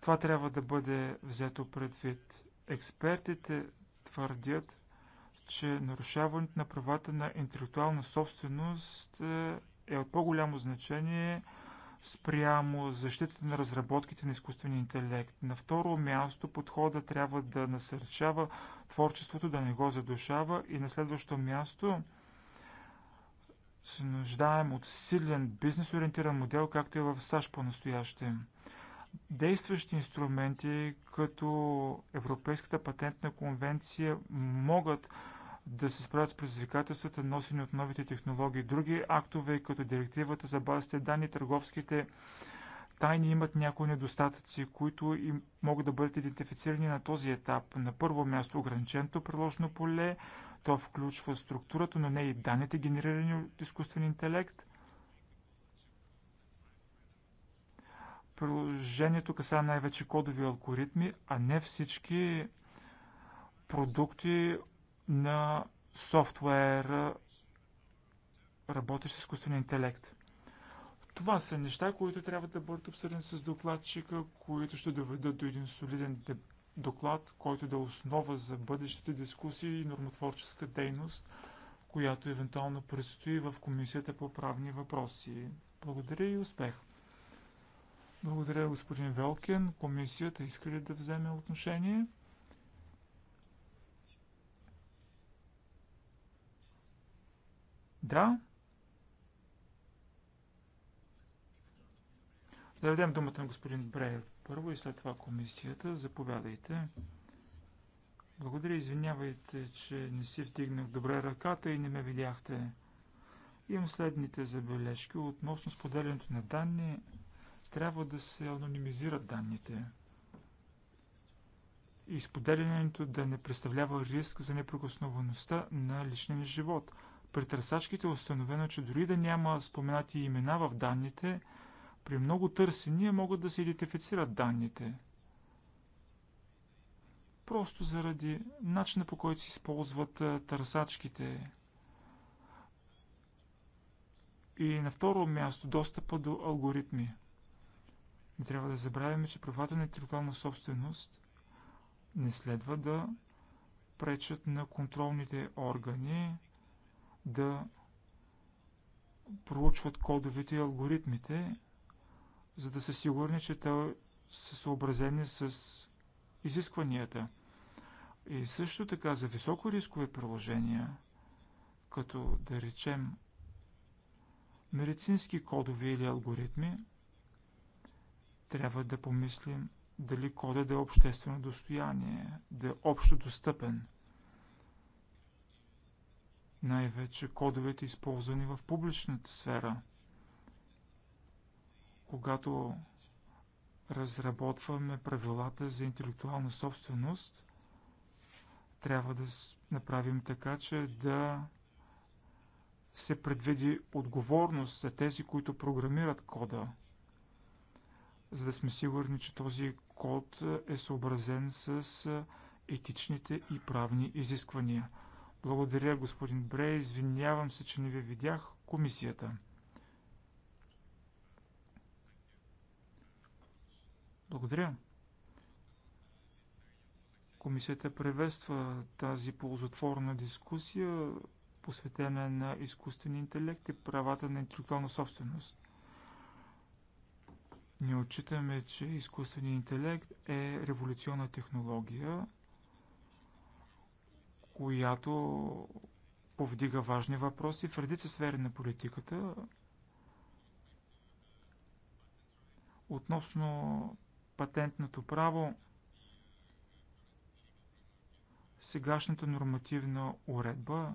това трябва да бъде взето предвид. Експертите твърдят, че нарушаването на правата на интелектуална собственост е от по-голямо значение спрямо защитата на разработките на изкуствения интелект. На второ място подхода трябва да насърчава творчеството, да не го задушава и на следващо място се нуждаем от силен бизнес ориентиран модел, както е в САЩ по-настоящем действащи инструменти, като Европейската патентна конвенция, могат да се справят с предизвикателствата, носени от новите технологии. Други актове, като директивата за базите данни, търговските тайни имат някои недостатъци, които им могат да бъдат идентифицирани на този етап. На първо място ограниченото приложено поле, то включва структурата, но не и данните, генерирани от изкуствен интелект. Приложението касае най-вече кодови алгоритми, а не всички продукти на софтуер, работещ с изкуствен интелект. Това са неща, които трябва да бъдат обсъдени с докладчика, които ще доведат до един солиден доклад, който да е основа за бъдещите дискусии и нормотворческа дейност, която евентуално предстои в Комисията по правни въпроси. Благодаря и успех! Благодаря, господин Велкин. Комисията иска ли да вземе отношение? Да. Да дадем думата на господин Бреев първо и след това комисията. Заповядайте. Благодаря, извинявайте, че не си вдигнах добре ръката и не ме видяхте. Имам следните забележки относно споделянето на данни трябва да се анонимизират данните и споделянето да не представлява риск за неприкосновеността на личния живот. При търсачките е установено, че дори да няма споменати имена в данните, при много търсения могат да се идентифицират данните. Просто заради начина по който се използват търсачките. И на второ място достъпа до алгоритми. Не трябва да забравяме, че правата на интелектуална собственост не следва да пречат на контролните органи да проучват кодовете и алгоритмите, за да са сигурни, че те са съобразени с изискванията. И също така за високо рискове приложения, като да речем медицински кодове или алгоритми, трябва да помислим дали кода да е обществено достояние, да е общо достъпен. Най-вече кодовете използвани в публичната сфера. Когато разработваме правилата за интелектуална собственост, трябва да направим така, че да се предвиди отговорност за тези, които програмират кода – за да сме сигурни, че този код е съобразен с етичните и правни изисквания. Благодаря, господин Брей, Извинявам се, че не ви видях. Комисията. Благодаря. Комисията приветства тази ползотворна дискусия, посветена на изкуствен интелект и правата на интелектуална собственост. Не отчитаме, че изкуственият интелект е революционна технология, която повдига важни въпроси в редица сфери на политиката. Относно патентното право, сегашната нормативна уредба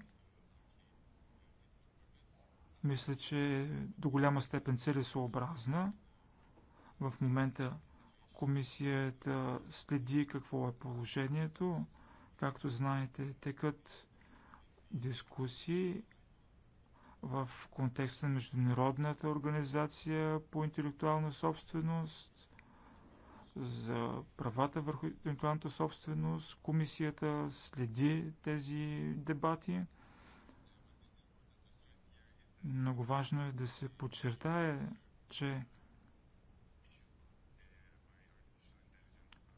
мисля, че до голяма степен целесообразна. В момента комисията следи какво е положението. Както знаете, текат дискусии в контекста на Международната организация по интелектуална собственост, за правата върху интелектуалната собственост. Комисията следи тези дебати. Много важно е да се подчертае, че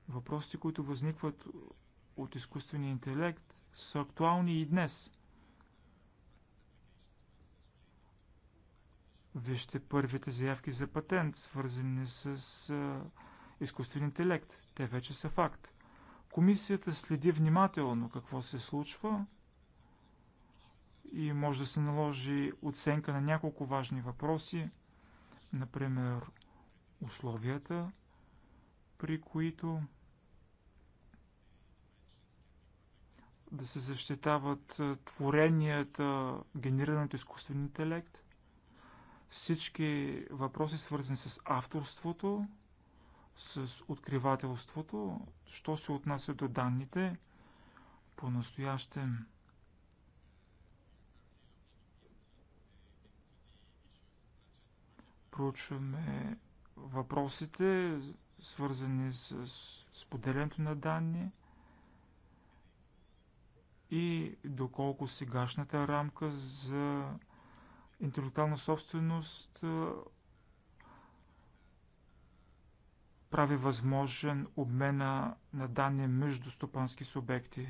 Въпросите, които възникват от изкуствения интелект, са актуални и днес. Вижте първите заявки за патент, свързани с изкуствен интелект. Те вече са факт. Комисията следи внимателно какво се случва и може да се наложи оценка на няколко важни въпроси, например условията, при които да се защитават е, творенията, генерирани от изкуствен интелект, всички въпроси свързани с авторството, с откривателството, що се отнася до данните, по-настоящем проучваме въпросите, свързани с споделянето на данни – и доколко сегашната рамка за интелектуална собственост прави възможен обмена на данни между стопански субекти.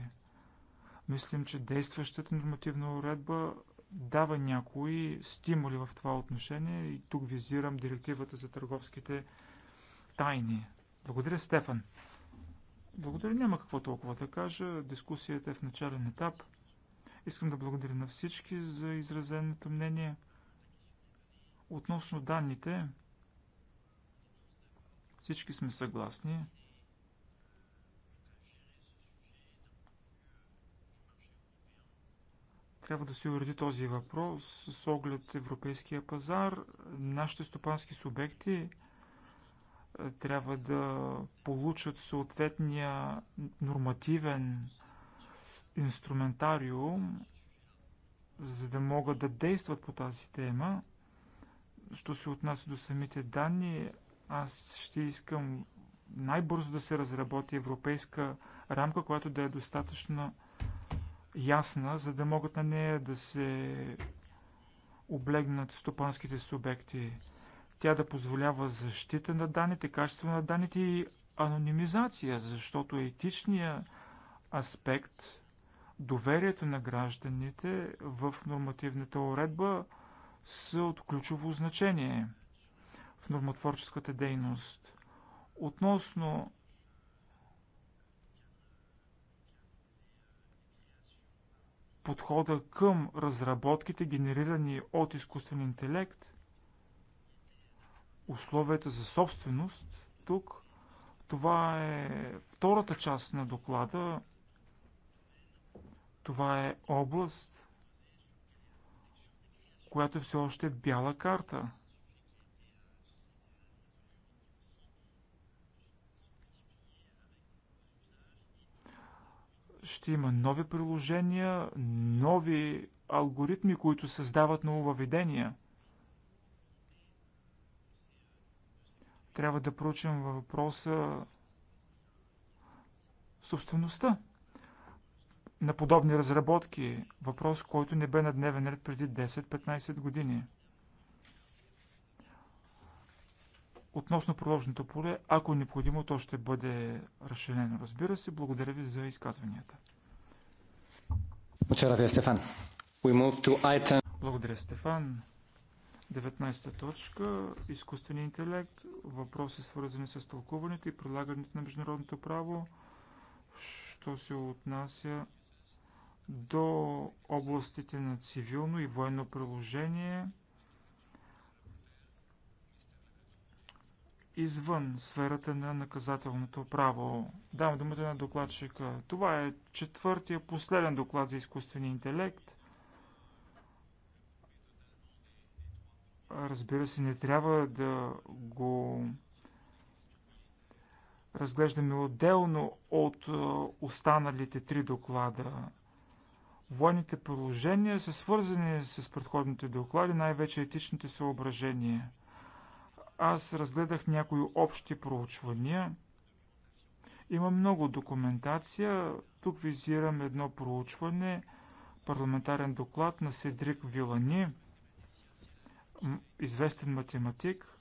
Мислим, че действащата нормативна уредба дава някои стимули в това отношение и тук визирам директивата за търговските тайни. Благодаря, Стефан. Благодаря, няма какво толкова да кажа. Дискусията е в начален етап. Искам да благодаря на всички за изразеното мнение. Относно данните, всички сме съгласни. Трябва да се уреди този въпрос с оглед европейския пазар. Нашите стопански субекти трябва да получат съответния нормативен инструментариум, за да могат да действат по тази тема. Що се отнася до самите данни, аз ще искам най-бързо да се разработи европейска рамка, която да е достатъчно ясна, за да могат на нея да се облегнат стопанските субекти тя да позволява защита на данните, качество на данните и анонимизация, защото етичният аспект, доверието на гражданите в нормативната уредба са от ключово значение в нормотворческата дейност. Относно подхода към разработките, генерирани от изкуствен интелект, условията за собственост тук. Това е втората част на доклада. Това е област, която е все още е бяла карта. ще има нови приложения, нови алгоритми, които създават нововъведения. Трябва да проучим въпроса собствеността на подобни разработки. Въпрос, който не бе на дневен ред преди 10-15 години. Относно проложното поле, ако е необходимо, то ще бъде разширено. Разбира се, благодаря ви за изказванията. Благодаря, Стефан. Благодаря, Стефан. 19 точка – изкуствен интелект, въпроси свързани с тълкуването и прилагането на международното право, що се отнася до областите на цивилно и военно приложение извън сферата на наказателното право. Дам думата на докладчика. Това е четвъртия последен доклад за изкуствения интелект. Разбира се, не трябва да го разглеждаме отделно от останалите три доклада. Военните положения са свързани с предходните доклади, най-вече етичните съображения. Аз разгледах някои общи проучвания. Има много документация. Тук визирам едно проучване, парламентарен доклад на Седрик Вилани – известен математик,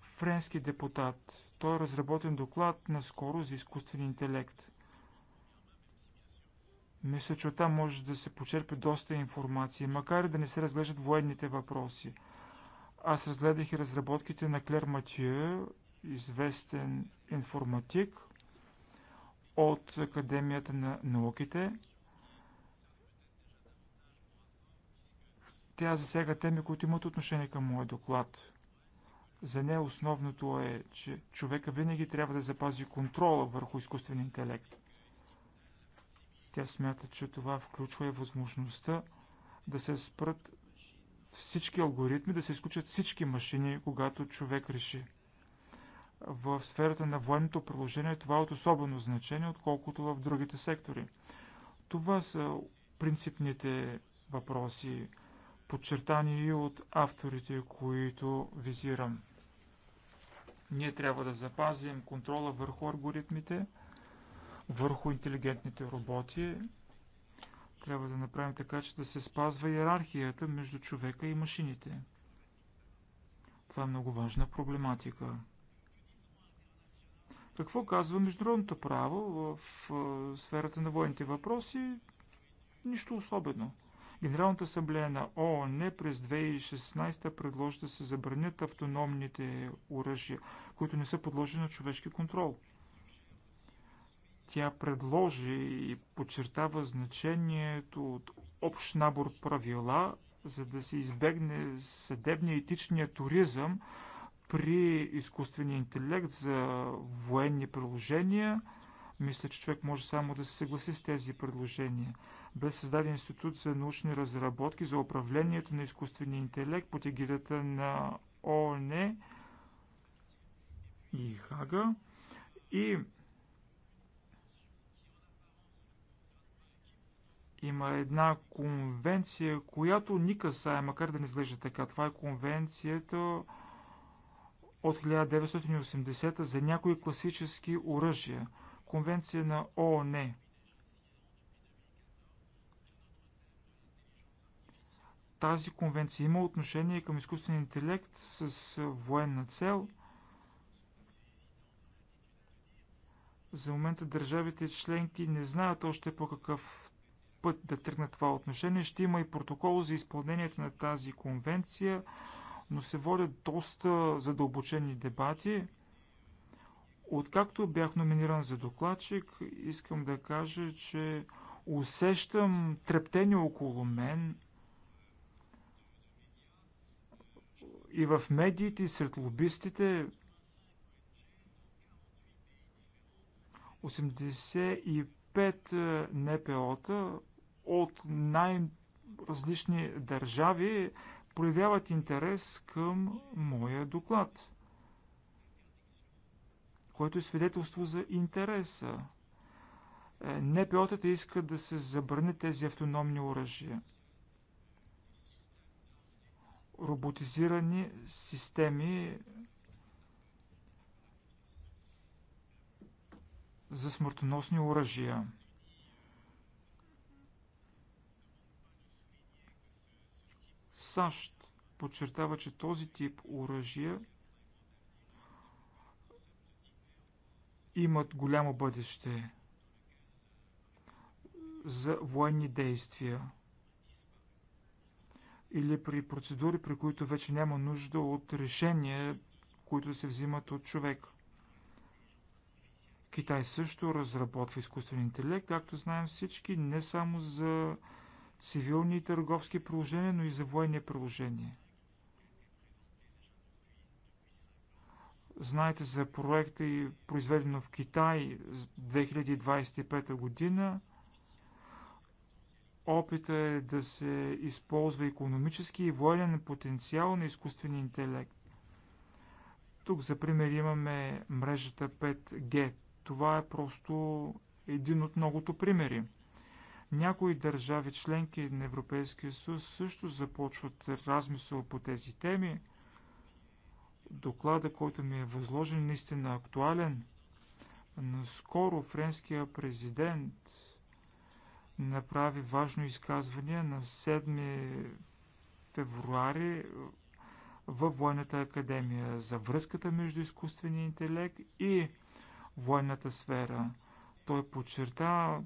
френски депутат. Той е разработен доклад на скоро за изкуствен интелект. Мисля, че оттам може да се почерпи доста информация, макар и да не се разглеждат военните въпроси. Аз разгледах и разработките на Клер Матю, известен информатик от Академията на науките – Тя засяга теми, които имат отношение към моят доклад. За нея основното е, че човека винаги трябва да запази контрола върху изкуствения интелект. Тя смята, че това включва и възможността да се спрат всички алгоритми, да се изключат всички машини, когато човек реши. В сферата на военното приложение това е от особено значение, отколкото в другите сектори. Това са принципните въпроси, подчертани и от авторите, които визирам. Ние трябва да запазим контрола върху алгоритмите, върху интелигентните роботи. Трябва да направим така, че да се спазва иерархията между човека и машините. Това е много важна проблематика. Какво казва международното право в сферата на военните въпроси? Нищо особено. Генералната асамблея на ООН през 2016 предложи да се забранят автономните оръжия, които не са подложени на човешки контрол. Тя предложи и подчертава значението от общ набор правила, за да се избегне съдебния етичния туризъм при изкуствения интелект за военни приложения. Мисля, че човек може само да се съгласи с тези предложения бе създаден Институт за научни разработки за управлението на изкуствения интелект под егидата на ООН и Хага. И има една конвенция, която ни касае, макар да не изглежда така. Това е конвенцията от 1980 за някои класически оръжия. Конвенция на ООН. Тази конвенция има отношение към изкуствен интелект с военна цел. За момента държавите членки не знаят още по какъв път да тръгнат това отношение. Ще има и протокол за изпълнението на тази конвенция, но се водят доста задълбочени дебати. Откакто бях номиниран за докладчик, искам да кажа, че усещам трептение около мен. и в медиите, и сред лобистите 85 е, НПО-та от най-различни държави проявяват интерес към моя доклад, което е свидетелство за интереса. Е, НПО-тата искат да се забранят тези автономни оръжия роботизирани системи за смъртоносни оръжия. САЩ подчертава, че този тип оръжия имат голямо бъдеще за военни действия или при процедури, при които вече няма нужда от решения, които се взимат от човек. Китай също разработва изкуствен интелект, както знаем всички, не само за цивилни и търговски приложения, но и за военни приложения. Знаете за проекта произведено в Китай 2025 година – Опита е да се използва економически и военен потенциал на изкуствения интелект. Тук за пример имаме мрежата 5G. Това е просто един от многото примери. Някои държави членки на Европейския съюз също започват размисъл по тези теми. Доклада, който ми е възложен, наистина актуален. Наскоро френския президент направи важно изказване на 7 февруари във Военната академия за връзката между изкуствения интелект и военната сфера. Той подчерта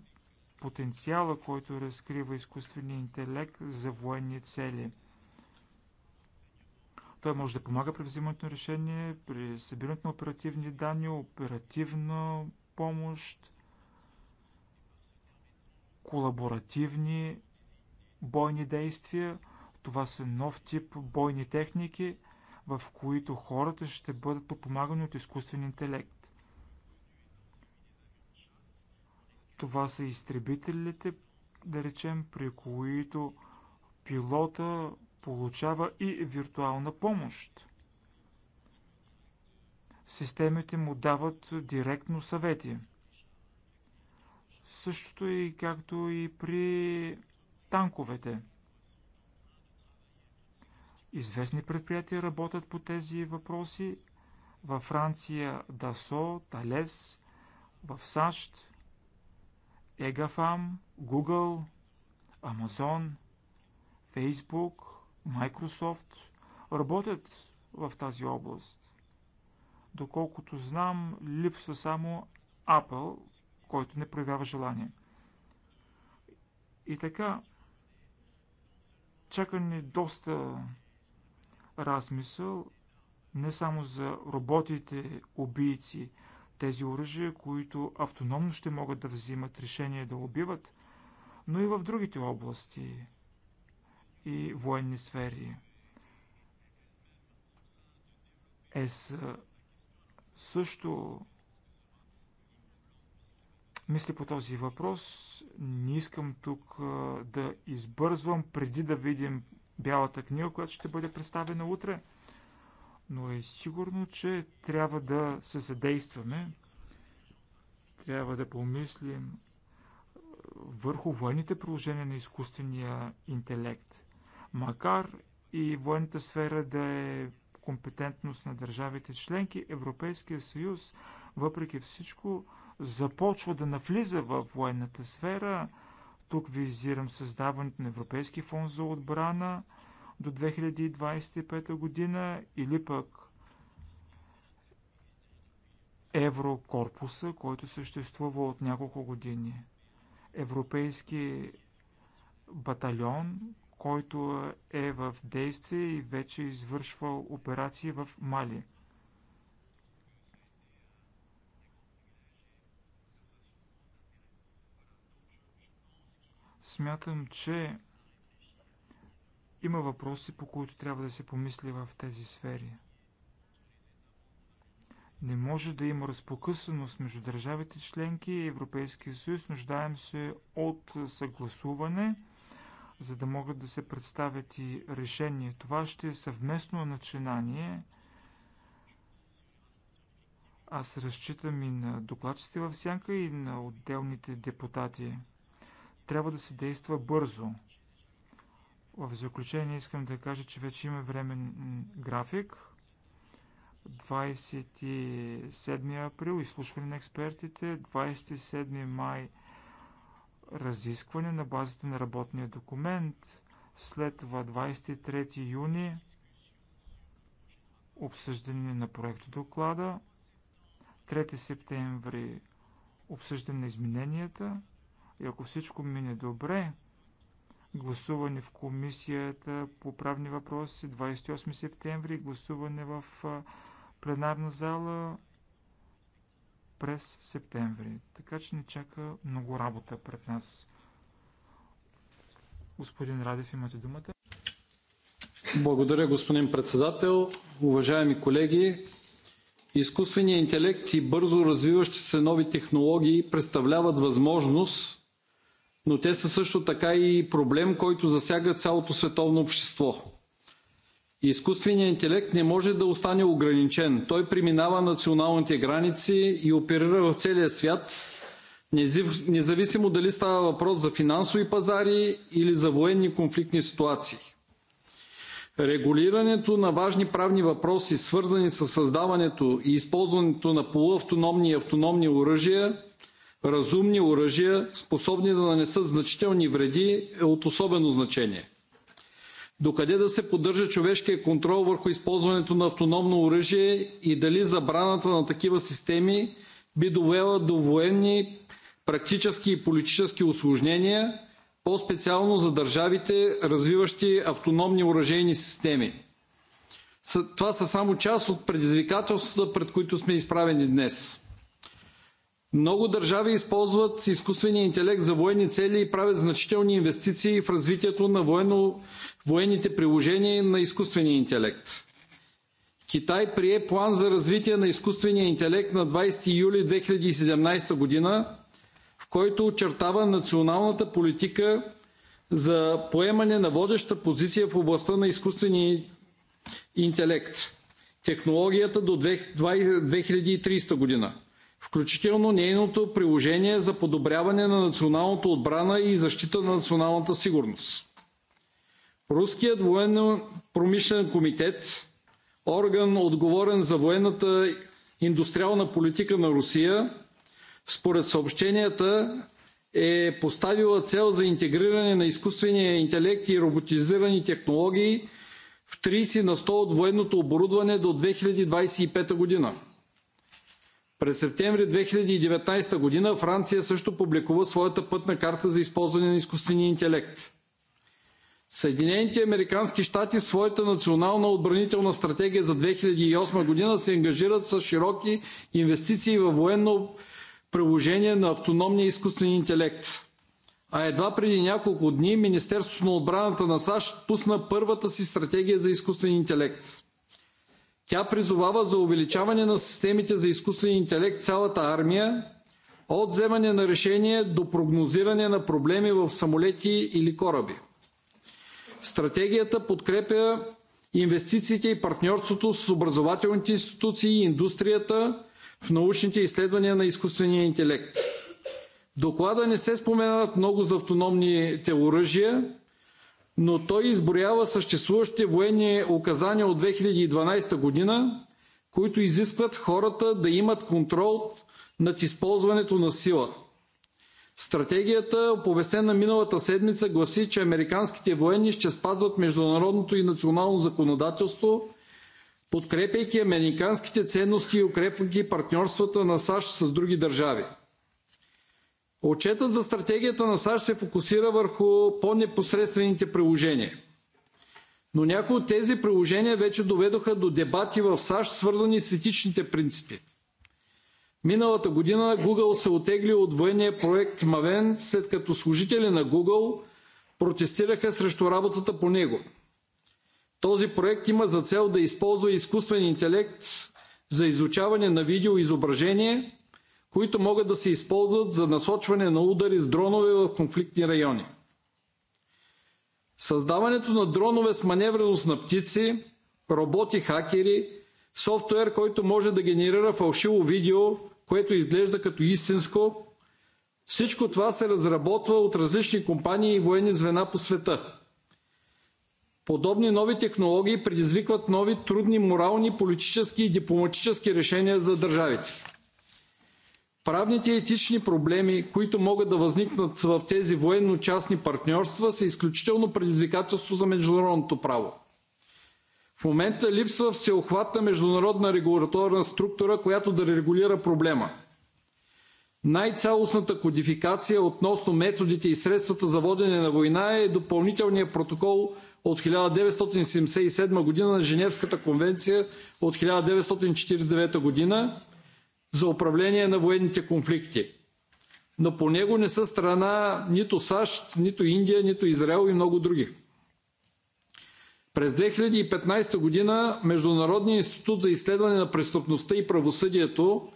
потенциала, който разкрива изкуствения интелект за военни цели. Той може да помага при взимането на решение, при събирането на оперативни данни, оперативна помощ, колаборативни бойни действия. Това са нов тип бойни техники, в които хората ще бъдат подпомагани от изкуствен интелект. Това са изтребителите, да речем, при които пилота получава и виртуална помощ. Системите му дават директно съвети. Същото е и както и при танковете. Известни предприятия работят по тези въпроси. Във Франция Дасо, Талес, в САЩ Егафам, Google, Amazon, Facebook, Microsoft работят в тази област. Доколкото знам, липсва само Apple който не проявява желание. И така, чака ни доста размисъл, не само за роботите, убийци, тези оръжия, които автономно ще могат да взимат решение да убиват, но и в другите области и военни сфери. ЕС също мисли по този въпрос. Не искам тук да избързвам преди да видим бялата книга, която ще бъде представена утре. Но е сигурно, че трябва да се задействаме. Трябва да помислим върху военните приложения на изкуствения интелект. Макар и военната сфера да е компетентност на държавите членки, Европейския съюз, въпреки всичко, започва да навлиза в военната сфера. Тук визирам създаването на Европейски фонд за отбрана до 2025 година или пък Еврокорпуса, който съществува от няколко години. Европейски батальон, който е в действие и вече извършва операции в Мали – Смятам, че има въпроси, по които трябва да се помисли в тези сфери. Не може да има разпокъсаност между държавите членки и Европейския съюз. Нуждаем се от съгласуване, за да могат да се представят и решения. Това ще е съвместно начинание. Аз разчитам и на докладчите в сянка и на отделните депутати. Трябва да се действа бързо. В заключение искам да кажа, че вече има времен график. 27 април изслушване на експертите, 27 май разискване на базата на работния документ, след това 23 юни обсъждане на проекта доклада, 3 септември обсъждане на измененията, и ако всичко мине добре, гласуване в комисията по правни въпроси 28 септември, гласуване в пленарна зала през септември. Така че ни чака много работа пред нас. Господин Радев, имате думата. Благодаря, господин председател. Уважаеми колеги, изкуственият интелект и бързо развиващи се нови технологии представляват възможност но те са също така и проблем, който засяга цялото световно общество. Изкуственият интелект не може да остане ограничен. Той преминава националните граници и оперира в целия свят, независимо дали става въпрос за финансови пазари или за военни конфликтни ситуации. Регулирането на важни правни въпроси, свързани с създаването и използването на полуавтономни и автономни оръжия, разумни оръжия, способни да нанесат значителни вреди, е от особено значение. Докъде да се поддържа човешкия контрол върху използването на автономно оръжие и дали забраната на такива системи би довела до военни, практически и политически осложнения, по-специално за държавите, развиващи автономни оръжейни системи. Това са само част от предизвикателствата, пред които сме изправени днес. Много държави използват изкуствения интелект за военни цели и правят значителни инвестиции в развитието на военно, военните приложения на изкуствения интелект. Китай прие план за развитие на изкуствения интелект на 20 юли 2017 година, в който очертава националната политика за поемане на водеща позиция в областта на изкуствения интелект, технологията до 2030 година включително нейното приложение за подобряване на националната отбрана и защита на националната сигурност. Руският военно-промишлен комитет, орган отговорен за военната индустриална политика на Русия, според съобщенията е поставила цел за интегриране на изкуствения интелект и роботизирани технологии в 30 на 100 от военното оборудване до 2025 година. През септември 2019 година Франция също публикува своята пътна карта за използване на изкуствения интелект. Съединените американски щати своята национална отбранителна стратегия за 2008 година се ангажират с широки инвестиции във военно приложение на автономния изкуствен интелект. А едва преди няколко дни Министерството на отбраната на САЩ пусна първата си стратегия за изкуствен интелект. Тя призовава за увеличаване на системите за изкуствен интелект цялата армия, от вземане на решение до прогнозиране на проблеми в самолети или кораби. Стратегията подкрепя инвестициите и партньорството с образователните институции и индустрията в научните изследвания на изкуствения интелект. доклада не се споменават много за автономните оръжия, но той изброява съществуващите военни указания от 2012 година, които изискват хората да имат контрол над използването на сила. Стратегията, оповестена миналата седмица, гласи, че американските военни ще спазват международното и национално законодателство, подкрепяйки американските ценности и укрепвайки партньорствата на САЩ с други държави – Отчетът за стратегията на САЩ се фокусира върху по-непосредствените приложения. Но някои от тези приложения вече доведоха до дебати в САЩ, свързани с етичните принципи. Миналата година Google се отегли от военния проект Мавен, след като служители на Google протестираха срещу работата по него. Този проект има за цел да използва изкуствен интелект за изучаване на видеоизображение които могат да се използват за насочване на удари с дронове в конфликтни райони. Създаването на дронове с маневреност на птици, роботи хакери, софтуер, който може да генерира фалшиво видео, което изглежда като истинско, всичко това се разработва от различни компании и военни звена по света. Подобни нови технологии предизвикват нови трудни морални, политически и дипломатически решения за държавите. Правните и етични проблеми, които могат да възникнат в тези военно-частни партньорства, са изключително предизвикателство за международното право. В момента липсва всеохватна международна регулаторна структура, която да регулира проблема. Най-цялостната кодификация относно методите и средствата за водене на война е допълнителният протокол от 1977 година на Женевската конвенция от 1949 година, за управление на военните конфликти. Но по него не са страна нито САЩ, нито Индия, нито Израел и много други. През 2015 година Международният институт за изследване на престъпността и правосъдието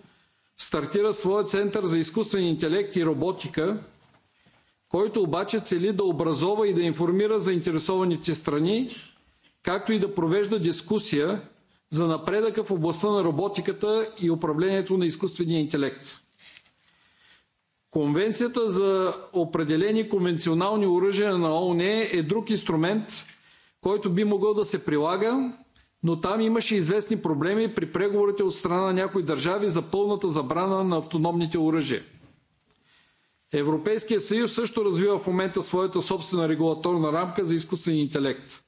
стартира своя център за изкуствен интелект и роботика, който обаче цели да образова и да информира заинтересованите страни, както и да провежда дискусия за напредъка в областта на роботиката и управлението на изкуствения интелект. Конвенцията за определени конвенционални оръжия на ООН е друг инструмент, който би могъл да се прилага, но там имаше известни проблеми при преговорите от страна на някои държави за пълната забрана на автономните оръжия. Европейския съюз също развива в момента своята собствена регулаторна рамка за изкуствен интелект.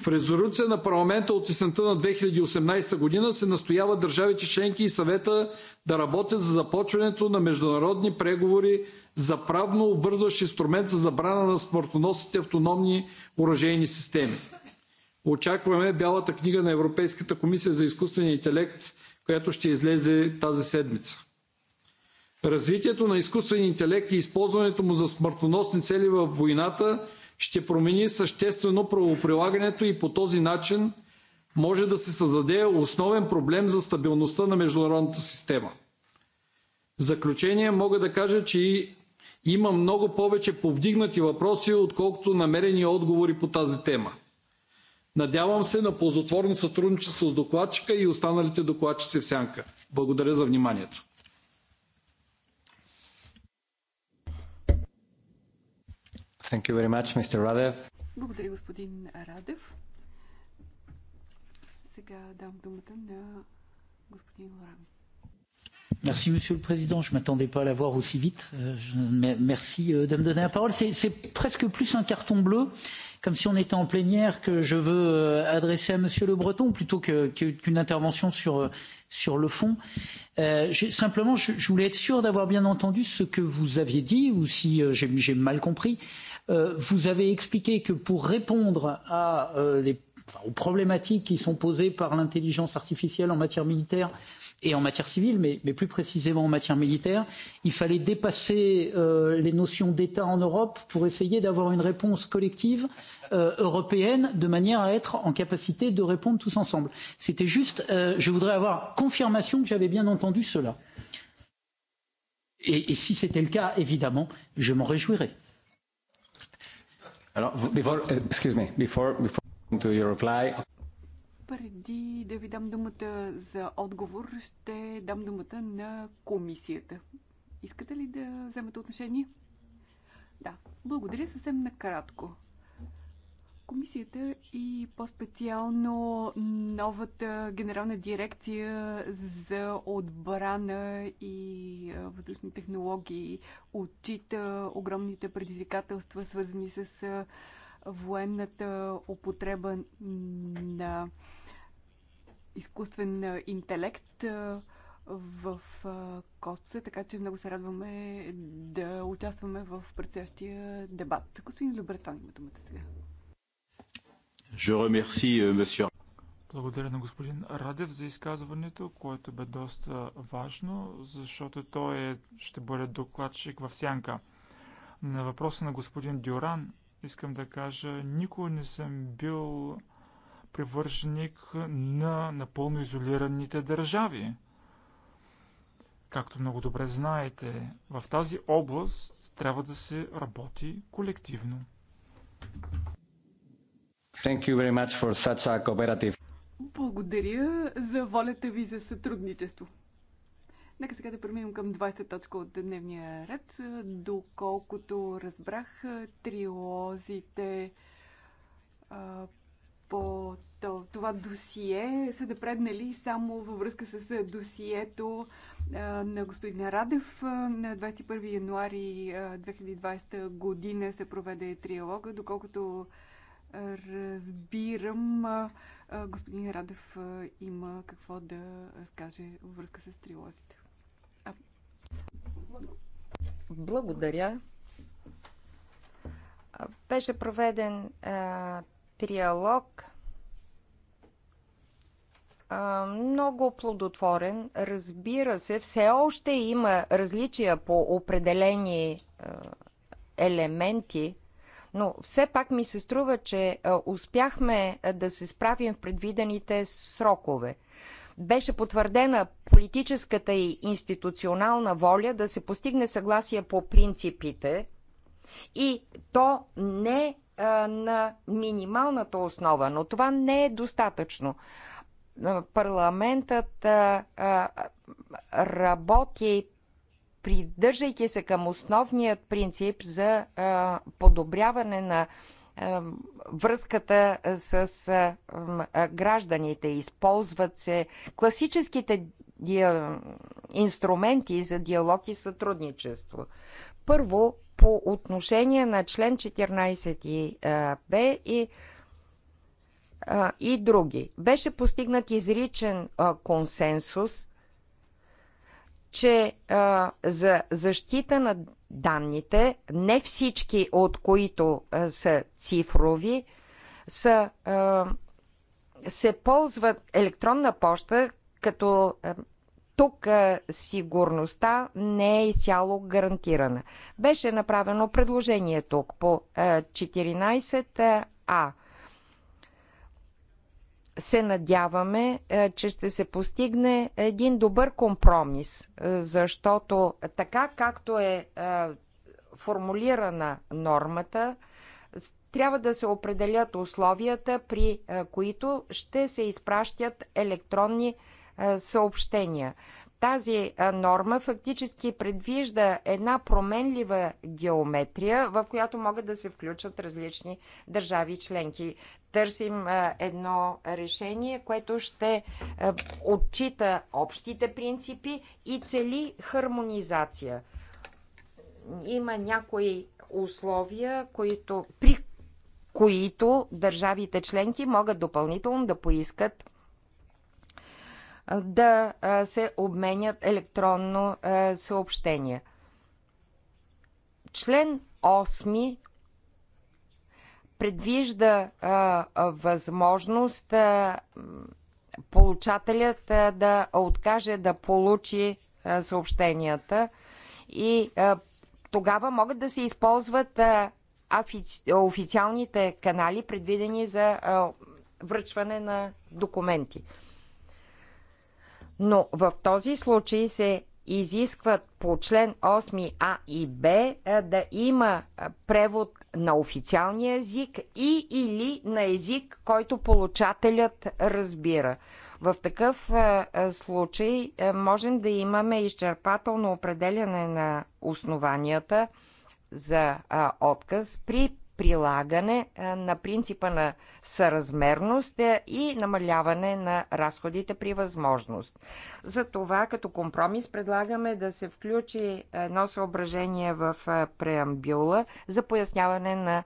В резолюция на парламента от есента на 2018 година се настоява държавите членки и съвета да работят за започването на международни преговори за правно обвързващ инструмент за забрана на смъртоносните автономни оръжейни системи. Очакваме Бялата книга на Европейската комисия за изкуствения интелект, която ще излезе тази седмица. Развитието на изкуствения интелект и използването му за смъртоносни цели във войната – ще промени съществено правоприлагането и по този начин може да се създаде основен проблем за стабилността на международната система. В заключение мога да кажа, че има много повече повдигнати въпроси, отколкото намерени отговори по тази тема. Надявам се на ползотворно сътрудничество с докладчика и останалите докладчици в сянка. Благодаря за вниманието. Thank you very much, Mr. Radev. Благодаря, господин Радев. Сега дам думата на господин Лоран. Merci, Monsieur le Président. Je ne m'attendais pas à la voir aussi vite. merci de me donner la parole. C'est presque plus un carton bleu, comme si on était en plénière, que je veux adresser à Monsieur Le Breton, plutôt qu'une intervention sur, le fond. simplement, je, voulais être sûr d'avoir bien entendu ce que vous aviez dit, ou si j'ai mal compris vous avez expliqué que pour répondre à, les, enfin, aux problématiques qui sont posées par l'intelligence artificielle en matière militaire et en matière civile, mais, mais plus précisément en matière militaire, il fallait dépasser euh, les notions d'État en Europe pour essayer d'avoir une réponse collective euh, européenne de manière à être en capacité de répondre tous ensemble. C'était juste, euh, je voudrais avoir confirmation que j'avais bien entendu cela. Et, et si c'était le cas, évidemment, je m'en réjouirais. Before, eh, excuse me, before, before to your reply, преди да ви дам думата за отговор, ще дам думата на комисията. Искате ли да вземете отношение? Да, благодаря съвсем накратко. Комисията и по-специално новата генерална дирекция за отбрана и въздушни технологии отчита огромните предизвикателства, свързани с военната употреба на изкуствен интелект в космоса, така че много се радваме да участваме в предстоящия дебат. Господин Любретон има думата сега. Euh, Благодаря на господин Радев за изказването, което бе доста важно, защото той е, ще бъде докладчик в сянка. На въпроса на господин Дюран искам да кажа, никога не съм бил привърженик на напълно изолираните държави. Както много добре знаете, в тази област трябва да се работи колективно. Thank you very much for such a cooperative. Благодаря за волята ви за сътрудничество. Нека сега да преминем към 20-та точка от дневния ред. Доколкото разбрах, трилозите а, по това досие са напреднали само във връзка с досието на господин Радев. На 21 януари 2020 година се проведе триалога, доколкото Разбирам, господин Радев има какво да разкаже във връзка с трилозите. А... Благодаря. Беше проведен а, триалог. А, много плодотворен. Разбира се, все още има различия по определени а, елементи но все пак ми се струва, че успяхме да се справим в предвидените срокове. Беше потвърдена политическата и институционална воля да се постигне съгласие по принципите и то не на минималната основа, но това не е достатъчно. Парламентът работи придържайки се към основният принцип за подобряване на връзката с гражданите. Използват се класическите инструменти за диалог и сътрудничество. Първо, по отношение на член 14 Б и и други. Беше постигнат изричен консенсус че а, за защита на данните, не всички от които а, са цифрови, са, а, се ползват електронна поща, като а, тук а, сигурността не е изцяло гарантирана. Беше направено предложение тук по а, 14а се надяваме, е, че ще се постигне един добър компромис, е, защото така както е, е формулирана нормата, трябва да се определят условията, при които ще се изпращат електронни съобщения. Тази норма фактически предвижда една променлива геометрия, в която могат да се включат различни държави членки търсим едно решение, което ще отчита общите принципи и цели хармонизация. Има някои условия, които, при които държавите членки могат допълнително да поискат да се обменят електронно съобщения. Член 8 предвижда а, а, възможност а, получателят а, да откаже да получи а, съобщенията и а, тогава могат да се използват а, офици, официалните канали, предвидени за а, връчване на документи. Но в този случай се изискват по член 8а и б да има превод на официалния език и или на език, който получателят разбира. В такъв е, е, случай е, можем да имаме изчерпателно определяне на основанията за отказ при прилагане на принципа на съразмерност и намаляване на разходите при възможност. За това като компромис предлагаме да се включи едно съображение в преамбюла за поясняване на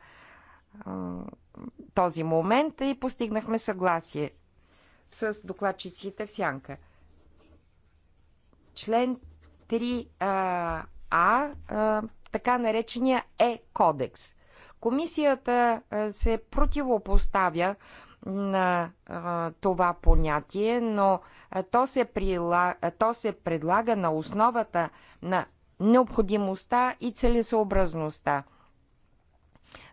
този момент и постигнахме съгласие с докладчиците в сянка. Член 3а, а, така наречения Е-кодекс – Комисията се противопоставя на това понятие, но то, се прила, то се предлага на основата на необходимостта и целесообразността.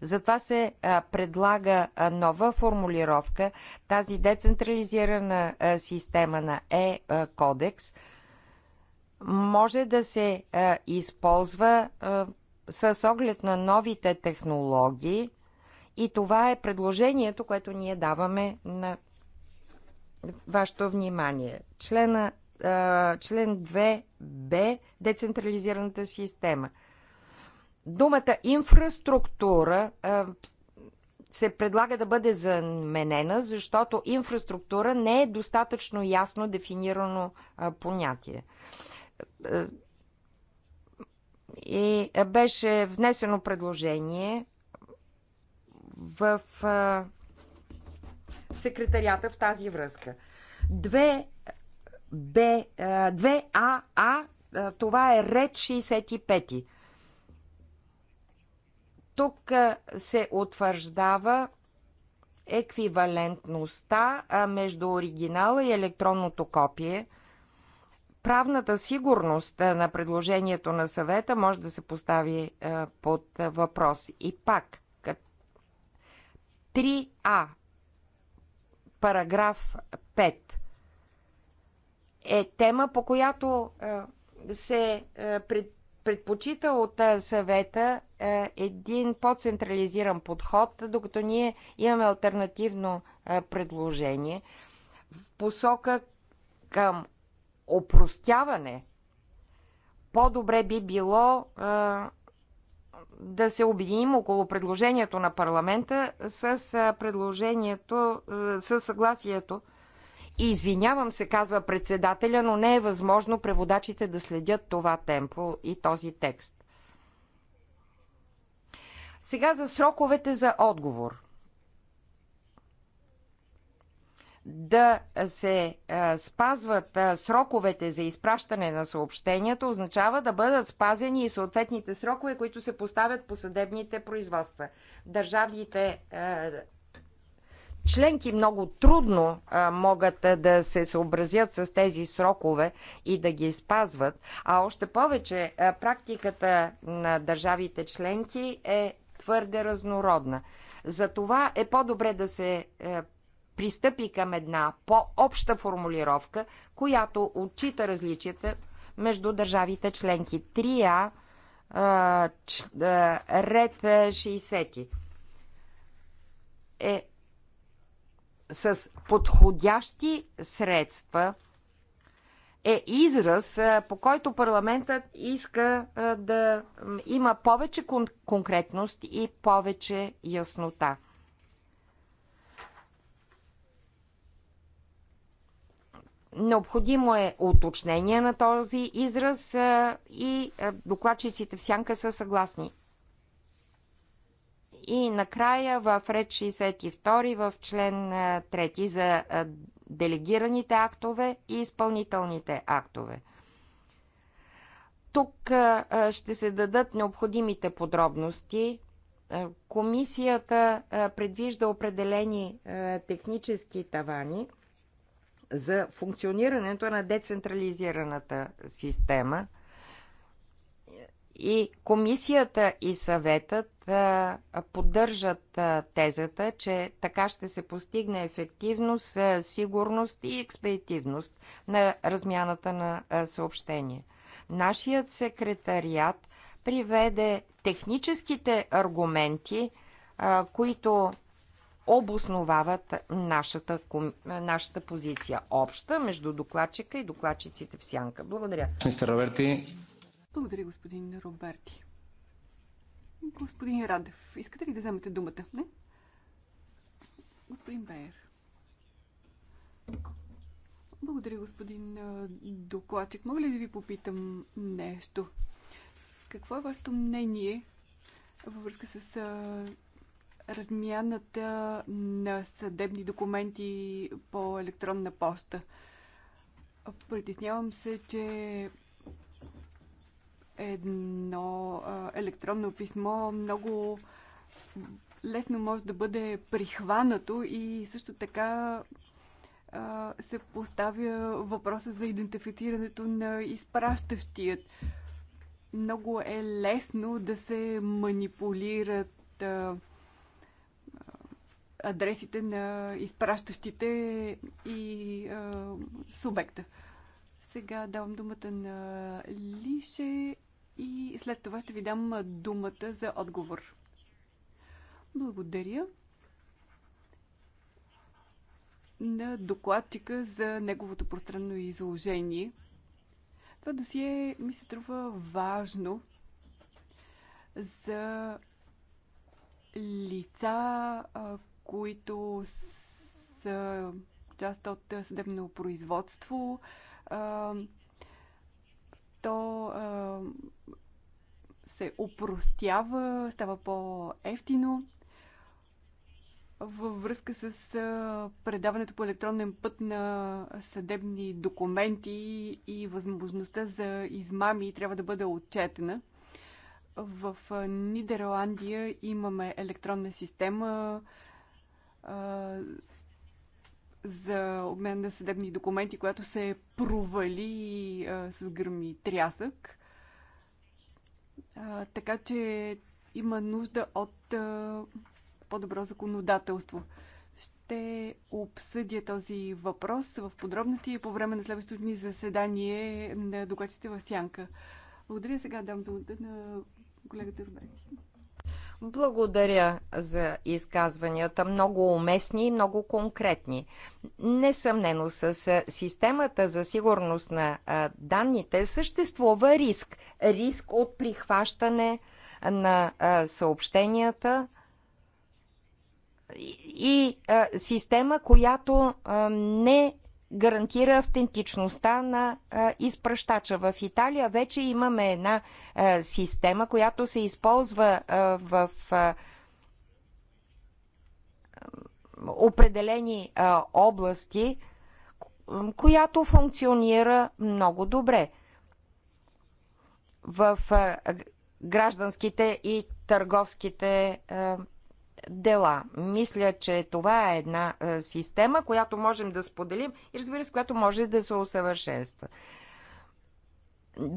Затова се предлага нова формулировка, тази децентрализирана система на Е-кодекс може да се използва с оглед на новите технологии и това е предложението, което ние даваме на вашето внимание. Члена, член 2б децентрализираната система. Думата инфраструктура се предлага да бъде заменена, защото инфраструктура не е достатъчно ясно дефинирано понятие и беше внесено предложение в секретарията в тази връзка. 2 аа това е ред 65. Тук се утвърждава еквивалентността между оригинала и електронното копие правната сигурност на предложението на съвета може да се постави под въпрос. И пак, 3А, параграф 5, е тема, по която се предпочита от съвета един по-централизиран подход, докато ние имаме альтернативно предложение в посока към опростяване, по-добре би било да се обединим около предложението на парламента с предложението, с съгласието. И извинявам се, казва председателя, но не е възможно преводачите да следят това темпо и този текст. Сега за сроковете за отговор. да се а, спазват а, сроковете за изпращане на съобщенията, означава да бъдат спазени и съответните срокове, които се поставят по съдебните производства. Държавните а, членки много трудно а, могат а, да се съобразят с тези срокове и да ги спазват, а още повече а, практиката на държавите членки е твърде разнородна. Затова е по-добре да се е, пристъпи към една по-обща формулировка, която отчита различията между държавите членки. 3А, ред 60 е с подходящи средства е израз, по който парламентът иска да има повече конкретност и повече яснота. Необходимо е уточнение на този израз и докладчиците в сянка са съгласни. И накрая в ред 62 в член 3 за делегираните актове и изпълнителните актове. Тук ще се дадат необходимите подробности. Комисията предвижда определени технически тавани за функционирането на децентрализираната система. И комисията и съветът поддържат тезата, че така ще се постигне ефективност, сигурност и експедитивност на размяната на съобщения. Нашият секретариат приведе техническите аргументи, които обосновават нашата, нашата позиция. Обща между докладчика и докладчиците в сянка. Благодаря. Мистер Роберти. Благодаря, господин Роберти. Господин Радев, искате ли да вземете думата? Не? Господин Бейер. Благодаря, господин докладчик. Мога ли да ви попитам нещо? Какво е вашето мнение във връзка с размяната на съдебни документи по електронна поща. Притеснявам се, че едно електронно писмо много лесно може да бъде прихванато и също така се поставя въпроса за идентифицирането на изпращащият. Много е лесно да се манипулират а, адресите на изпращащите и а, субекта. Сега давам думата на Лише и след това ще ви дам думата за отговор. Благодаря на докладчика за неговото пространно изложение. Това досие ми се струва важно за лица, които са част от съдебно производство, то се упростява, става по-ефтино. Във връзка с предаването по електронен път на съдебни документи и възможността за измами трябва да бъде отчетена. В Нидерландия имаме електронна система, за обмен на съдебни документи, която се провали а, с гръм и трясък. А, така че има нужда от по-добро законодателство. Ще обсъдя този въпрос в подробности по време на следващото ни заседание на докладчите в Сянка. Благодаря сега, дам думата на колегата Рубеки. Благодаря за изказванията, много уместни и много конкретни. Несъмнено с системата за сигурност на данните съществува риск. Риск от прихващане на съобщенията и система, която не гарантира автентичността на изпращача. В Италия вече имаме една система, която се използва в определени области, която функционира много добре в гражданските и търговските дела. Мисля, че това е една е, система, която можем да споделим и разбира се, която може да се усъвършенства.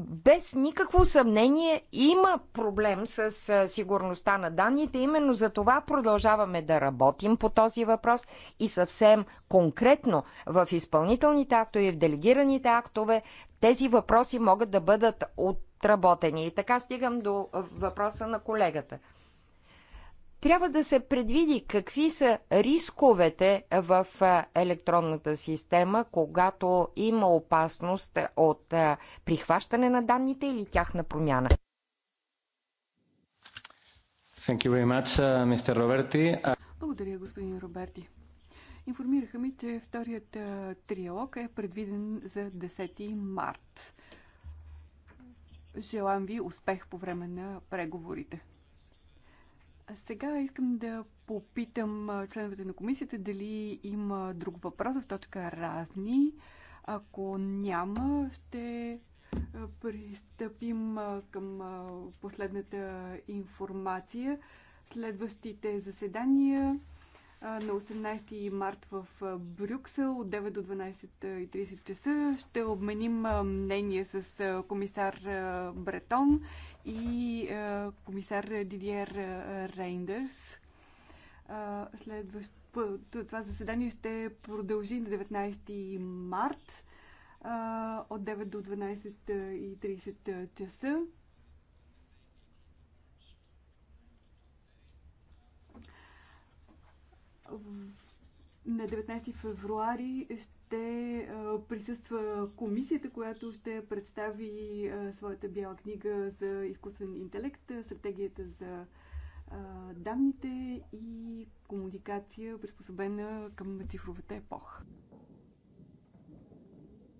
Без никакво съмнение има проблем с е, сигурността на данните. Именно за това продължаваме да работим по този въпрос и съвсем конкретно в изпълнителните актове и в делегираните актове тези въпроси могат да бъдат отработени. И така стигам до въпроса на колегата трябва да се предвиди какви са рисковете в електронната система, когато има опасност от прихващане на данните или тяхна промяна. Thank you very much, uh, Mr. Roberti. Uh, Благодаря, господин Роберти. Информираха ми, че вторият триалог е предвиден за 10 март. Желам ви успех по време на преговорите. Сега искам да попитам членовете на комисията дали има друг въпрос в точка разни. Ако няма, ще пристъпим към последната информация. Следващите заседания на 18 март в Брюксел от 9 до 12.30 часа. Ще обменим мнение с комисар Бретон и комисар Дидиер Рейндърс. Следващ... Това заседание ще продължи на 19 март от 9 до 12.30 часа. на 19 февруари ще присъства комисията, която ще представи своята бяла книга за изкуствен интелект, стратегията за данните и комуникация, приспособена към цифровата епоха.